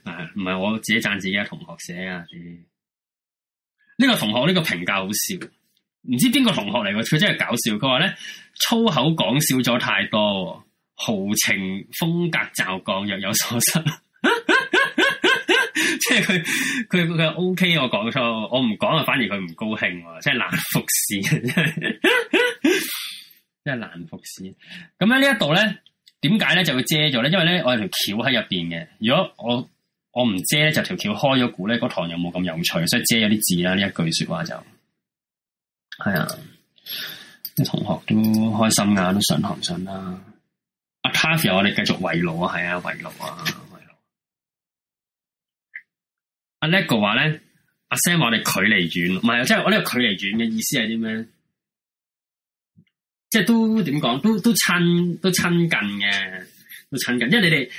啊，唔係我自己讚自己嘅同學寫啊啲。呢個同學呢個評價好笑。唔知邊個同學嚟㗎？佢真係搞笑。佢話咧粗口講少咗太多，豪情風格驟降，若有所失。 [laughs] 即係佢佢佢 OK，我講錯，我唔講啊，反而佢唔高興，即係難服侍，即係難服侍。咁喺呢一度咧，點解咧就會遮咗咧？因為咧我有條橋喺入邊嘅。如果我我唔遮，就條橋開咗，估咧嗰堂有冇咁有趣，所以遮有啲字啦。呢一句說話就。係啊，啲、哎、同學都開心都都都啊，都上堂上啦。阿 p a r l 我哋繼續圍爐啊，係啊，圍爐啊，圍爐。阿 Lego 話咧，阿 Sam 話我哋距離遠，唔係啊，即係我呢個距離遠嘅意思係啲咩？即係都點講？都都親，都親近嘅，都親近,近。因為你哋，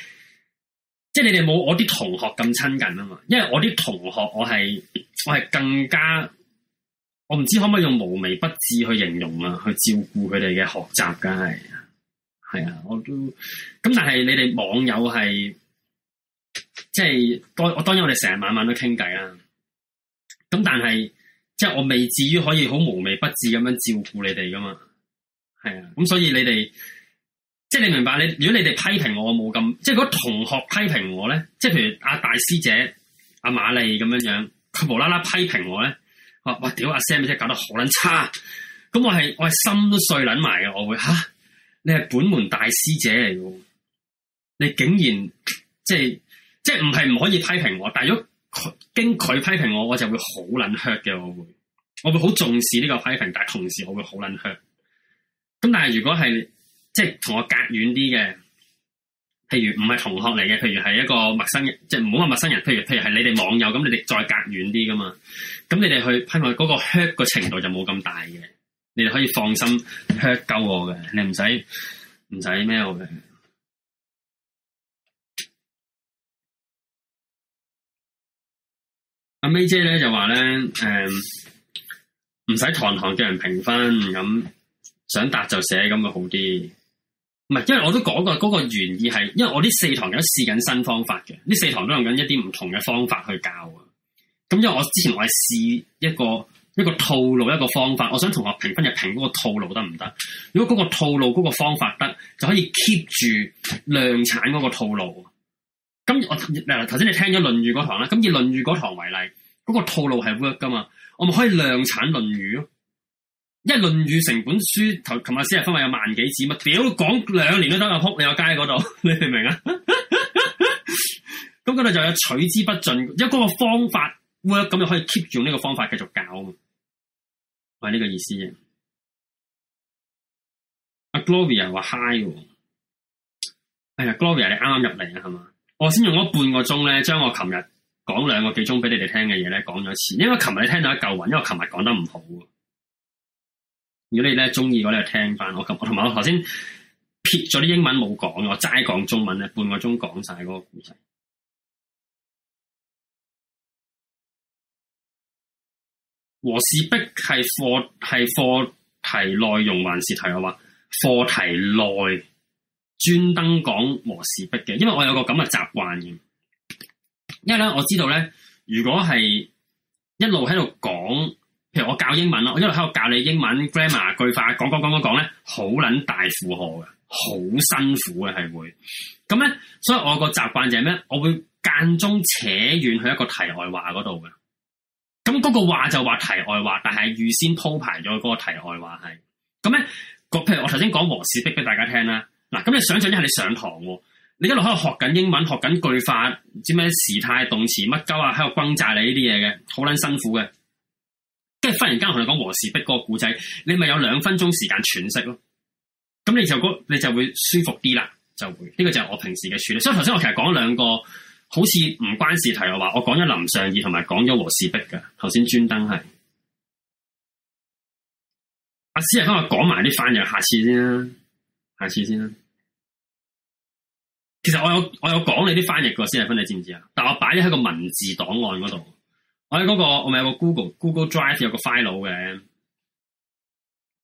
即係你哋冇我啲同學咁親近啊嘛。因為我啲同學我，我係我係更加。我唔知可唔可以用無微不至去形容啊，去照顧佢哋嘅學習㗎係，係啊，我都咁。但係你哋網友係，即係當我當然我哋成日晚晚都傾偈啦。咁但係，即係我未至於可以好無微不至咁樣照顧你哋噶嘛？係啊。咁所以你哋，即係你明白？你如果你哋批評我，我冇咁，即係如果同學批評我咧，即係譬如阿大師姐、阿瑪麗咁樣樣，佢無啦啦批評我咧。哇屌阿 Sam，真係搞得好撚差，啊，咁我係我係心都碎捻埋嘅，我會吓、啊、你係本門大師姐嚟嘅，你竟然即係即係唔係唔可以批評我，但係如果經佢批評我，我就會好撚 hurt 嘅，我會我會好重視呢個批評，但係同時我會好撚 hurt。咁但係如果係即係同我隔遠啲嘅。譬如唔係同學嚟嘅，譬如係一個陌生人，即係唔好話陌生人。譬如譬如係你哋網友咁，你哋再隔遠啲噶嘛。咁你哋去批我嗰個 hurt 嘅程度就冇咁大嘅，你哋可以放心 hurt 鳩我嘅，你唔
使唔使咩我嘅。阿 May 姐咧就話咧，誒
唔使堂堂叫人評分咁，想答就寫咁咪、那個、好啲。唔係，因為我都講過嗰個原意係，因為我呢四堂有試緊新方法嘅，呢四堂都用緊一啲唔同嘅方法去教啊。咁因為我之前我係試一個一個套路一個方法，我想同學評分入評嗰個套路得唔得？如果嗰個套路嗰個方法得，就可以 keep 住量產嗰個套路。咁我嗱頭先你聽咗《論語》嗰堂啦，咁以《論語》嗰堂為例，嗰個套路係 work 噶嘛，我咪可以量產《論語》咯。一論語成本書，頭琴日先係分為有萬幾字，乜屌講兩年都得有扑，你喺街嗰度，你明唔明啊？咁嗰度就有取之不盡，有嗰個方法 work，咁就可以 keep 住用呢個方法繼續搞。
啊，係呢個意思。阿
Gloria 話，嗨，哎呀 Gloria 你啱啱入嚟啊，係嘛？我先用咗半個鐘咧，將我琴日講兩個幾鐘俾你哋聽嘅嘢咧，講咗一次，因為琴日你聽到一嚿雲，因為琴日講得唔好。如果你咧中意，嗰你就聽翻我琴日同埋我頭先撇咗啲英文冇講嘅，我齋講中文咧，半個鐘講晒嗰個故事，和事是。和氏璧係課係課題內容，還是係我話課題內專登講和氏璧嘅？因為我有個咁嘅習慣嘅，因為咧我知道咧，如果係一路喺度講。譬如我教英文咯，我一路喺度教你英文 grammar 句法，講講講講講咧，好捻大負荷嘅，好辛苦嘅，係會咁咧。所以我個習慣就係咩？我會間中扯遠去一個題外話嗰度嘅。咁嗰個話就話題外話，但係預先鋪排咗嗰個題外話係咁咧。個譬如我頭先講和氏璧俾大家聽啦，嗱，咁你想象一下，你上堂，你一路喺度學緊英文，學緊句法，知咩時態動詞乜鳩啊，喺度轟炸你呢啲嘢嘅，好捻辛苦嘅。即係忽然間同你講和氏璧嗰個古仔，你咪有兩分鐘時間喘息咯。咁你就嗰，你就會舒服啲啦，就會。呢個就係我平時嘅處理。所以頭先我剛才其實講兩個好似唔關事題嘅話，我講咗林尚義同埋講咗和氏璧嘅。頭先專登係阿施，今我講埋啲翻譯，下次先啦，下次先啦。其實我有我有講你啲翻譯過，施日芬，你知唔知啊？但係我擺咗喺個文字檔案嗰度。我喺嗰個我咪有個 Google Google Drive 有個 file 嘅，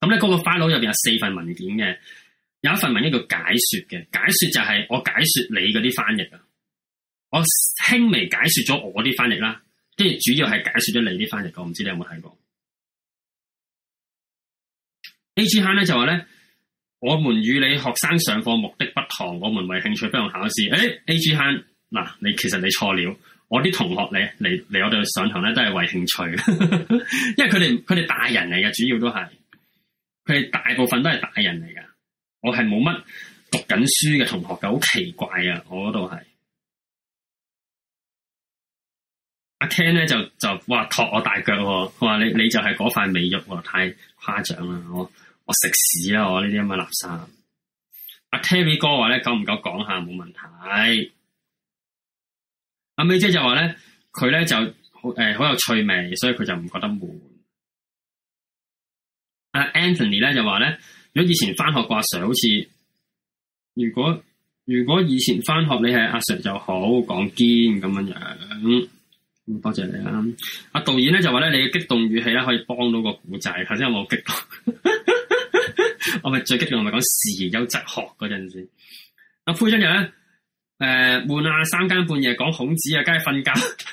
咁咧嗰個 file 入邊有四份文件嘅，有一份文件叫解說嘅，解說就係我解說你嗰啲翻譯啊，我輕微解說咗我啲翻譯啦，跟住主要係解說咗你啲翻譯，我唔知你有冇睇過
？AG Han 咧就話咧，我們
與你學生上課目的不同，我們為興趣不用考試，誒，AG Han 嗱，你其實你錯了。我啲同學咧嚟嚟，我哋上堂咧，都係為興趣， [laughs] 因為佢哋佢哋大人嚟嘅，主要都係佢哋大部分都係大人嚟噶。我係冇乜讀緊書嘅同學嘅，好奇怪啊！我嗰度係
阿 Ken 咧就就哇托我大腳，啊，佢話你
你就係嗰塊美玉，啊，太誇張啦！我我食屎啦！我呢啲咁嘅垃圾，啊。阿 Terry 哥話咧，夠唔夠講下冇問題。阿美姐就話咧，佢咧就好誒，好有趣味，所以佢就唔覺得悶。
阿 Anthony 咧就話咧，如果以前翻學掛 Sir，好
似如果如果以前翻學你係阿 Sir 就好講堅咁樣樣，咁多謝你啦。阿、嗯、導演咧就話咧，你嘅激動語氣咧可以幫到個古仔。頭先有冇激動？ [laughs] 我咪最激動，我咪講時有哲學嗰陣時。阿灰真人咧。誒，換下、呃、三更半夜講孔子啊，梗係瞓覺。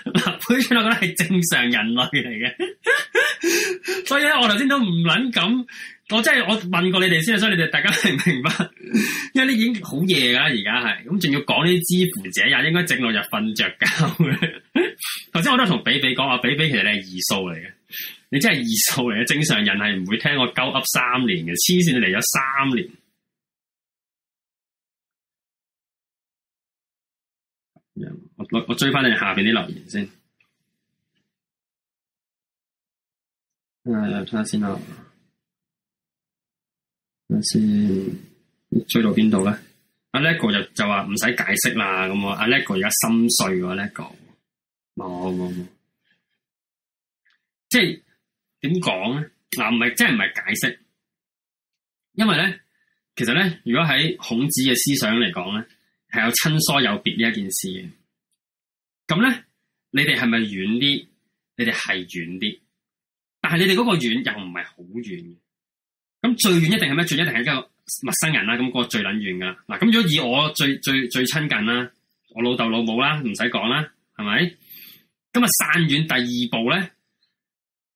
嗱，本我覺得係正常人類嚟嘅，所以咧我頭先都唔捻咁，我真係，我問過你哋先，所以你哋大家明唔明白？因為呢已經好夜噶，而家係，咁仲要講啲之乎者也，應該靜落日瞓着覺的。頭先我都同比比講，阿比比其實你係異數嚟嘅，你真係異數嚟嘅，正常人係唔會聽我鳩噏三年嘅，黐線，你嚟咗三年。
我我追翻你下邊啲留言先。
啊，睇下先啦，睇下先，追到邊度咧？阿叻哥就就話唔使解釋啦，咁啊，阿叻哥而家心碎喎，叻哥。冇冇冇，即係點講咧？嗱，唔係即係唔係解釋，因為咧，其實咧，如果喺孔子嘅思想嚟講咧。係有親疏有別呢一件事嘅，咁咧你哋係咪遠啲？你哋係遠啲，但係你哋嗰個遠又唔係好遠嘅。咁最遠一定係咩？最遠一定係一個陌生人啦。咁、那、嗰個最捻遠噶啦。嗱，咁如果以我最最最親近啦，我老豆老母啦，唔使講啦，係咪？今日散遠第二步咧，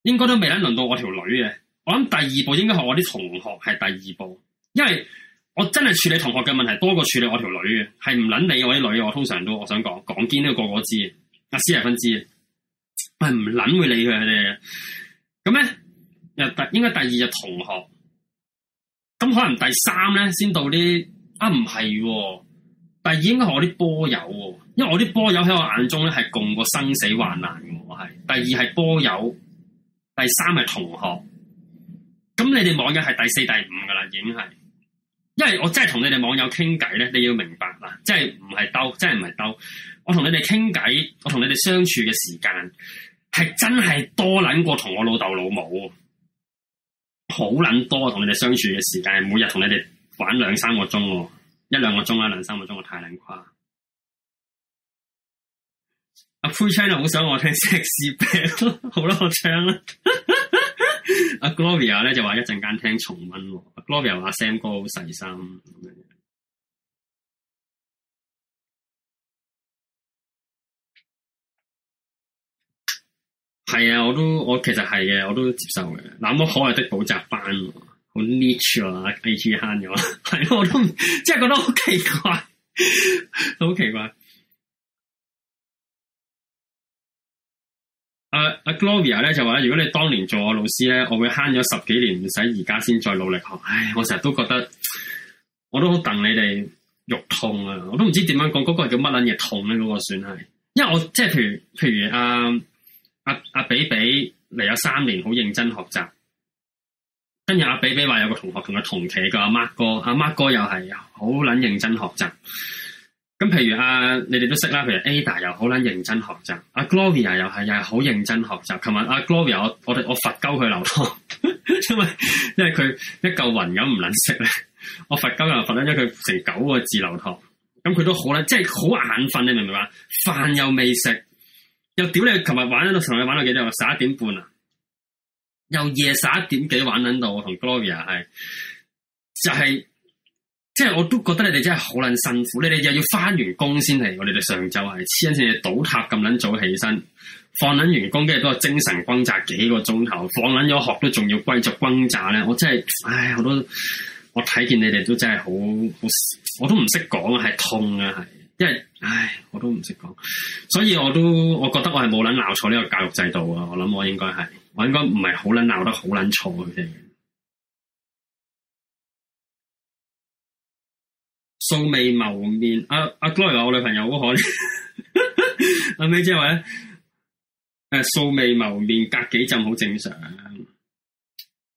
應該都未能輪到我條女嘅。我諗第二步應該係我啲同學係第二步，因為。我真係處理同學嘅問題多過處理我條女嘅，係唔捻理我啲女，我通常都我想講講堅都個個，個都知，知，阿思係芬知啊，唔捻會理佢哋。咁咧又第應該第二就同學，咁可能第三咧先到啲啊唔係，啊，第二應該係我啲波友，因為我啲波友喺我眼中咧係共過生死患難嘅，係，係第二係波友，第三係同學。咁你哋網友係第四第五噶啦，已經係。因為我真係同你哋網友傾偈咧，你要明白啦，即係唔係兜，即係唔係兜。我同你哋傾偈，我同你哋相處嘅時間係真係多捻過同我老豆老母，好捻多同你哋相處嘅時間，每日同你哋玩
兩三個鐘，一兩個鐘啊，兩三個鐘，我太捻誇。
阿灰 channel 好想我聽 sex bed，好啦，我唱啦。阿 Gloria 咧就話一陣間聽重溫喎，阿 Gloria 話 Sam 哥好細心
咁樣，係啊，我都我其實係嘅，我都
接受嘅。那麼可愛的補習班，好 niche 啊，A G 慳咗，係我都即係覺得好奇怪，好奇怪。
阿阿、uh, Gloria 咧就話，如果你當年做
我老師咧，我會慳咗十幾年唔使，而家先再努力學。唉，我成日都覺得，我都好戥你哋肉痛啊！我都唔知點樣講，嗰、那個係叫乜撚嘢痛咧？啊，嗰、那個算係，因為我即係譬如譬如阿阿阿比比嚟咗三年，好認真學習，跟住阿比比話有個同學同佢同期嘅阿 mark 哥，阿 mark 哥又係好撚認真學習。咁譬如啊，你哋都識啦。譬如 Ada 又好啦，認真學習。阿 Gloria 又係又係好認真學習。琴晚阿 Gloria，我我我罰鳩佢留堂，因為因為佢一嚿雲咁唔撚食咧。我罰鳩佢留罰咧，因為佢成九個字留堂。咁佢都好咧，即係好眼瞓，你明唔明啊？飯又未食，又屌你玩！琴日玩到同你玩到幾多啊？十一點半啊，又夜十一點幾玩緊到。我同 Gloria 係就係、是。即係我都覺得你哋真係好捻辛苦，你哋又要翻完工先嚟。我哋哋上晝係黐線嘅倒塌咁捻早起身，放捻完工，跟住都有精神轟炸幾個鐘頭，放捻咗學都仲要繼續轟炸咧。我真係唉，我都……我睇見你哋都真係好好，我都唔識講啊，係痛啊，係，因為唉，我都唔識講，所以我都我覺得我係冇捻鬧錯呢個教育制度啊。我諗我應該係，我應該唔係
好捻鬧得好捻錯佢哋。
素未謀面，阿阿哥嚟話我女朋友好可憐，阿 May 即係話咧，誒、啊啊、素未謀面隔幾陣好正常，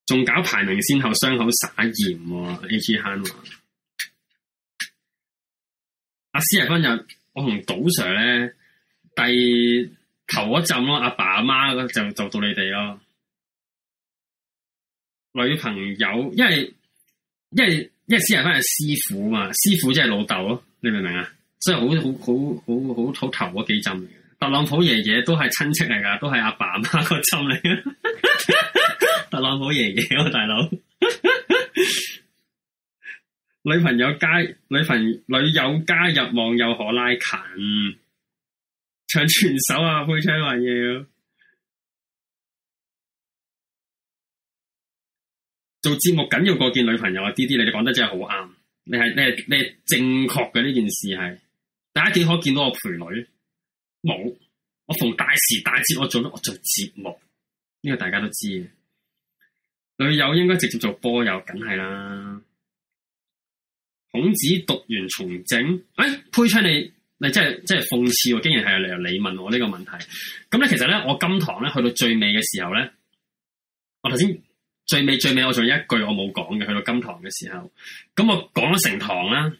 仲搞排名先後傷口灑鹽，傷口撒鹽喎，A. G. 慳啊，
阿詩嚟翻日，我同賭 Sir 咧，第頭嗰陣咯，阿、啊、爸阿媽就就到你哋咯，女朋友，因
為因為。因為私人翻係師傅嘛，師傅即係老豆咯，你明唔明啊？所以好好好好好好頭幾針嚟嘅，特朗普爺爺都係親戚嚟噶，都係阿爸阿媽個針嚟嘅。 [laughs] 特朗普爺爺、啊，我大佬。 [laughs] 女朋友加女朋女友加入網友可拉近，
唱全首啊！配唱還要、啊。做節目緊要過見女朋友啊！啲啲你你講得真係好啱，
你係你係你係正確嘅呢件事係。大家幾可見到我陪女？冇，我逢大時大節我做，我做節目呢、呢個大家都知嘅。女友應該直接做波友，梗係啦。孔子讀完《從政》，哎，潘出，你你真係真係諷刺，竟然係由你問我呢個問題。咁咧，其實咧，我今堂咧去到最尾嘅時候咧，我頭先。最尾最尾，我仲有一句我冇講嘅，去到金堂嘅時候，咁我講咗成堂啦，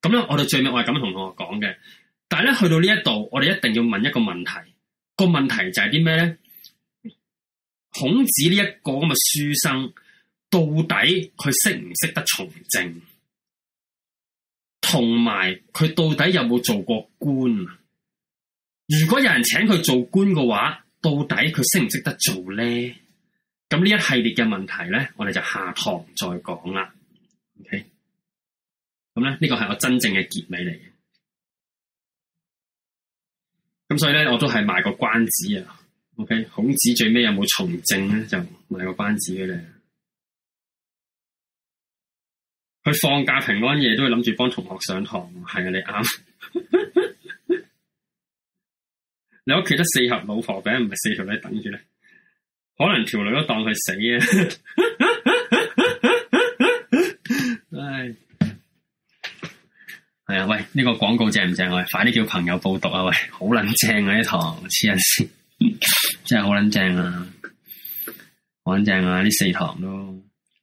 咁咧我到最尾我係咁同同學講嘅，但係咧去到呢一度，我哋一定要問一個問題，個問題就係啲咩咧？孔子呢一個咁嘅書生，到底佢識唔識得從政？同埋佢到底有冇做過官啊？如果有人請佢做官嘅話，到底佢識唔識得做咧？咁呢一系列嘅問題咧，我哋就下堂再講啦。
OK，
咁咧呢個係我真正嘅結尾嚟嘅。咁、嗯、所以咧，我都係賣個關子啊。OK，孔子最尾有冇從政咧？就賣個關子俾你。佢放假平
安夜都會諗住幫同學上堂，係啊，你啱。 [laughs] 你屋企得四盒老婆餅，唔係四盒女等住咧。可能條女都當佢死啊！唉，係啊，喂，呢個廣告正唔正啊？快啲叫朋友報讀啊！喂，好撚正啊！呢堂黐人線，真係好撚正啊！撚正啊！呢四堂咯，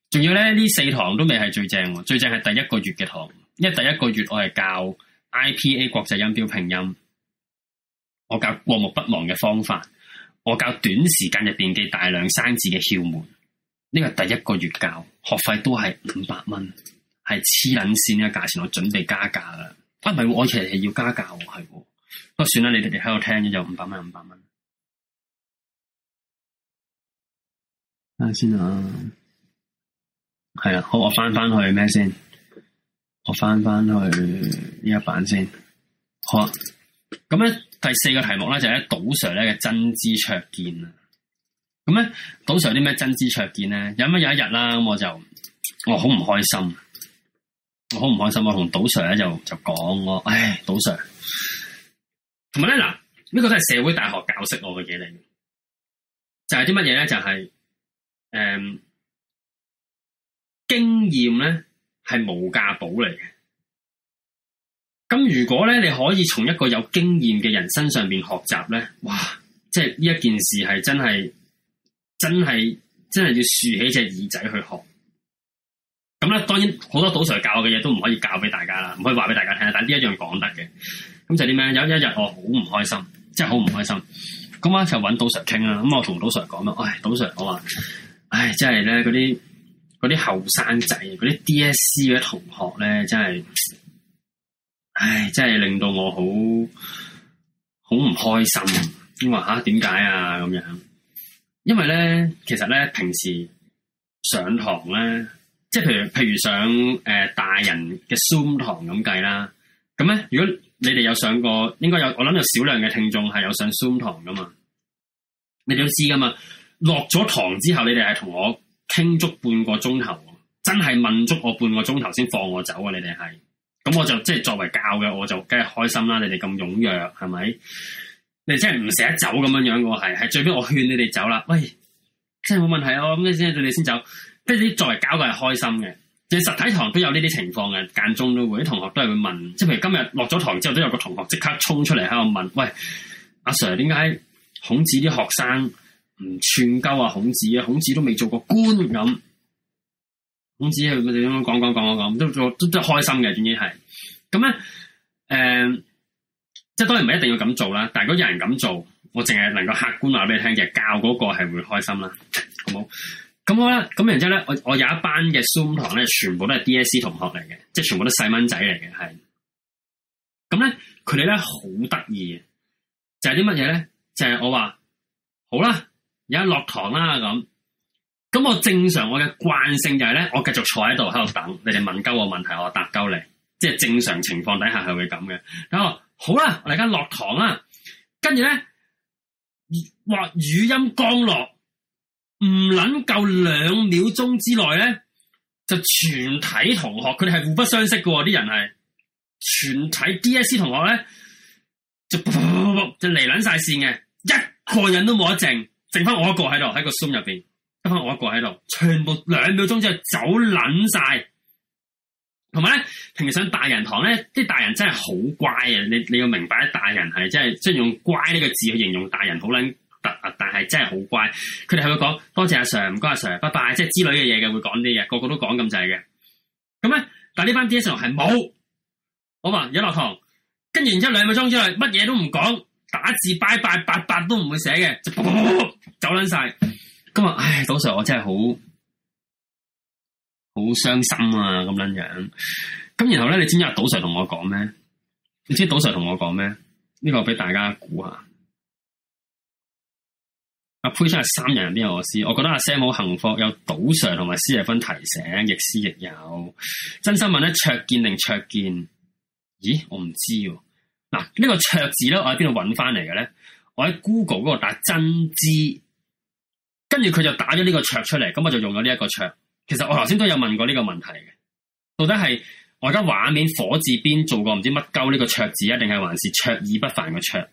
仲要咧呢四堂都未係最正，最正係第一個月嘅堂，因為第一個月我係教 IPA 國際音標拼音，我教過目不忘嘅方法。我教短時間入邊嘅大量生字嘅竅門，呢個第一個月教學費都係五百蚊，係黐捻線嘅價錢，我準備加價啦。啊，唔係，我其實要加價，我係，不、啊、過算啦，你
哋哋喺度聽咗就五百蚊，五百蚊。
啱先啊，係啦，好，我翻翻去咩先？我翻翻去呢一版先。好啊，咁咧。第四個題目咧就係賭 Sir 咧嘅真知灼見啊！咁咧賭 Sir 啲咩真知灼見咧？有乜有一日啦，咁我就我好唔開心，我好唔開心。我同賭 Sir 咧就就講我，唉，賭 Sir 同埋咧嗱，呢個都係社會大學教識我嘅嘢嚟，就係啲乜嘢咧？就係
誒經驗咧係無價寶
嚟嘅。咁如果咧，你可以從一個有經驗嘅人身上面學習咧，哇！即係呢一件事係真係真係真係要豎起隻耳仔去學。咁咧，當然好多賭 Sir 教嘅嘢都唔可以教俾大家啦，唔可以話俾大家聽。但係呢一樣講得嘅，咁就點樣？有一日我好唔開心，即係好唔開心。咁啊就揾賭 Sir 傾啦。咁我同賭 Sir 講啦，唉、哎，賭 Sir 我話，唉、哎，真係咧嗰啲嗰啲後生仔，嗰啲 D S C 嘅同學咧，真係。唉，真係令到我好好唔開心。咁話吓，點解啊？咁樣，因為咧，其實咧，平時上堂咧，即係譬如譬如上誒、呃、大人嘅 Zoom 堂咁計啦。咁咧，如果你哋有上過，應該有我諗有少量嘅聽眾係有上 Zoom 堂噶嘛。你都知噶嘛？落咗堂之後，你哋係同我傾足半個鐘頭，真係問足我半個鐘頭先放我走啊！你哋係。咁我就即係作為教嘅，我就梗係開心啦！你哋咁踊躍，係咪？你真係唔捨得走咁樣樣嘅喎，係係最屘我勸你哋走啦！喂，即係冇問題啊。咁先你哋先走。即係啲作為教嘅係開心嘅，其實實體堂都有呢啲情況嘅，間中都會啲同學都係會問，即係譬如今日落咗堂之後都有個同學即刻衝出嚟喺度問：，喂，阿 Sir 點解孔子啲學生唔串鳩啊？孔子啊，孔子都未做過官咁。總之佢哋咁樣講講講講講，都做都都，都開心嘅，總之係咁咧。誒、嗯，即係當然唔係一定要咁做啦。但係如果有人咁做，我淨係能夠客觀話俾你聽嘅，教嗰個係會開心啦，好冇？咁、嗯嗯、好啦，咁然之後咧，我我有一班嘅 zoom 堂咧，全部都係 DSE 同學嚟嘅，即係全部都細蚊仔嚟嘅，係。咁咧，佢哋咧好得意嘅，就係啲乜嘢咧？就係、是、我話好啦，而家落堂啦咁。咁我正常我嘅慣性就係咧，我繼續坐喺度喺度等，你哋問鳩我問題，我答鳩你，即係正常情況底下係會咁嘅。咁我好啦，我哋而家落堂啦，跟住咧話語音剛落，唔捻夠兩秒鐘之內咧，就全體同學佢哋係互不相識嘅啲人係全體 DSC 同學咧，就噗噗噗噗噗就嚟捻晒線嘅，一個人都冇得剩，剩翻我一個喺度喺個 Zoom 入邊。我一個喺度，全部兩秒鐘之後走捻晒，同埋咧，平時上大人堂咧，啲大人真係好乖啊！你你要明白，大人係真係即係用乖呢個字去形容大人，好捻突啊！但係真係好乖，佢哋係會講多謝阿 Sir，唔該阿 Sir，拜拜，即係之類嘅嘢嘅會講啲嘢，個個都講咁滯嘅。咁咧，但係呢班 D S L 係冇好嘛，一落堂，跟住然之後兩秒鐘之內，乜嘢都唔講，打字拜拜八八都唔會寫嘅，就走捻晒。今日唉，賭 Sir、哎、我真係好好傷心啊，咁樣樣。咁然後咧，你知唔知阿賭 Sir 同我講咩？你知賭 Sir 同我講咩？呢、這個俾大家估下。阿 p u 係三人入邊有我師？我覺得阿 Sam 好幸福，有賭 Sir 同埋施業芬提醒，亦師亦友。真心問咧，灼見定卓見？咦，我唔知喎、啊。嗱，呢個卓字咧，我喺邊度搵翻嚟嘅咧？我喺 Google 嗰度打真知」。跟住佢就打咗呢個卓出嚟，咁我就用咗呢一個卓。其實我頭先都有問過呢個問題，到底係我而家畫面火字邊做過唔知乜鳩呢個卓字啊，定係還是卓爾不凡嘅卓？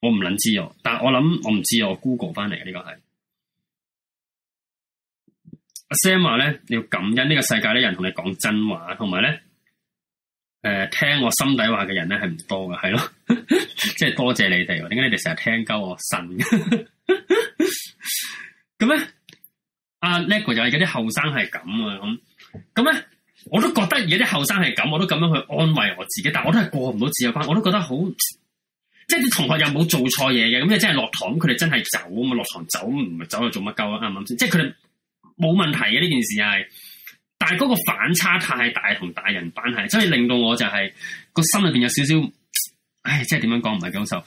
我唔捻知喎，但我諗我唔知喎。Google 翻嚟嘅呢個係。阿 Sam 話咧，你要感恩呢、呢個世界有人同你講真話，同埋咧。誒、呃，聽我心底話嘅人咧係唔多嘅，係咯，即係多謝你哋。點解你哋成日聽鳩我呻？咁 [laughs] 咧，阿叻哥又係嗰啲後生係咁啊，咁咁咧，我都覺得而家啲後生係咁，我都咁樣去安慰我自己，但我都係過唔到自由關，我都覺得好，即係啲同學又冇做錯嘢嘅，咁你真係落堂，佢哋真係走啊嘛，落堂走唔係走又做乜鳩啊？啱唔啱先？即係佢哋冇問題嘅呢件事係。但係嗰個反差太大，同大人關係，所以令到我就係、是、個心入邊有少少，唉，即係點樣講，唔係咁受。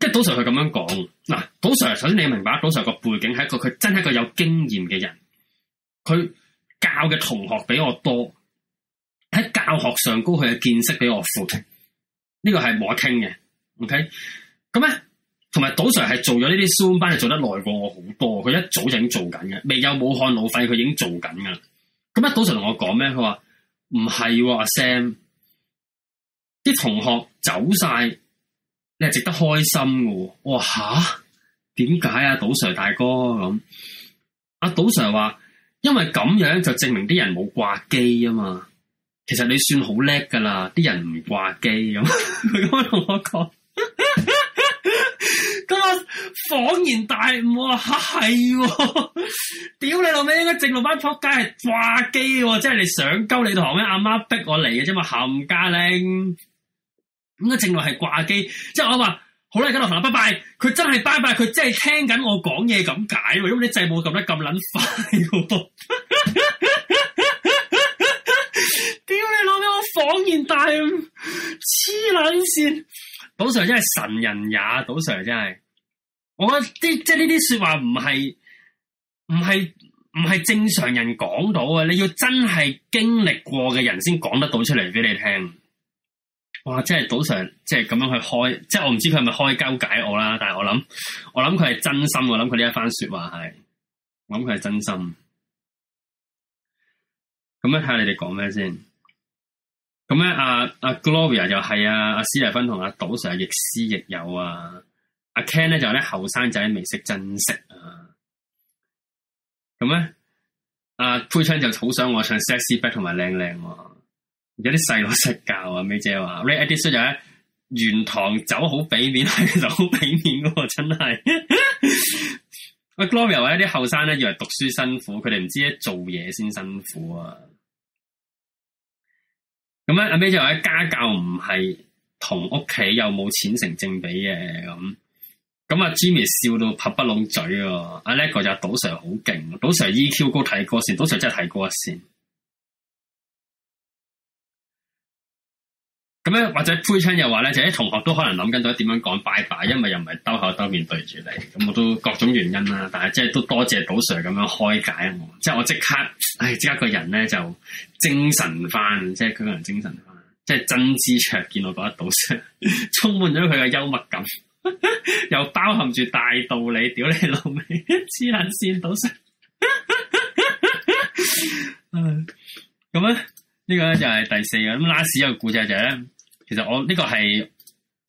即係賭 Sir 佢咁樣講嗱，賭 Sir 首先你要明白，賭 Sir 個背景係一個佢真係一個有經驗嘅人，佢教嘅同學比我多，喺教學上高佢嘅見識比我富。呢、這個係冇得傾嘅，OK 咁咧，同埋賭 Sir 係做咗呢啲 Zoom 班，係做得耐過我好多。佢一早就已經做緊嘅，未有武漢老費，佢已經做緊噶。咁阿賭 Sir 同我講咩？佢話唔係阿 Sam 啲同學走晒，你係值得開心嘅喎。我話吓點解啊？賭 Sir 大哥咁，阿賭 Sir 話因為咁樣就證明啲人冇掛機啊嘛。其實你算好叻㗎啦，啲人唔掛機咁。佢咁樣同我講。咁我恍然大悟啊，係喎！屌你老味，應該正路班撲街係掛機喎，即係你想溝你堂咧阿媽逼我嚟嘅啫嘛，冚家拎！咁個正路係掛機，即係我話好啦，而家落堂啦，拜拜！佢真係拜拜，佢真係聽緊我講嘢咁解，因為你掣冇撳得咁撚快。屌 [laughs] [laughs] [laughs] 你老味，我恍然大悟，黐撚線！賭 Sir 真係神人也，賭 Sir 真係，我覺得啲即係呢啲說話唔係唔係唔係正常人講到嘅，你要真係經歷過嘅人先講得到出嚟俾你聽。哇！即係賭 Sir 即係咁樣去開，即係我唔知佢係咪開交解我啦，但係我諗我諗佢係真心，我諗佢呢一番說話係，我諗佢係真心。咁樣睇下你哋講咩先？咁咧，阿阿 Gloria 又係啊，啊啊啊啊啊阿斯蒂芬同阿賭 Sir 亦師亦友啊，啊，阿 Ken 咧就咧後生仔未識珍惜啊。咁咧，阿 p u c h i n 就好想我唱 sexy back 同埋靚靚喎，而家啲細佬失教啊，美姐話 Red Edition 就喺圓、啊、堂走好俾面，其實好俾面噶，真係、啊啊啊。阿 Gloria 話啲後生咧以為讀書辛苦，佢哋唔知咧做嘢先辛苦啊。咁咧，阿 May 就話，家教唔係同屋企又冇錢成正比嘅咁。咁阿 Jimmy 笑到拍不攏嘴喎。阿叻哥就 x 又賭 Sir 好勁，
賭 Sir EQ 高，睇過線，賭 Sir 真係睇過一線。
咁或者 p u 又話咧，就啲、是、同學都可能諗緊到點樣講拜拜，因為又唔係兜口兜面對住你，咁我都各種原因啦。但係即係都多謝賭 Sir 咁樣開解我，即係我即刻，唉，即刻個人咧就精神翻，即係佢個人精神翻，即係真知灼見見到嗰一賭 Sir，充滿咗佢嘅幽默感，又包含住大道理，屌你老味，黐捻線賭 Sir。咁 [laughs] 咧、嗯、呢、這個咧就係第四嘅，咁 last 一個故事就係、是、咧。其實我呢個係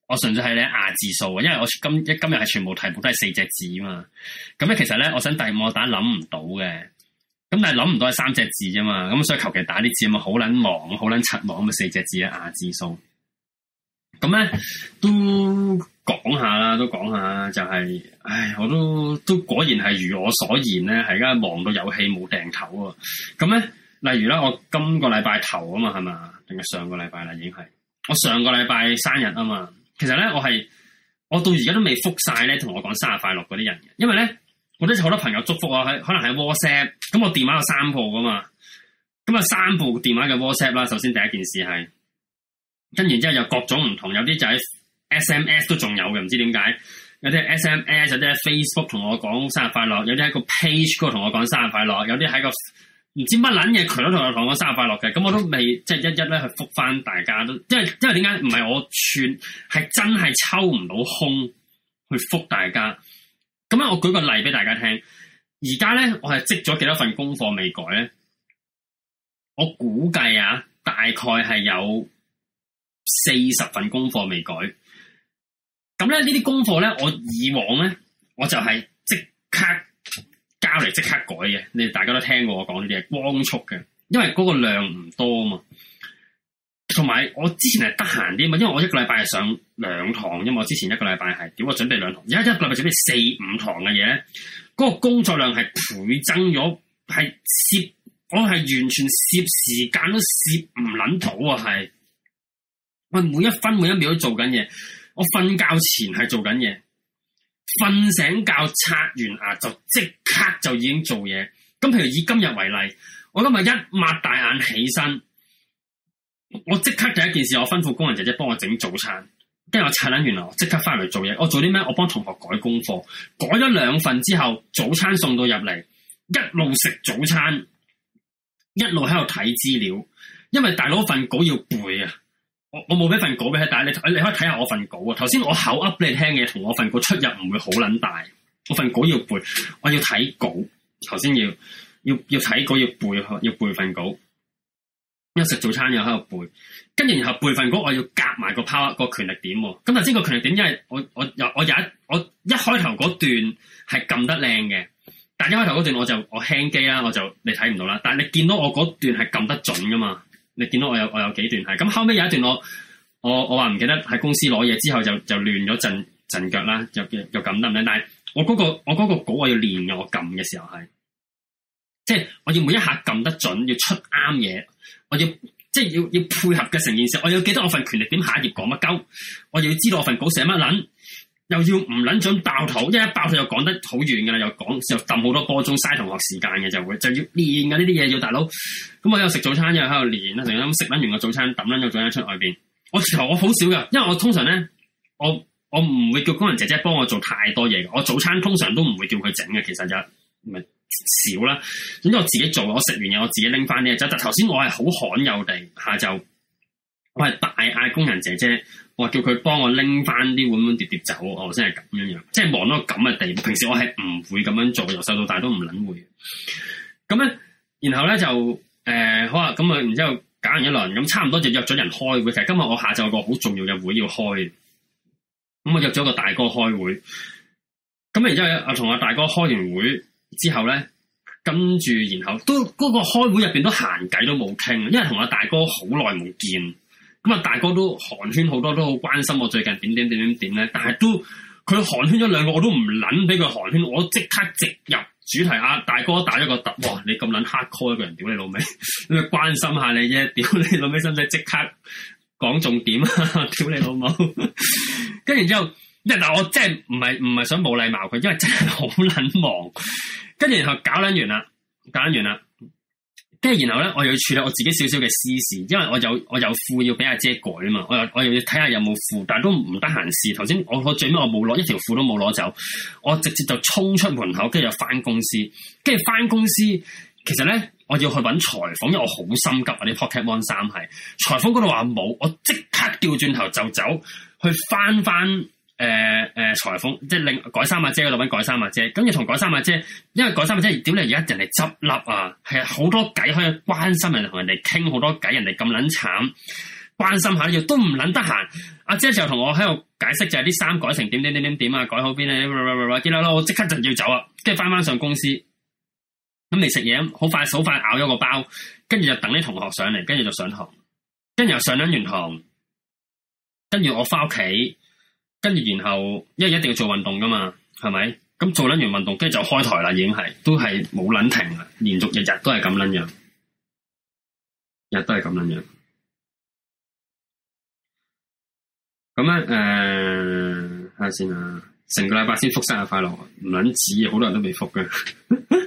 我純粹係咧廿字數啊，因為我今一今日係全部題目都係四隻字啊嘛，咁咧其實咧我想第五我打諗唔到嘅，咁但係諗唔到係三隻字啫嘛，咁所以求其打啲字啊嘛，好捻忙，好捻柒忙咁四隻字啊廿字數，咁咧都講下啦，都講下，都下就係、是，唉，我都都果然係如我所言咧，係而家忙到遊戲，有氣冇定頭啊，咁咧例如咧我今個禮拜頭啊嘛係嘛，定係上個禮拜啦已經係。我上個禮拜生日啊嘛，其實咧我係我到而家都未覆晒咧同我講生日快樂嗰啲人嘅，因為咧好多好多朋友祝福我喺可能喺 WhatsApp，咁我電話有三部噶嘛，咁啊三部電話嘅 WhatsApp 啦，首先第一件事係跟完之後有各種唔同，有啲就喺 SMS 都仲有嘅，唔知點解有啲係 SMS，有啲喺 Facebook 同我講生日快樂，有啲喺個 page 嗰度同我講生日快樂，有啲喺個。唔知乜撚嘢佢都同我講講生日快樂嘅，咁我都未即係一一咧去復翻大家都，因為因為點解唔係我串係真係抽唔到空去復大家？咁我舉個例俾大家聽。而家咧，我係積咗幾多份功課未改咧？我估計啊，大概係有四十份功課未改。咁咧呢啲功課咧，我以往咧，我就係、是。交嚟即刻改嘅，你大家都聽過我講呢啲嘢，光速嘅，因為嗰個量唔多啊嘛。同埋我之前係得閒啲嘛，因為我一個禮拜係上兩堂啫嘛，因為我之前一個禮拜係點我準備兩堂，而家一個禮拜準備四五堂嘅嘢，嗰個工作量係倍增咗，係攝我係完全攝時間都攝唔捻到啊，係我每一分每一秒都做緊嘢，我瞓覺前係做緊嘢。瞓醒覺刷完牙、啊、就即刻就已經做嘢，咁譬如以今日為例，我今日一擘大眼起身，我即刻第一件事我吩咐工人姐姐幫我整早餐，跟住我刷完牙即刻翻嚟做嘢，我做啲咩？我幫同學改功課，改咗兩份之後，早餐送到入嚟，一路食早餐，一路喺度睇資料，因為大佬份稿要背啊。我我冇俾份稿俾佢，但係你你可以睇下我份稿啊。頭先我口 up 俾你聽嘅，同我份稿出入唔會好撚大。我份稿要背，我要睇稿。頭先要要要睇稿要背，要背份稿。要食早餐又喺度背，跟住然後背份稿，我要夾埋個拋個權力點。咁頭先個權力點，因為我我又我有一我一開頭嗰段係撳得靚嘅，但一開頭嗰段我就我輕機啦，我就你睇唔到啦。但係你見到我嗰段係撳得準噶嘛？你見到我有我有幾段係咁，後尾有一段我我我話唔記得喺公司攞嘢之後就就亂咗陣陣腳啦，就就咁得唔得？但係我嗰個我嗰個稿我要練嘅，我撳嘅時候係，即係我要每一下撳得準，要出啱嘢，我要即係要要配合嘅成件事，我要記得我份權力點下一頁講乜鳩，我要知道我份稿寫乜撚。又要唔捻準爆肚，因為一爆肚又講得好遠噶啦，又講就抌好多波鐘，嘥同學時間嘅就會就要練㗎。呢啲嘢要大佬，咁我又食早餐，又喺度練啦，成日食捻完個早餐，抌捻個早餐出外邊。我其實我好少噶，因為我通常咧，我我唔會叫工人姐姐幫我做太多嘢，我早餐通常都唔會叫佢整嘅，其實就唔係少啦。總之我自己做，我食完嘢我自己拎翻啲嘢就頭先我係好罕有地下晝，我係大嗌工人姐姐。我叫佢幫我拎翻啲碗碗碟碟碟走，我先係咁樣樣，即係忙到咁嘅地步。平時我係唔會咁樣做，由細到大都唔撚會。咁咧，然後咧就誒、呃、好啊，咁啊，然之後，然後搞完一輪，咁差唔多就約咗人開會。其實今日我下晝有個好重要嘅會要開，咁我約咗個大哥開會。咁然之後我同阿大哥開完會之後咧，跟住然後都嗰、那個開會入面都閒偈都冇傾，因為同阿大哥好耐冇見。咁啊，大哥都寒暄好多，都好關心我最近點點點點點咧。但係都佢寒暄咗兩個，我都唔捻俾佢寒暄，我即刻直入主題啊！大哥打咗個突，哇！你咁捻黑 call 一個人，屌你老味！你關心下你啫，屌你老味，使唔使即刻講重點啊？屌你老母！跟住之後，一嗱我真係唔係唔係想冇禮貌佢，因為真係好捻忙。跟住然後搞捻完啦，搞捻完啦。即然後咧，我又要處理我自己少少嘅私事，因為我有我有褲要俾阿姐改啊嘛，我又我又要睇下有冇褲，但係都唔得閒試。頭先我我最尾我冇攞一條褲都冇攞走，我直接就衝出門口，跟住又翻公司，跟住翻公司，其實咧我要去揾裁縫，因為我好心急啊啲 Pokemon、ok、衫係裁縫嗰度話冇，我即刻掉轉頭就走去翻翻。誒誒、呃呃，裁縫即係另改衫阿姐嗰度揾改衫阿姐。咁又同改衫阿姐，因為改衫阿姐點咧？而家人哋執笠啊，係好多偈可以關心人，人，同人哋傾好多偈，人哋咁捻慘，關心下又都唔捻得閒。阿姐就同我喺度解釋，就係啲衫改成點點點點點啊，改好邊咧，啲啦啦，我即刻就要走啊，跟住翻翻上公司，咁嚟食嘢，好快手快咬咗個包，跟住就等啲同學上嚟，跟住就上堂，跟住又上緊完堂，跟住我翻屋企。跟住然後，因為一定要做運動噶嘛，係咪？咁做捻完運動，跟住就開台啦，已經係都係冇捻停啦，連續日日都係咁捻樣，日日都係咁捻樣。
咁啊，誒、呃，睇下先啦，
成個禮拜先覆生日快樂，唔捻止，好多人都未覆嘅。 [laughs]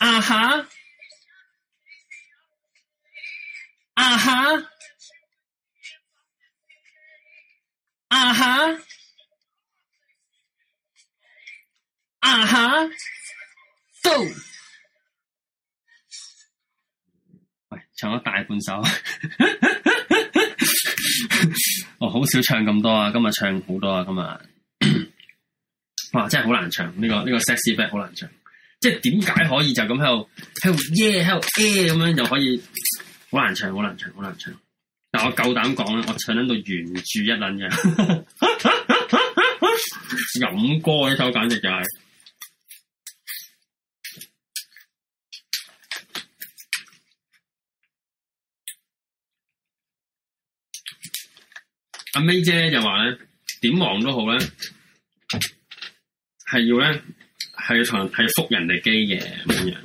啊哈！啊哈！啊哈！啊哈！都
喂，唱咗大半首，我好、 [laughs] 哦、少唱咁多啊，今日唱好多啊，今日 [coughs] 哇，真係好難唱，呢、個呢、個 sexy back 好難唱。即係點解可以就咁喺度喺度耶喺度誒，咁樣就可以好難唱好難唱好難唱，但我夠膽講咧，我唱緊到圓柱一輪嘅飲歌呢首簡直就係阿 May 姐就話咧，點忙都好咧，係要咧。係同係復人哋機嘅咁樣，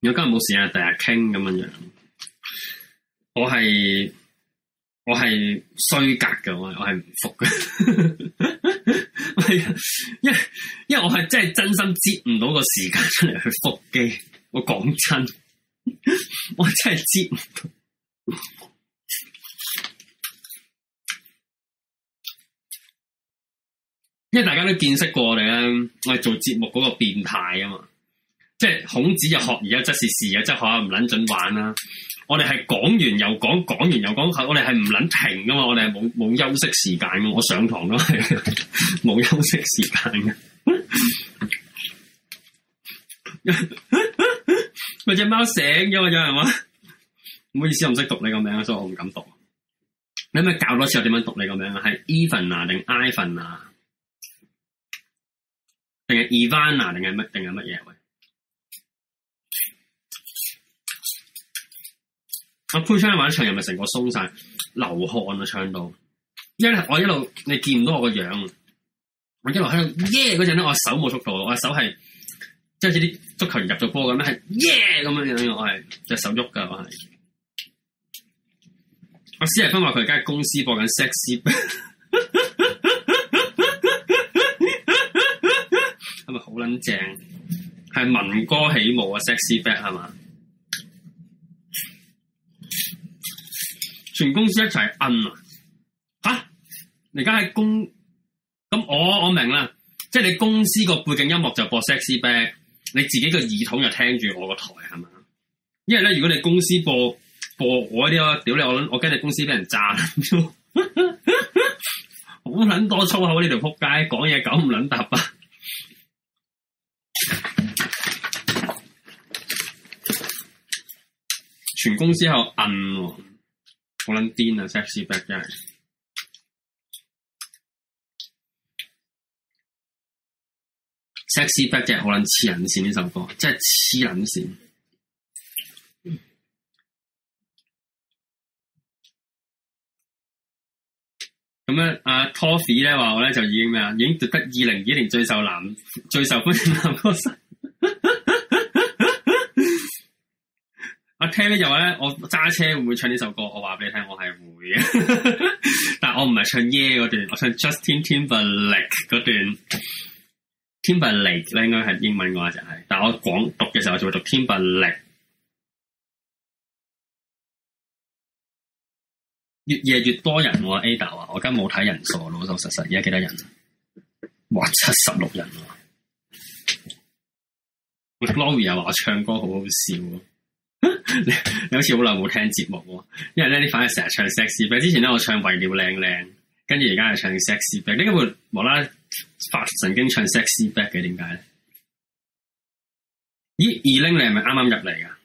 如果今日冇事啊，第日傾咁樣。我係我係衰格嘅，我係我係唔復嘅，係， [laughs] 因為因為我係真係真心接唔到個時間出嚟去復機，我講真，我真係接唔到。 [laughs]
因為大家都見識過我哋咧，
我哋做節目嗰個變態啊嘛，即係孔子就學而家則是事是不啊，即係學下唔捻准玩啦。我哋係講完又講，講完又講，我哋係唔捻停噶嘛，我哋係冇冇休息時間噶，我上堂都係嘛，冇 [laughs] 休息時間嘅。 [laughs] 我隻貓醒咗咗係嘛？唔好意思，我唔識讀你個名，所以我唔敢讀。你咪教多次我點樣讀你個名是、e、啊？係 even 啊定 Ivan 啊？定係 Evana 定係乜？定係乜嘢？喂！我 p u s 玩場又咪成個鬆晒，流汗啊！唱到，因為我一路你見唔到我個樣，我一路喺度耶！e 嗰陣咧，我手冇速度我手係即係似啲足球人入咗波咁咧，係耶！e 咁樣樣，我係隻手喐噶，我係。阿斯利芬話：佢間公司播緊 sex。 [laughs] 正係聞歌起舞啊，sexy back 係嘛？全公司一齊摁啊！吓，你而家喺公咁，我我明啦，即係你公司個背景音樂就播 sexy back，你自己個耳筒就聽住我個台係嘛？因為咧，如果你公司播播我呢個，屌你我諗，我驚你公司俾人炸了。好撚 [laughs] [laughs] 多粗口呢條扑街，講嘢九唔撚搭。啊！全公司又摁喎，好撚癲啊！sexy back
係 sexy back 係好撚黐人線呢首歌，真係黐人線。
咁樣，阿 Tosi 咧話我咧就已經咩啊？已經奪得二零二零最受男最受歡迎男歌手。 [laughs] 我聽咧就話咧，我揸車會唔會唱呢首歌？我話俾你聽，我係會嘅， [laughs] 但係我唔係唱耶，yeah，嗰段，我唱 Justin Timberlake 嗰段。Timberlake 咧應該係英文話就係，但係我廣讀嘅時候就會讀 Timberlake。
越夜越多人，Ada
話我而家冇睇人數，老老實實而家幾多人？哇，
七十
六人啊！Lori
又話我唱歌好好笑 [laughs] 你好似好耐冇聽節目喎，因為咧你反而成日唱 Sexy Back。之前咧我唱為了靚靚，跟住而家係唱 Sexy Back。你咁會無啦發神經唱 Sexy Back 嘅？點解咧？咦，二玲你係咪啱啱入嚟噶？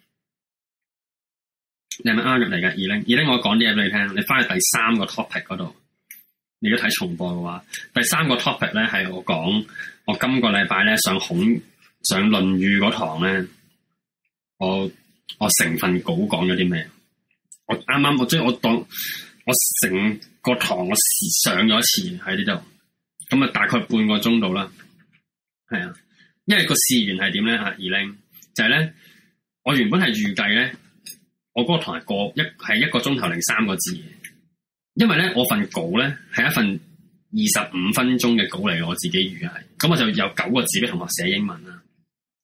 你係咪啱啱入嚟噶？二玲二玲我講啲嘢俾你聽。你翻去第三個 topic 嗰度，如果睇重播嘅話，第三個 topic 咧係我講我今個禮拜咧上孔上論語嗰堂咧，我。我成份稿講咗啲咩？我啱啱我即係我當我成個堂我上咗一次喺呢度，咁啊大概半個鐘度啦，係啊，因為個試完係點咧啊？二零就係咧，我原本係預計咧，我嗰個堂係過一係一個鐘頭零三個字，因為咧我份稿咧係一份二十五分鐘嘅稿嚟，我自己預係，咁我就有九個字俾同學寫英文啦，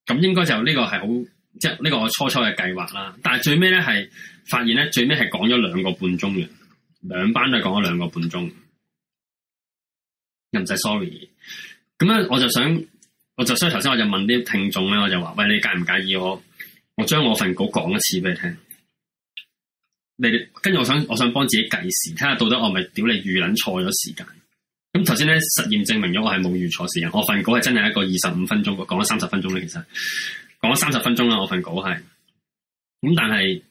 咁應該就呢個係好。即係呢個我初初嘅計劃啦，但係最尾咧係發現咧，最尾係講咗兩個半鐘嘅，兩班都係講咗兩個半鐘，又唔使 sorry。咁樣我就想，我就所以頭先我就問啲聽眾咧，我就話喂，你介唔介意我我將我份稿講一次俾你聽？你哋跟住我想，我想幫自己計時，睇下到底我咪屌你預諗錯咗時間。咁頭先咧實驗證明咗我係冇預錯時間，我份稿係真係一個二十五分鐘，講咗三十分鐘咧其實。講咗三十分鐘啦，我份稿係，咁但係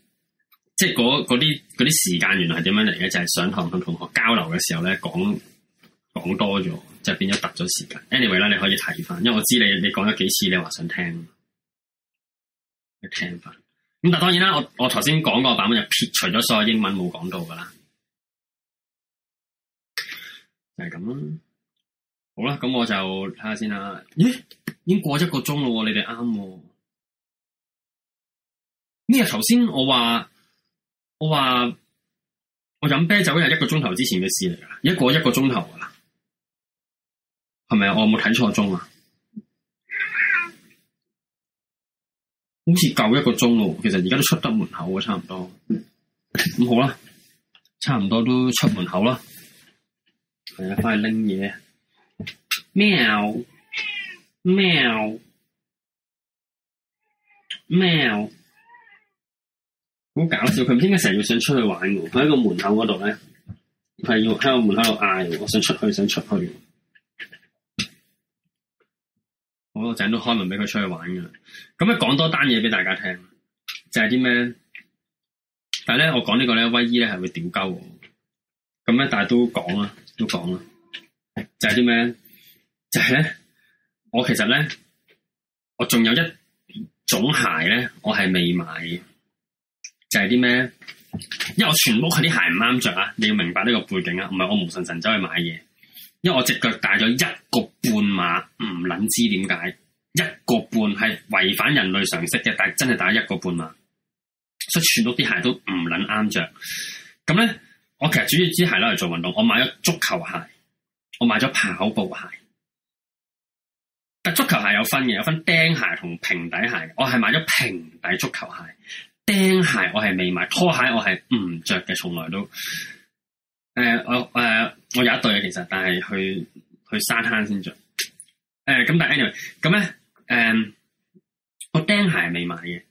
即係嗰啲嗰啲時間原來係點樣嚟嘅？就係上堂同同學交流嘅時候咧，講講多咗，即係變咗突咗時間。Anyway 啦，你可以睇翻，因為我知你你講咗幾次，你話想聽，你聽翻。
咁但當當然啦，我我頭先講個版本就撇除咗所有英文冇講到噶啦，
就係咁啦。
好啦，咁我就睇下先啦。咦，已經過一個鐘咯，你哋啱。咩？頭
先我話，我話我飲啤酒係一個鐘頭之前嘅事嚟噶，一個一個鐘頭啊，
係咪啊？我有冇睇錯鐘啊，好
似夠一個鐘咯。其實而家都出得門口啊，差唔多。咁好啦，差唔多都出門口啦。係啊，翻去拎嘢。喵？喵？
喵？喵？
好搞笑！佢唔知點解成日要想出去玩，佢喺個門口嗰度咧，係要喺個門口度嗌，我想出去，想出去。我個仔都開門俾佢出去玩㗎。咁咧，講多單嘢俾大家聽，就係啲咩？但係咧，我講呢、這個咧，威衣咧係會屌鳩？咁咧，但係都講啦，都講啦。就係啲咩？就係、是、咧，我其實咧，我仲有一種鞋咧，我係未買。就係啲咩？因為我全屋佢啲鞋唔啱着啊！你要明白呢個背景啊，唔係我無神神走去買嘢。因為我隻腳大咗一個半碼，唔捻知點解？一個半係違反人類常識嘅，但係真係大一個半碼，所以全屋啲鞋都唔捻啱着。咁咧，我其實主要支鞋攞嚟做運動，我買咗足球鞋，我買咗跑步鞋。但足球鞋有分嘅，有分釘鞋同平底鞋。我係買咗平底足球鞋。釘鞋我係未買，拖鞋我係唔着嘅，從來都，誒、呃，我誒、呃，我有一對嘅其實，但係去去沙灘先着。誒、呃，咁但係 anyway，咁咧，誒、呃，我釘鞋係未買嘅。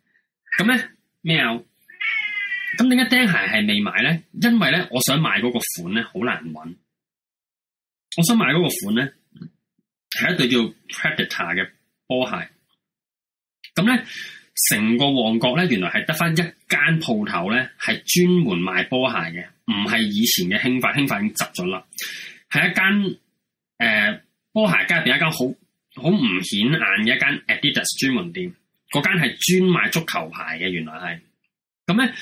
咁咧咩？咁點解釘鞋係未買咧？因為咧，我想買嗰個款咧好難揾。我想買嗰個款咧係一對叫 Predator 嘅波鞋。咁咧。成個旺角咧，原來係得翻一間鋪頭咧，係專門賣波鞋嘅，唔係以前嘅興發，興發已經執咗啦。係一間誒波鞋街入邊一間好好唔顯眼嘅一間 Adidas 專門店，嗰間係專賣足球鞋嘅，原來係咁咧。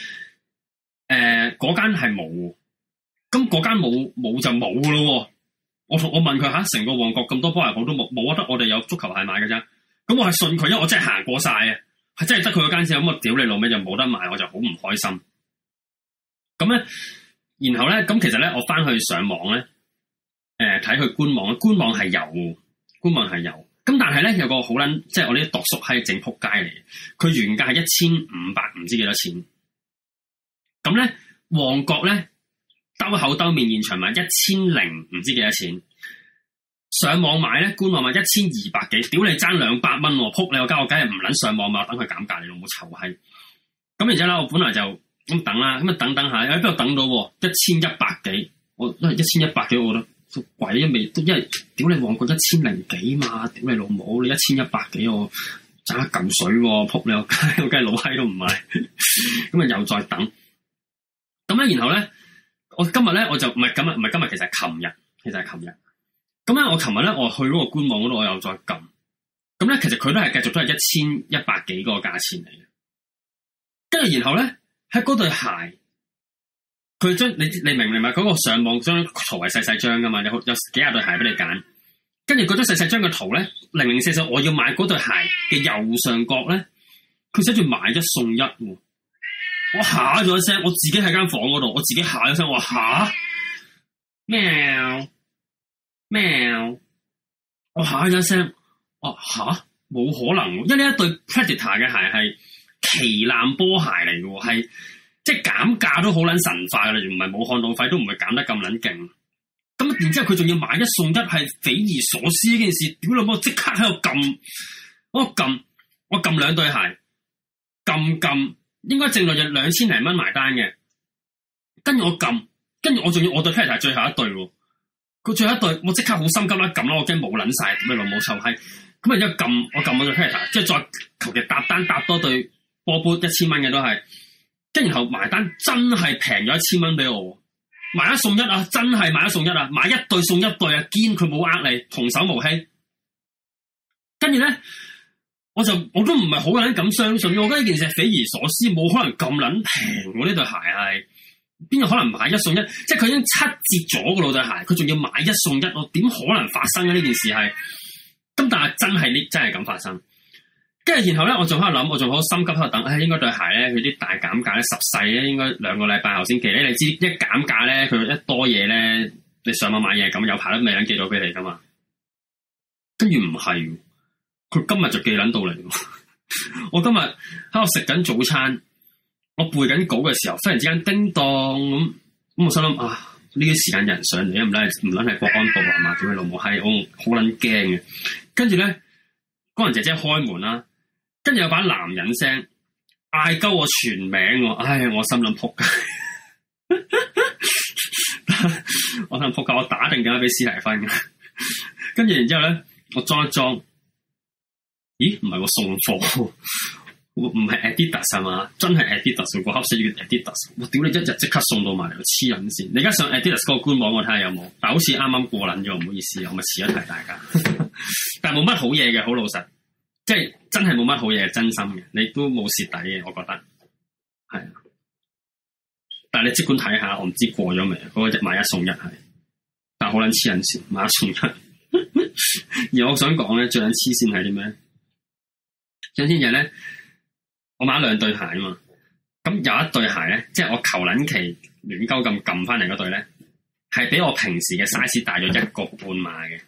誒，嗰間係冇，咁嗰間冇冇就冇咯。我我問佢吓，成個旺角咁多波鞋鋪都冇冇得，我哋有足球鞋買㗎咋。咁我係信佢，因為我真係行過晒嘅。即係得佢嗰間先，咁我屌你老味就冇得賣，我就好唔開心。咁咧，然後咧，咁其實咧，我翻去上網咧，誒睇佢官網，官網係有，官網係有。咁但係咧，有個好撚，即係我呢啲賭 Sir 係正仆街嚟。佢原價係一千五百唔知幾多錢。咁咧，旺角咧，兜口兜面現場賣一千零唔知幾多錢。上網買咧，官網買一千二百幾，屌你爭兩百蚊，撲你我家我梗係唔捻上網買，等佢減價，你老母臭閪！咁然之後咧，我本來就咁等啦，咁啊等等下喺邊度等到一千一百幾，我都係一千一百幾，1, 我覺得鬼都未都，因為屌你望過一千零幾嘛，屌你老母，你一千一百幾我爭一咁水，哦，撲你我梗係老閪都唔買，咁 [laughs] 啊又再等。咁咧，然後咧，我今日咧我就唔係今日，唔係今日，其實係琴日，其實係琴日。咁咧、嗯，我琴日咧，我去嗰個官網嗰度，我又再撳。咁、嗯、咧，其實佢都係繼續都係一千一百幾個價錢嚟嘅。跟住然後咧，喺嗰對鞋，佢將你你明唔明啊？嗰、那個上網張圖係細細張噶嘛？有有幾廿對鞋俾你揀。跟住嗰張細細張嘅圖咧，零零舍舍，我要買嗰對鞋嘅右上角咧，佢寫住買一送一喎。我嚇咗一聲，我自己喺間房嗰度，我自己嚇咗聲，我話吓咩？咩？我嚇咗一聲，哦、啊，吓，冇可能，因為呢一對 Predator 嘅鞋係旗艦波鞋嚟嘅，係即係減價都好捻神化嘅，唔係武漢浪費都唔係減得咁捻勁。咁然之後佢仲要買一送一，係匪夷所思呢件事。屌你母，即刻喺度撳，我撳，我撳兩對鞋，撳撳，應該淨落就兩千零蚊埋單嘅。跟住我撳，跟住我仲要我對 Predator 最後一對。佢最後一，後一,一對，我即刻好心急啦，撳啦，我驚冇捻晒，咩羅冇臭閪，咁啊一撳，我撳咗 pair，即係再求其搭單搭多對波波一千蚊嘅都係，跟然後埋單真係平咗一千蚊俾我，買一送一啊，真係買一送一啊，買一對送一對啊，堅佢冇呃你，童叟無欺，跟住咧，我就我都唔係好捻敢咁相信，我覺得呢件事匪夷所思，冇可能咁捻平喎呢對鞋係。邊個可能買一送一？即係佢已經七折咗個老對鞋，佢仲要買一送一，我點可能發生咧呢件事係？咁但係真係呢，真係咁發生？跟住然後咧，我仲喺度諗，我仲好心急喺度等。唉、哎，應該對鞋咧，佢啲大減價咧，十世咧，應該兩個禮拜後先寄咧。你知一減價咧，佢一多嘢咧，你上網買嘢咁有排都未能寄到俾你噶嘛？跟住唔係，佢今日就寄卵到嚟。我今日喺度食緊早餐。我背緊稿嘅時候，忽然之間叮噹咁咁，我心諗啊，呢啲時間人上嚟，唔理唔論係國安部門嘛，仲係老母係我好捻驚嘅。跟住咧，工人姐姐開門啦，跟住有把男人聲嗌鳩我全名，我唉，我心諗仆， [laughs] 我心諗仆街，我打定架俾史提芬，跟住然之後咧，我裝一裝，咦，唔係我送貨。唔唔係 Adidas 啊嘛，真係 Adidas，佢個黑色 Adidas，我屌你一日即刻送到埋嚟，黐撚線！你而家上 Adidas 個官網，我睇下有冇。但好似啱啱過捻咗，唔好意思，我咪遲一提大家。 [laughs] [laughs] 但係冇乜好嘢嘅，好老實，即係真係冇乜好嘢，真心嘅，你都冇蝕底嘅，我覺得係。但係你即管睇下，我唔知過咗未？嗰個買一送一係，但係好捻黐撚線，買一送一。 [laughs] 而我想講咧，最捻黐線係啲咩？黐線就咧。我買咗兩對鞋啊嘛，咁有一對鞋咧，即係我求撚期亂鳩咁撳翻嚟嗰對咧，係比我平時嘅 size 大咗一個半碼嘅，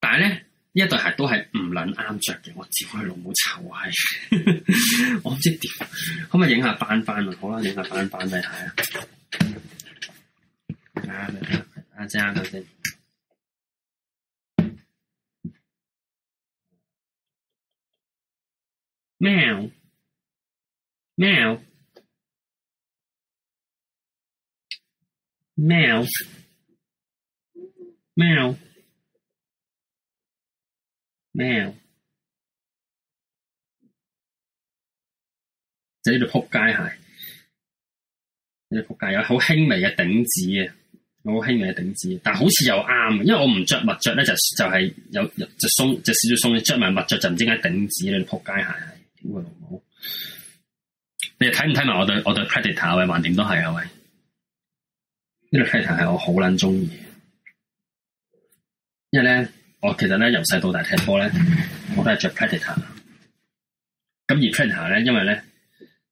但係咧呢一對鞋都係唔撚啱着嘅，我照佢老母臭係，我唔知點，可唔可以影下板板啊？好啦，影下板板對鞋啊，阿張頭
先。喵，喵，喵，喵，
喵，喵。就呢對仆街
鞋，呢對仆街有好輕微嘅頂趾嘅，好輕微嘅頂趾，但好似又啱，因為我唔着襪着咧就是有就係有就鬆就少少鬆嘅，着埋襪着就唔知點解頂趾啦，仆街鞋。好，你睇唔睇埋我對，我對 Predator 喂，橫掂都係啊喂，呢對 Predator 係我好撚中意，因為咧，我其實咧由細到大踢波咧，我都係着 Predator。咁而 Predator 咧，因為咧，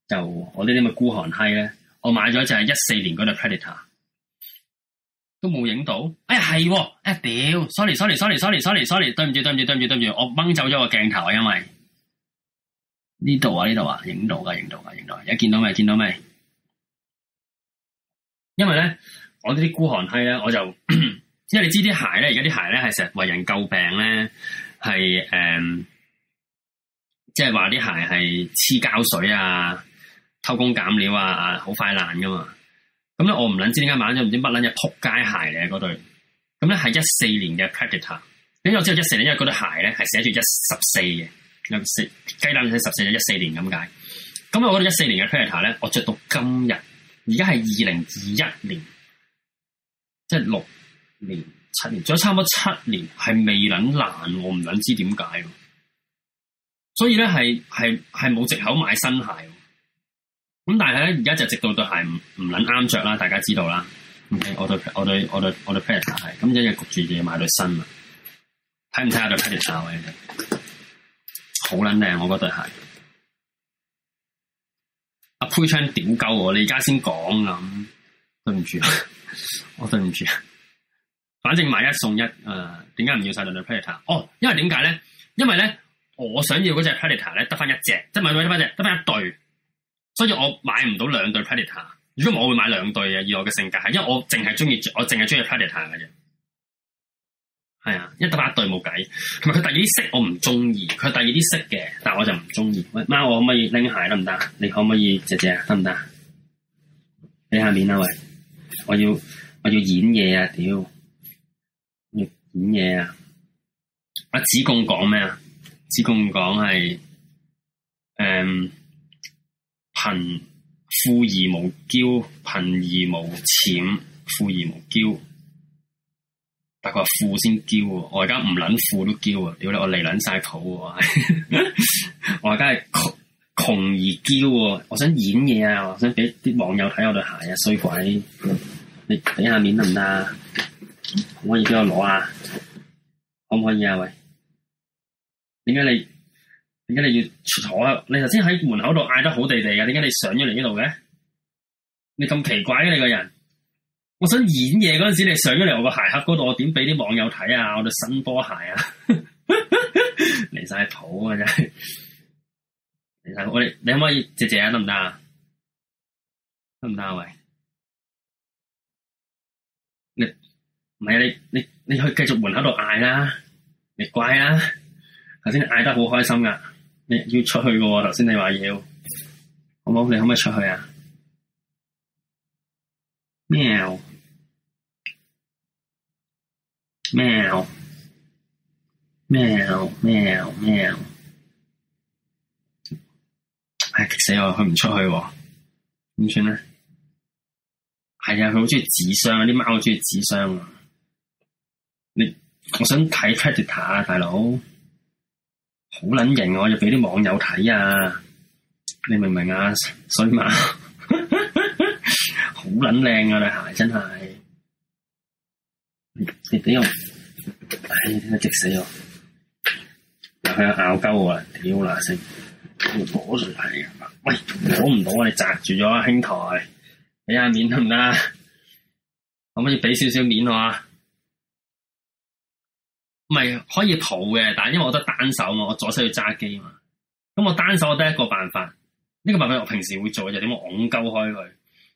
就我呢啲咁嘅孤寒閪咧，我買咗就係一四年嗰對 Predator，都冇影到。哎呀，係，哎屌，sorry sorry sorry sorry sorry sorry，對唔住對唔住對唔住對唔住，我掹走咗個鏡頭啊，因為。呢度啊，呢度啊，影到噶，影到噶，影到。而家見到未？見到未？因為咧，我呢啲孤寒閪咧，我就， [coughs] 因為你知啲鞋咧，而家啲鞋咧係成日為人詬病咧，係誒，即係話啲鞋係黐膠水啊，偷工減料啊，好快爛噶嘛。咁咧，我唔捻知點解買咗唔知乜捻隻仆街鞋嚟啊？嗰對，咁咧係一四年嘅 Predator，你又知道一四年那鞋，因為嗰對鞋咧係寫住一十四嘅。四、雞蛋仔十四、日，一四年咁解。咁我哋一四年嘅 Pantar 咧，我着到今日，而家係二零二一年，即係六年、七年，仲有差唔多七年係未捻爛，我唔捻知點解。所以咧，係係係冇藉口買新鞋。咁但係咧，而家就直到對鞋唔唔捻啱着啦，大家知道啦。我對我對我對我對 Pantar 係咁一日焗住嘢買對新啊！睇唔睇下對 Pantar 喎？好撚靚，我嗰對鞋阿 p u s 點鳩我？你而家先講咁，對唔住，我對唔住。反正買一送一，誒、呃，點解唔要晒兩對 Predator？哦，因為點解咧？因為咧，我想要嗰隻 Predator 咧得翻一隻隻一隻，即係唔係得翻隻，得翻一對，所以我買唔到兩對 Predator。如果唔係，我會買兩對嘅。以我嘅性格係，因為我淨係中意我淨係中意 Predator 嘅係啊，一打八對冇計，同埋佢第二啲色我唔中意，佢第二啲色嘅，但我就唔中意。喂，媽，我可唔可以拎鞋得唔得？你可唔可以姐姐得唔得？你下面啦喂，我要我要演嘢啊！屌，要演嘢啊！阿子貢講咩啊？子貢講係，誒，貧、嗯、富而無驕，貧而無諂，富而無驕。但係佢話富先嬌我而家唔捻富都嬌啊！屌你，我嚟捻晒肚喎！我而家係窮窮而嬌我想演嘢啊，我想俾啲網友睇我對鞋啊，衰鬼，你睇下面得唔得？可唔可以俾我攞啊？可唔可以啊？喂，點解你點解你要坐？你頭先喺門口度嗌得好地地嘅，點解你上咗嚟呢度嘅？你咁奇怪嘅、啊、你個人？我想演嘢嗰陣時，你上咗嚟我個鞋盒嗰度，我點畀啲網友睇啊？我對新波鞋啊 [laughs] 譜，嚟晒譜啊真係！嚟晒譜你，你可唔可以借借啊？得唔得啊？
得唔得啊？喂，你
唔係啊？你你你，你去繼續門口度嗌啦，你乖啦。頭先你嗌得好開心噶、啊，你要出去噶。頭先你話要，好唔好？你可唔可以出去啊？
喵。喵，喵，喵，
喵！唉、哎，激死我！去唔出去喎、啊，點算呢？係啊，佢好中意紙箱，啲貓好中意紙箱啊！你，我想睇 r e d i t t e 啊，大佬，好撚型，啊，我要畀啲網友睇啊！你明唔明 [laughs] 啊？衰貓，好撚靚啊，對鞋真係。你點我，唉，你直死我！佢又有咬鳩啊，屌啦聲，我、哎、躲住係啊！喂，躲唔到啊！你紮住咗啊，兄台，睇下面得唔得？可唔可以俾少少面我啊？唔係可以抱嘅，但係因為我得單手啊嘛，我左手要揸機啊嘛，咁我單手我得一個辦法，呢、這個辦法我平時會做就點樣拱鳩開佢。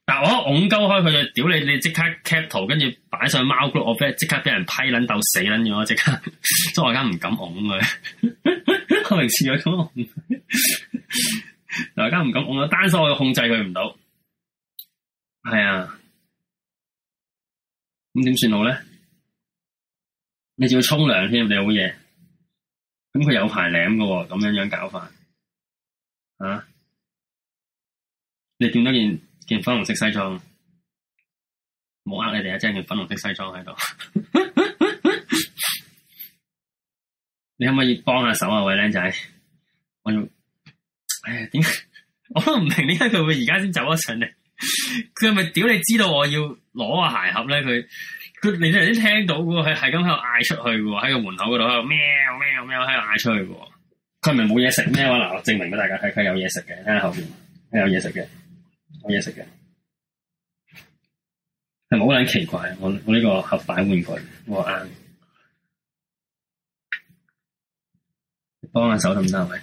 但我我拱鳩開佢，就屌你！你即刻 cap 圖跟住擺上貓 group 我即刻俾人批撚鬥死撚住，即刻， [laughs] 所以我而家唔敢拱佢， [laughs] 我明次有種， [laughs] 我而家唔敢拱，單手我控制佢唔到，係啊，咁點算
好咧？你仲要沖涼添，你好夜。咁佢有排舐噶喎，咁樣樣搞法，啊？你換
到件。件粉紅色西裝，冇呃你哋啊！真係件粉紅色西裝喺度。 [laughs] 你可唔可以幫下手啊？位靚仔，我要唉點？我都唔明點解佢會而家先走上嚟咧？佢係咪屌？你知道我要攞個鞋盒咧？佢佢你都聽到噶喎，佢係咁喺度嗌出去喎，喺個門口嗰度喺度咩？喵喵喵，喺度嗌出去噶喎。佢係咪冇嘢食咩？嗱， [laughs] 我證明俾大家睇，佢有嘢食嘅，睇下後邊佢有嘢食嘅。嘢食係
咪好
撚
奇怪。我我呢個盒板玩具，我啱，幫下手得唔得？喂，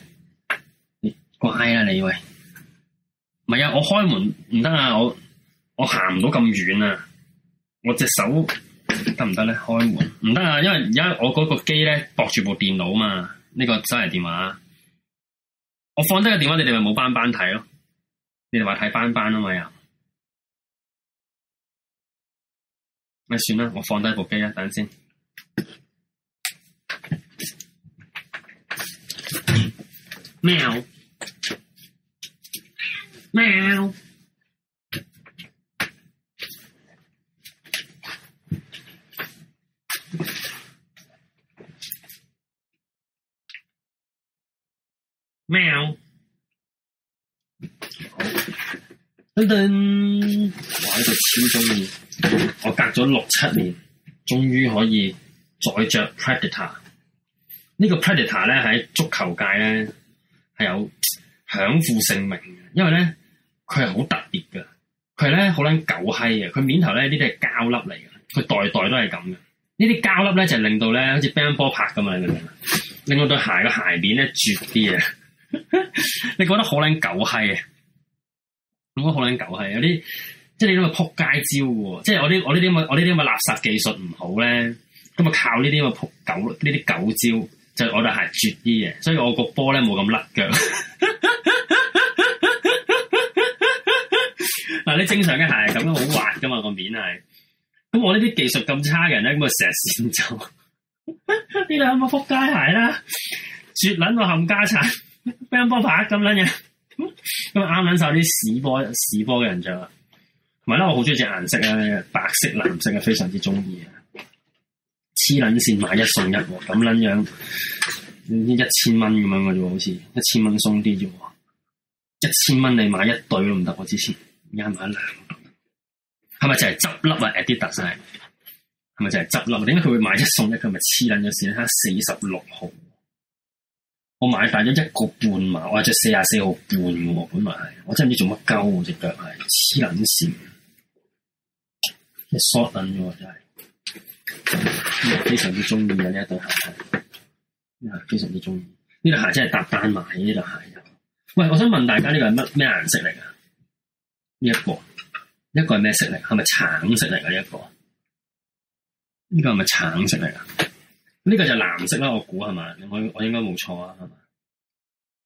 咪、啊？乖啦，你以為？唔係啊，我開門唔得啊，我我行唔到咁遠啊，我隻手得唔得呢？開門唔得啊，因為而家我嗰個機呢，駁住部電腦嘛，呢、這個手提電話，我放低個電話，你哋咪冇班班睇咯。你哋話睇
斑斑啊嘛又，咪算啦，我放
低部機啦，等先。喵，
喵，喵，喵。
等等，我喺度超中意。我隔咗六七年，終於可以再着 Predator。呢個 Predator 咧喺足球界咧係有享負盛名嘅，因為咧佢係好特別㗎。佢咧好撚狗閪嘅。佢面頭咧呢啲係膠粒嚟嘅，佢代代都係咁嘅。呢啲膠粒咧就令到咧好似 Bang 乒乓波拍咁樣嘅，令到對鞋嘅鞋面咧絕啲啊！ [laughs] 你覺得好撚狗閪啊？咁我好捻狗係有啲，即係你都咁嘅扑街招嘅，即係我啲我呢啲咁嘅我呢啲咁嘅垃圾技術唔好咧，咁啊靠呢啲咁嘅扑狗呢啲狗招，就是、我對鞋絕啲嘅，所以我個波咧冇咁甩腳。嗱 [laughs] [laughs] 你正常嘅鞋係咁樣好滑噶嘛、那個面係，咁我呢啲技術咁差嘅人咧咁啊成日跣走，呢兩個扑街鞋啦，絕捻個冚家鏟乒乓波拍咁捻嘢。 [laughs] [laughs] 咁啱，搵晒啲屎波屎波嘅形象，同埋咧我好中意隻顏色啊，白色、藍色啊，非常之中意啊！黐卵線買一送一咁卵樣，一千蚊咁樣嘅啫，好似一千蚊鬆啲啫，一千蚊你買一對都唔得，我之前啱買兩，係咪就係執笠啊？Adidas 晒，係咪就係執笠？點解佢會買一送一？佢咪黐卵嘅線，睇下四十六號。我買大咗一個半碼，我着四十四號半喎，本嚟係，我真唔知做乜鳩喎隻腳係，黐捻線，short 硬咗真係，非常之中意嘅呢一對鞋，呢對鞋非常之中意，呢對鞋真係搭單買呢對鞋，喂，我想問大家呢個係乜咩顏色嚟噶？呢一個，呢個係咩色嚟？係咪橙色嚟噶？呢一個？呢個係咪橙色嚟噶？呢個就係藍色啦，我估係嘛，我我應該冇錯啊，係嘛。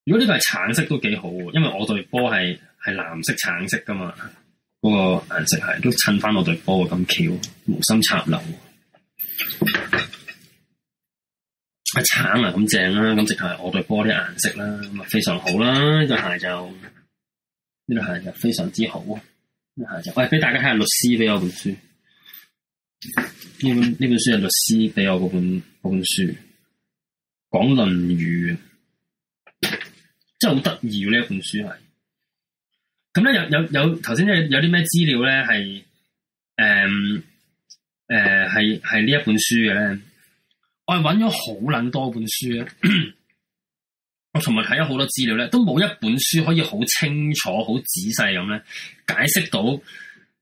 如果呢個係橙色都幾好喎，因為我對波係係藍色橙色噶嘛，嗰個顏色係都襯翻我對波咁巧，無心插柳。啊橙啊咁正啦，啊，咁直係我對波啲顏色啦，咁啊非常好啦，呢對鞋就呢對鞋就非常之好，呢對鞋就喂，俾大家睇下律師俾我本書，呢本呢本書係律師俾我嗰本。這本書講《論語》真係好得意，呢一本書係咁咧。有有有頭先有啲咩資料咧？係誒誒，係係呢一本書嘅咧。我係揾咗好捻多本書啊！我尋日睇咗好多資料咧，都冇一本書可以好清楚、好仔細咁咧解釋到《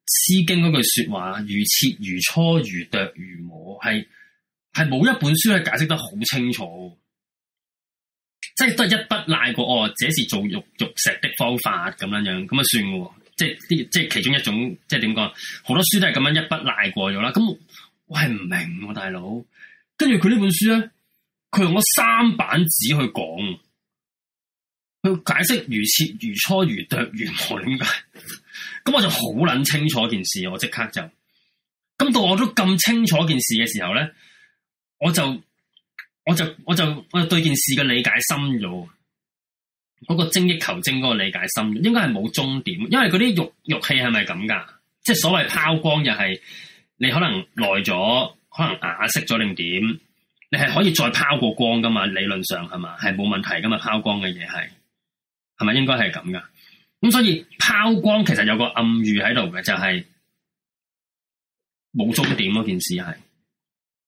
詩經》嗰句說話：如切如磋，如琢如磨，係。係冇一本書咧，解釋得好清楚，即係都係，即係得一筆賴過哦。這是做玉玉石的方法咁樣樣，咁啊算喎。即係啲即係其中一種，即係點講？好多書都係咁樣一筆賴過咗啦。咁我係唔明喎、啊，大佬。跟住佢呢本書咧，佢用咗三版紙去講，去解釋如切如磋、如琢如磨點解。咁 [laughs] 我就好捻清楚件事，我即刻就咁到我都咁清楚件事嘅時候咧。我就我就我就我就對件事嘅理解深咗，嗰個精益求精嗰個理解深咗，應該係冇終點，因為嗰啲玉玉器係咪咁噶？即係所謂拋光又係你可能耐咗，可能啞熄咗定點，你係可以再拋過光噶嘛？理論上係嘛，係冇問題噶嘛？拋光嘅嘢係係咪應該係咁噶？咁所以拋光其實有個暗喻喺度嘅，就係冇終點嗰件事係。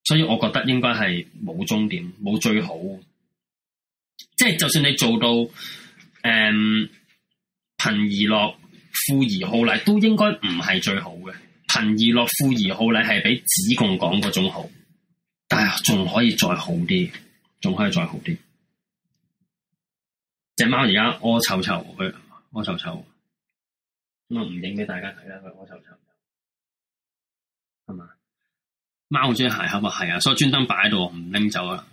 所以，我覺得應該係冇終點，冇最好。即係就算你做到誒，嗯，貧而樂，富而好禮，都應該唔係最好嘅。貧而樂，富而好禮係比子貢講嗰種好，但係仲可以再好啲，仲可以再好啲。隻貓而家屙臭臭，佢屙臭臭，咁啊唔
影俾大家睇啦，佢屙臭臭。
貓中意鞋盒啊，係啊，所以專登擺喺度，唔拎走啊。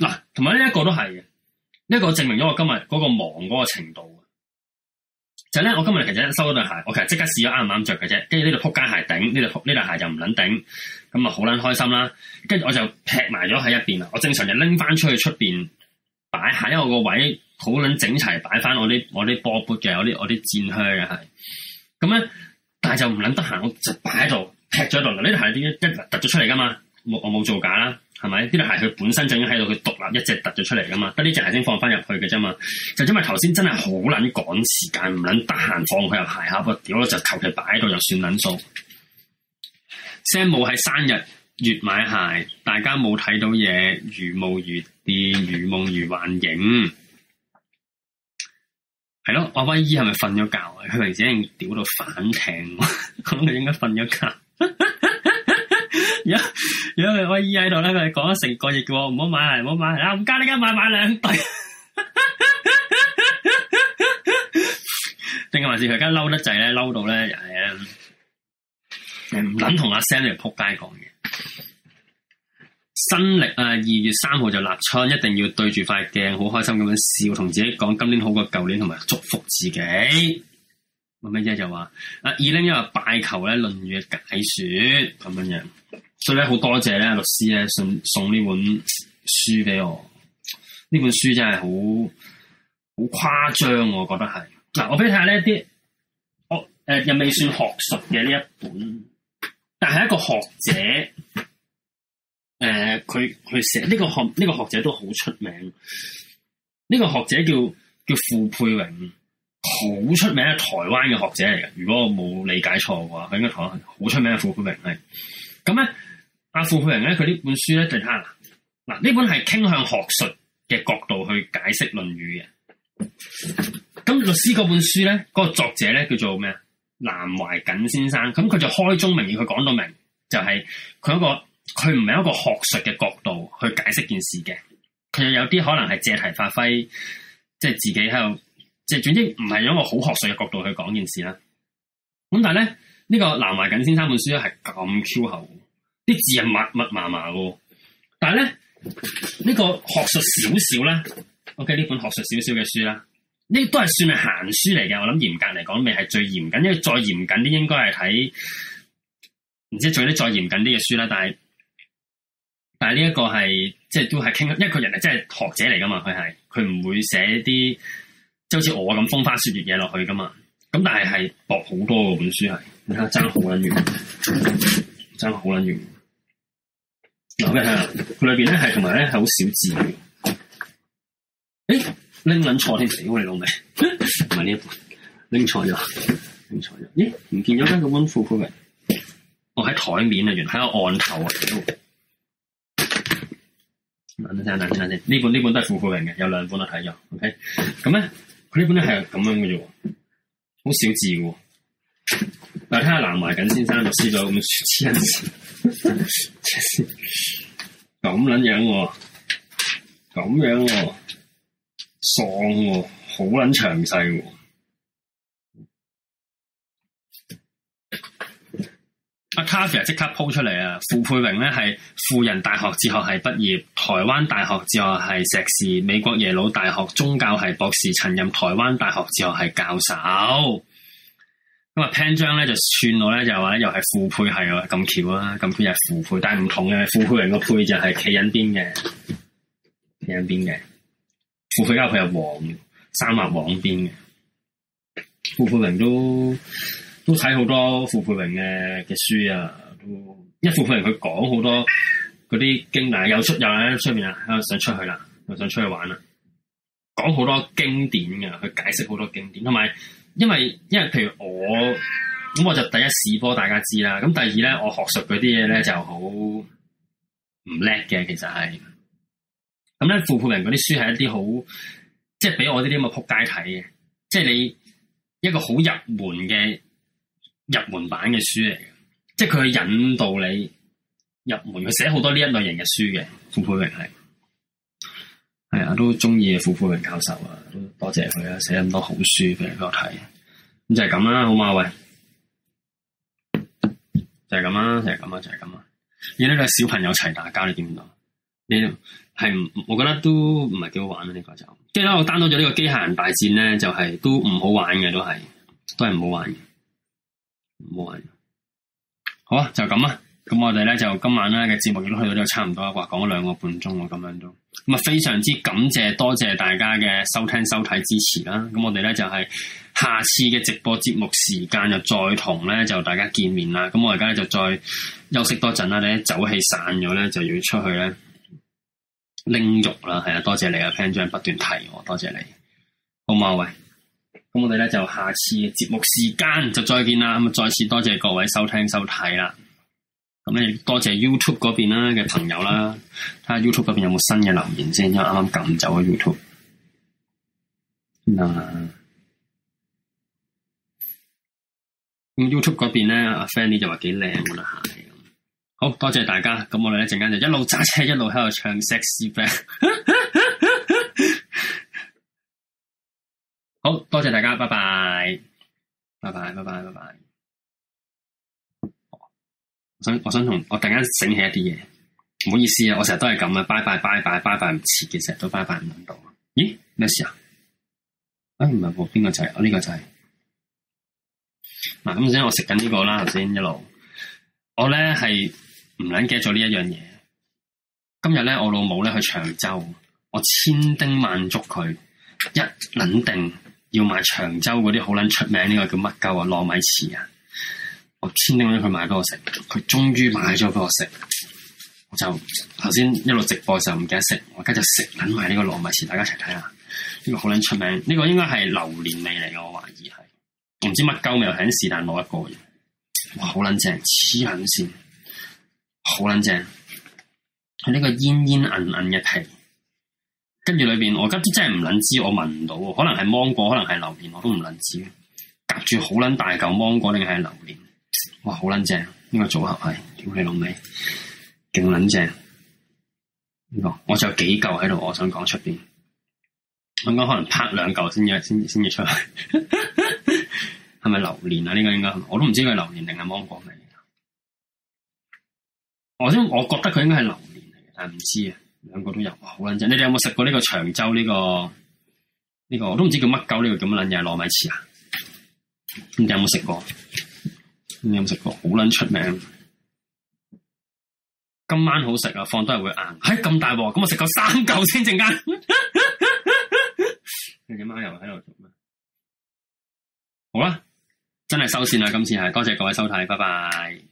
嗱，同埋呢一個都係嘅，呢個個證明咗我今日嗰個忙嗰個程度。就係咧，我今日其實收咗對鞋，我其實即刻試咗啱唔啱着嘅啫。跟住呢度仆街鞋頂，呢度呢對鞋就唔捻頂，咁啊好捻開心啦。跟住我就劈埋咗喺一邊啦。我正常就拎翻出去出邊擺鞋喺我個位，好捻整齊擺翻我啲我啲波砵嘅，我啲我啲戰靴嘅係。咁咧，但係就唔捻得閒，我就擺喺度。踢咗度嗱，呢啲鞋點解一突咗出嚟噶嘛？我我冇做假啦，係咪？呢啲鞋佢本身就已經喺度，佢獨立一隻凸只突咗出嚟噶嘛？得呢隻鞋先放翻入去嘅啫嘛。就因為頭先真係好撚趕時間，唔撚得閒放佢入鞋盒，屌就求其擺喺度就算撚數。聲冇喺生日月買鞋，大家冇睇到嘢，如夢如電，如夢如幻影。係咯，阿威姨係咪瞓咗覺啊？佢平時屌到反艇，我諗佢應該瞓咗覺。 [laughs] 有有佢阿姨喺度咧，佢講咗成個月叫我唔好買,買,買，唔好買，啦唔加你而家買買兩對。定還是佢而家嬲得滯咧，嬲到咧又係唔撚同阿 Sam 喺條扑街講嘢。新歷啊，二、呃、月三號就立春，一定要對住塊鏡，好開心咁樣笑，同自己講今年好過舊年，同埋祝福自己。咁咪啫，就話啊二零一為拜求咧，論語嘅解說咁樣，所以咧好多謝咧律師咧送送呢本書俾我，呢本書真係好好誇張，啊，我覺得係嗱，我俾你睇下呢一啲，我、哦、誒、呃、又未算學術嘅呢一本，但係一個學者，誒佢佢寫呢個學呢、呢個呢個學者都好出名，呢、呢個學者叫叫傅佩榮。好出名嘅台灣嘅學者嚟嘅，如果我冇理解錯嘅話，佢應該台灣好出名嘅傅佩榮係。咁咧，阿傅佩榮咧，佢、啊、呢他本書咧，大家嗱呢本係傾向學術嘅角度去解釋《論語》嘅。咁律師嗰本書咧，那個作者咧叫做咩啊？南懷瑾先生。咁佢就開宗明義，佢講到明，就係、是、佢一個，佢唔係一個學術嘅角度去解釋件事嘅。佢有有啲可能係借題發揮，即、就、係、是、自己喺度。即係總之唔係用一個好學術嘅角度去講件事啦。咁但係咧呢個南懷瑾先生本書咧係咁 Q 厚，啲字係密密麻麻噶。但係咧呢個學術少少啦。OK 呢本學術少少嘅書啦，呢都係算係閒書嚟嘅。我諗嚴格嚟講未係最嚴謹，因為再嚴謹啲應該係睇唔知做啲再嚴謹啲嘅書啦。但係但係呢一個係即係都係傾，因為佢人係真係學者嚟噶嘛，佢係佢唔會寫啲。就好似我咁風花雪月嘢落去噶嘛，咁但係係薄好多嘅本書係，你睇下爭好撚遠，爭好撚遠。嗱，我睇下佢裏邊咧係同埋咧係好少字嘅。誒、欸，拎撚錯添，死該你老味，唔係呢一本，拎錯咗，拎錯咗。咦，唔見咗間個溫富夫人，我喺台面啊，原來喺個案頭啊。嗱，等聽等下，等聽下先，呢本呢本都係富富榮嘅，有兩本都睇咗。OK，咁咧。佢呢本咧係咁樣嘅啫，好少字嘅。嗱，睇下南懷瑾先生就知道咁黐緊，咁撚 [laughs] 樣喎，咁樣喎，
喪喎，好撚詳細喎。很
阿卡菲即刻鋪出嚟啊！傅佩榮咧係輔仁大學哲學系畢業，台灣大學哲學系碩士，美國耶魯大學宗教系博士，曾任台灣大學哲學系教授。咁啊，潘章咧就算我咧就話又係傅佩係啊，咁橋啊，咁佢又係傅佩，但係唔同嘅傅佩榮個佩就係企緊邊嘅，企緊邊嘅傅佩嘉佢係黃三毛黃邊嘅，傅佩榮都。都睇好多傅佩榮嘅嘅書啊，都因為傅佩榮佢講好多嗰啲經歷，又出又喺出邊啊，想出去啦，又想出去玩啦，講好多經典嘅，佢解釋好多經典，同埋因為因為譬如我咁，我就第一試波大家知啦，咁第二咧，我學術嗰啲嘢咧就好唔叻嘅，其實係咁咧，傅佩榮嗰啲書係一啲好即係俾我呢啲咁嘅仆街睇嘅，即係你一個好入門嘅。入門版嘅書嚟嘅，即係佢引導你入門。佢寫好多呢一類型嘅書嘅。傅佩榮係，係、哎、啊，都中意啊。傅佩榮教授啊，都多謝佢啊，寫咁多好書俾人睇。咁就係咁啦，好嘛？喂，就係咁啦，就係咁啦，就係咁啦。你咧個小朋友齊打交你點樣？你係，我覺得都唔係幾好玩啊呢、這個就。即係咧，我 d o 咗呢個機械人大戰咧，就係、是、都唔好玩嘅，都係都係唔好玩嘅。冇係，好啊，就咁啊，咁我哋咧就今晚咧嘅節目亦都去到呢度差唔多啦，話講咗兩個半鐘咁樣都，咁啊非常之感謝多謝大家嘅收聽收睇支持啦，咁我哋咧就係下次嘅直播節目時間就再同咧就大家見面啦，咁我而家咧就再休息多陣啦，咧酒氣散咗咧就要出去咧拎肉啦，係啊，多謝你啊，潘將、啊、不斷提我，多謝你，好唔好啊？喂。咁我哋咧就下次節目時間就再見啦，咁啊再次多謝各位收聽收睇啦，咁咧多謝 YouTube 嗰邊啦嘅朋友啦，睇下 YouTube 嗰邊有冇新嘅留言先，因為啱啱撳走咗 YouTube。嗱、啊，咁 YouTube 嗰邊咧，阿 Fanny 就話幾靚嘅啦，鞋咁，好多謝大家，咁我哋一陣間就一路揸車一路喺度唱 sexy back。 [laughs] 好多謝大家，拜拜，拜拜，拜
拜，拜拜。我想，我想同我突然間醒起一啲嘢，
唔好意思啊，我成日都係咁啊，拜拜，拜拜，拜拜唔切嘅，成日都拜拜唔到。咦，咩事啊？誒、哎，唔係喎，我邊個仔？我呢個仔。嗱，咁先我食緊呢個啦，頭先一路，我咧係唔捻記得咗呢一樣嘢。今日咧，我老母咧去長洲，我千叮萬囑佢一撚定。要買長洲嗰啲好撚出名，呢個叫乜鳩啊？糯米糍啊！我千叮嚀佢買俾我食，佢終於買咗俾我食。我就頭先一路直，直播就唔記得食，我而家就食撚埋呢個糯米糍，大家一齊睇下。呢個好撚出名，呢個應該係榴蓮味嚟嘅，我懷疑係唔知乜鳩味，響是但攞一個，哇，好撚正，黐撚線，好撚正。呢個煙煙韌韌嘅皮。跟住裏邊，我今啲真係唔捻知，我聞唔到，可能係芒果，可能係榴蓮，我都唔捻知，夾住好捻大嚿芒果定係榴蓮，哇，好捻正，呢、這個組合係屌你老味，勁捻正，呢、這個，我仲有幾嚿喺度，我想講出邊，咁諗可能拍兩嚿先至，先先至出嚟，係 [laughs] 咪榴蓮啊？呢、這個應該，我都唔知佢榴蓮定係芒果味，我先我覺得佢應該係榴蓮嚟，嘅，但係唔知啊。兩個都有，好撚正。你哋有冇食過呢個長洲呢、呢個呢、呢個，我都唔知叫乜鳩呢個咁樣捻嘢糯米糍啊？咁你哋有冇食過？你哋有冇食過？好撚出名。今晚好食啊，放都係會硬。係、欸、咁大鑊、啊，咁我食夠三嚿先陣間。 [laughs] 你隻貓又喺度做咩？好啦，真係
收線啦，今次係，多謝各位收睇，拜拜。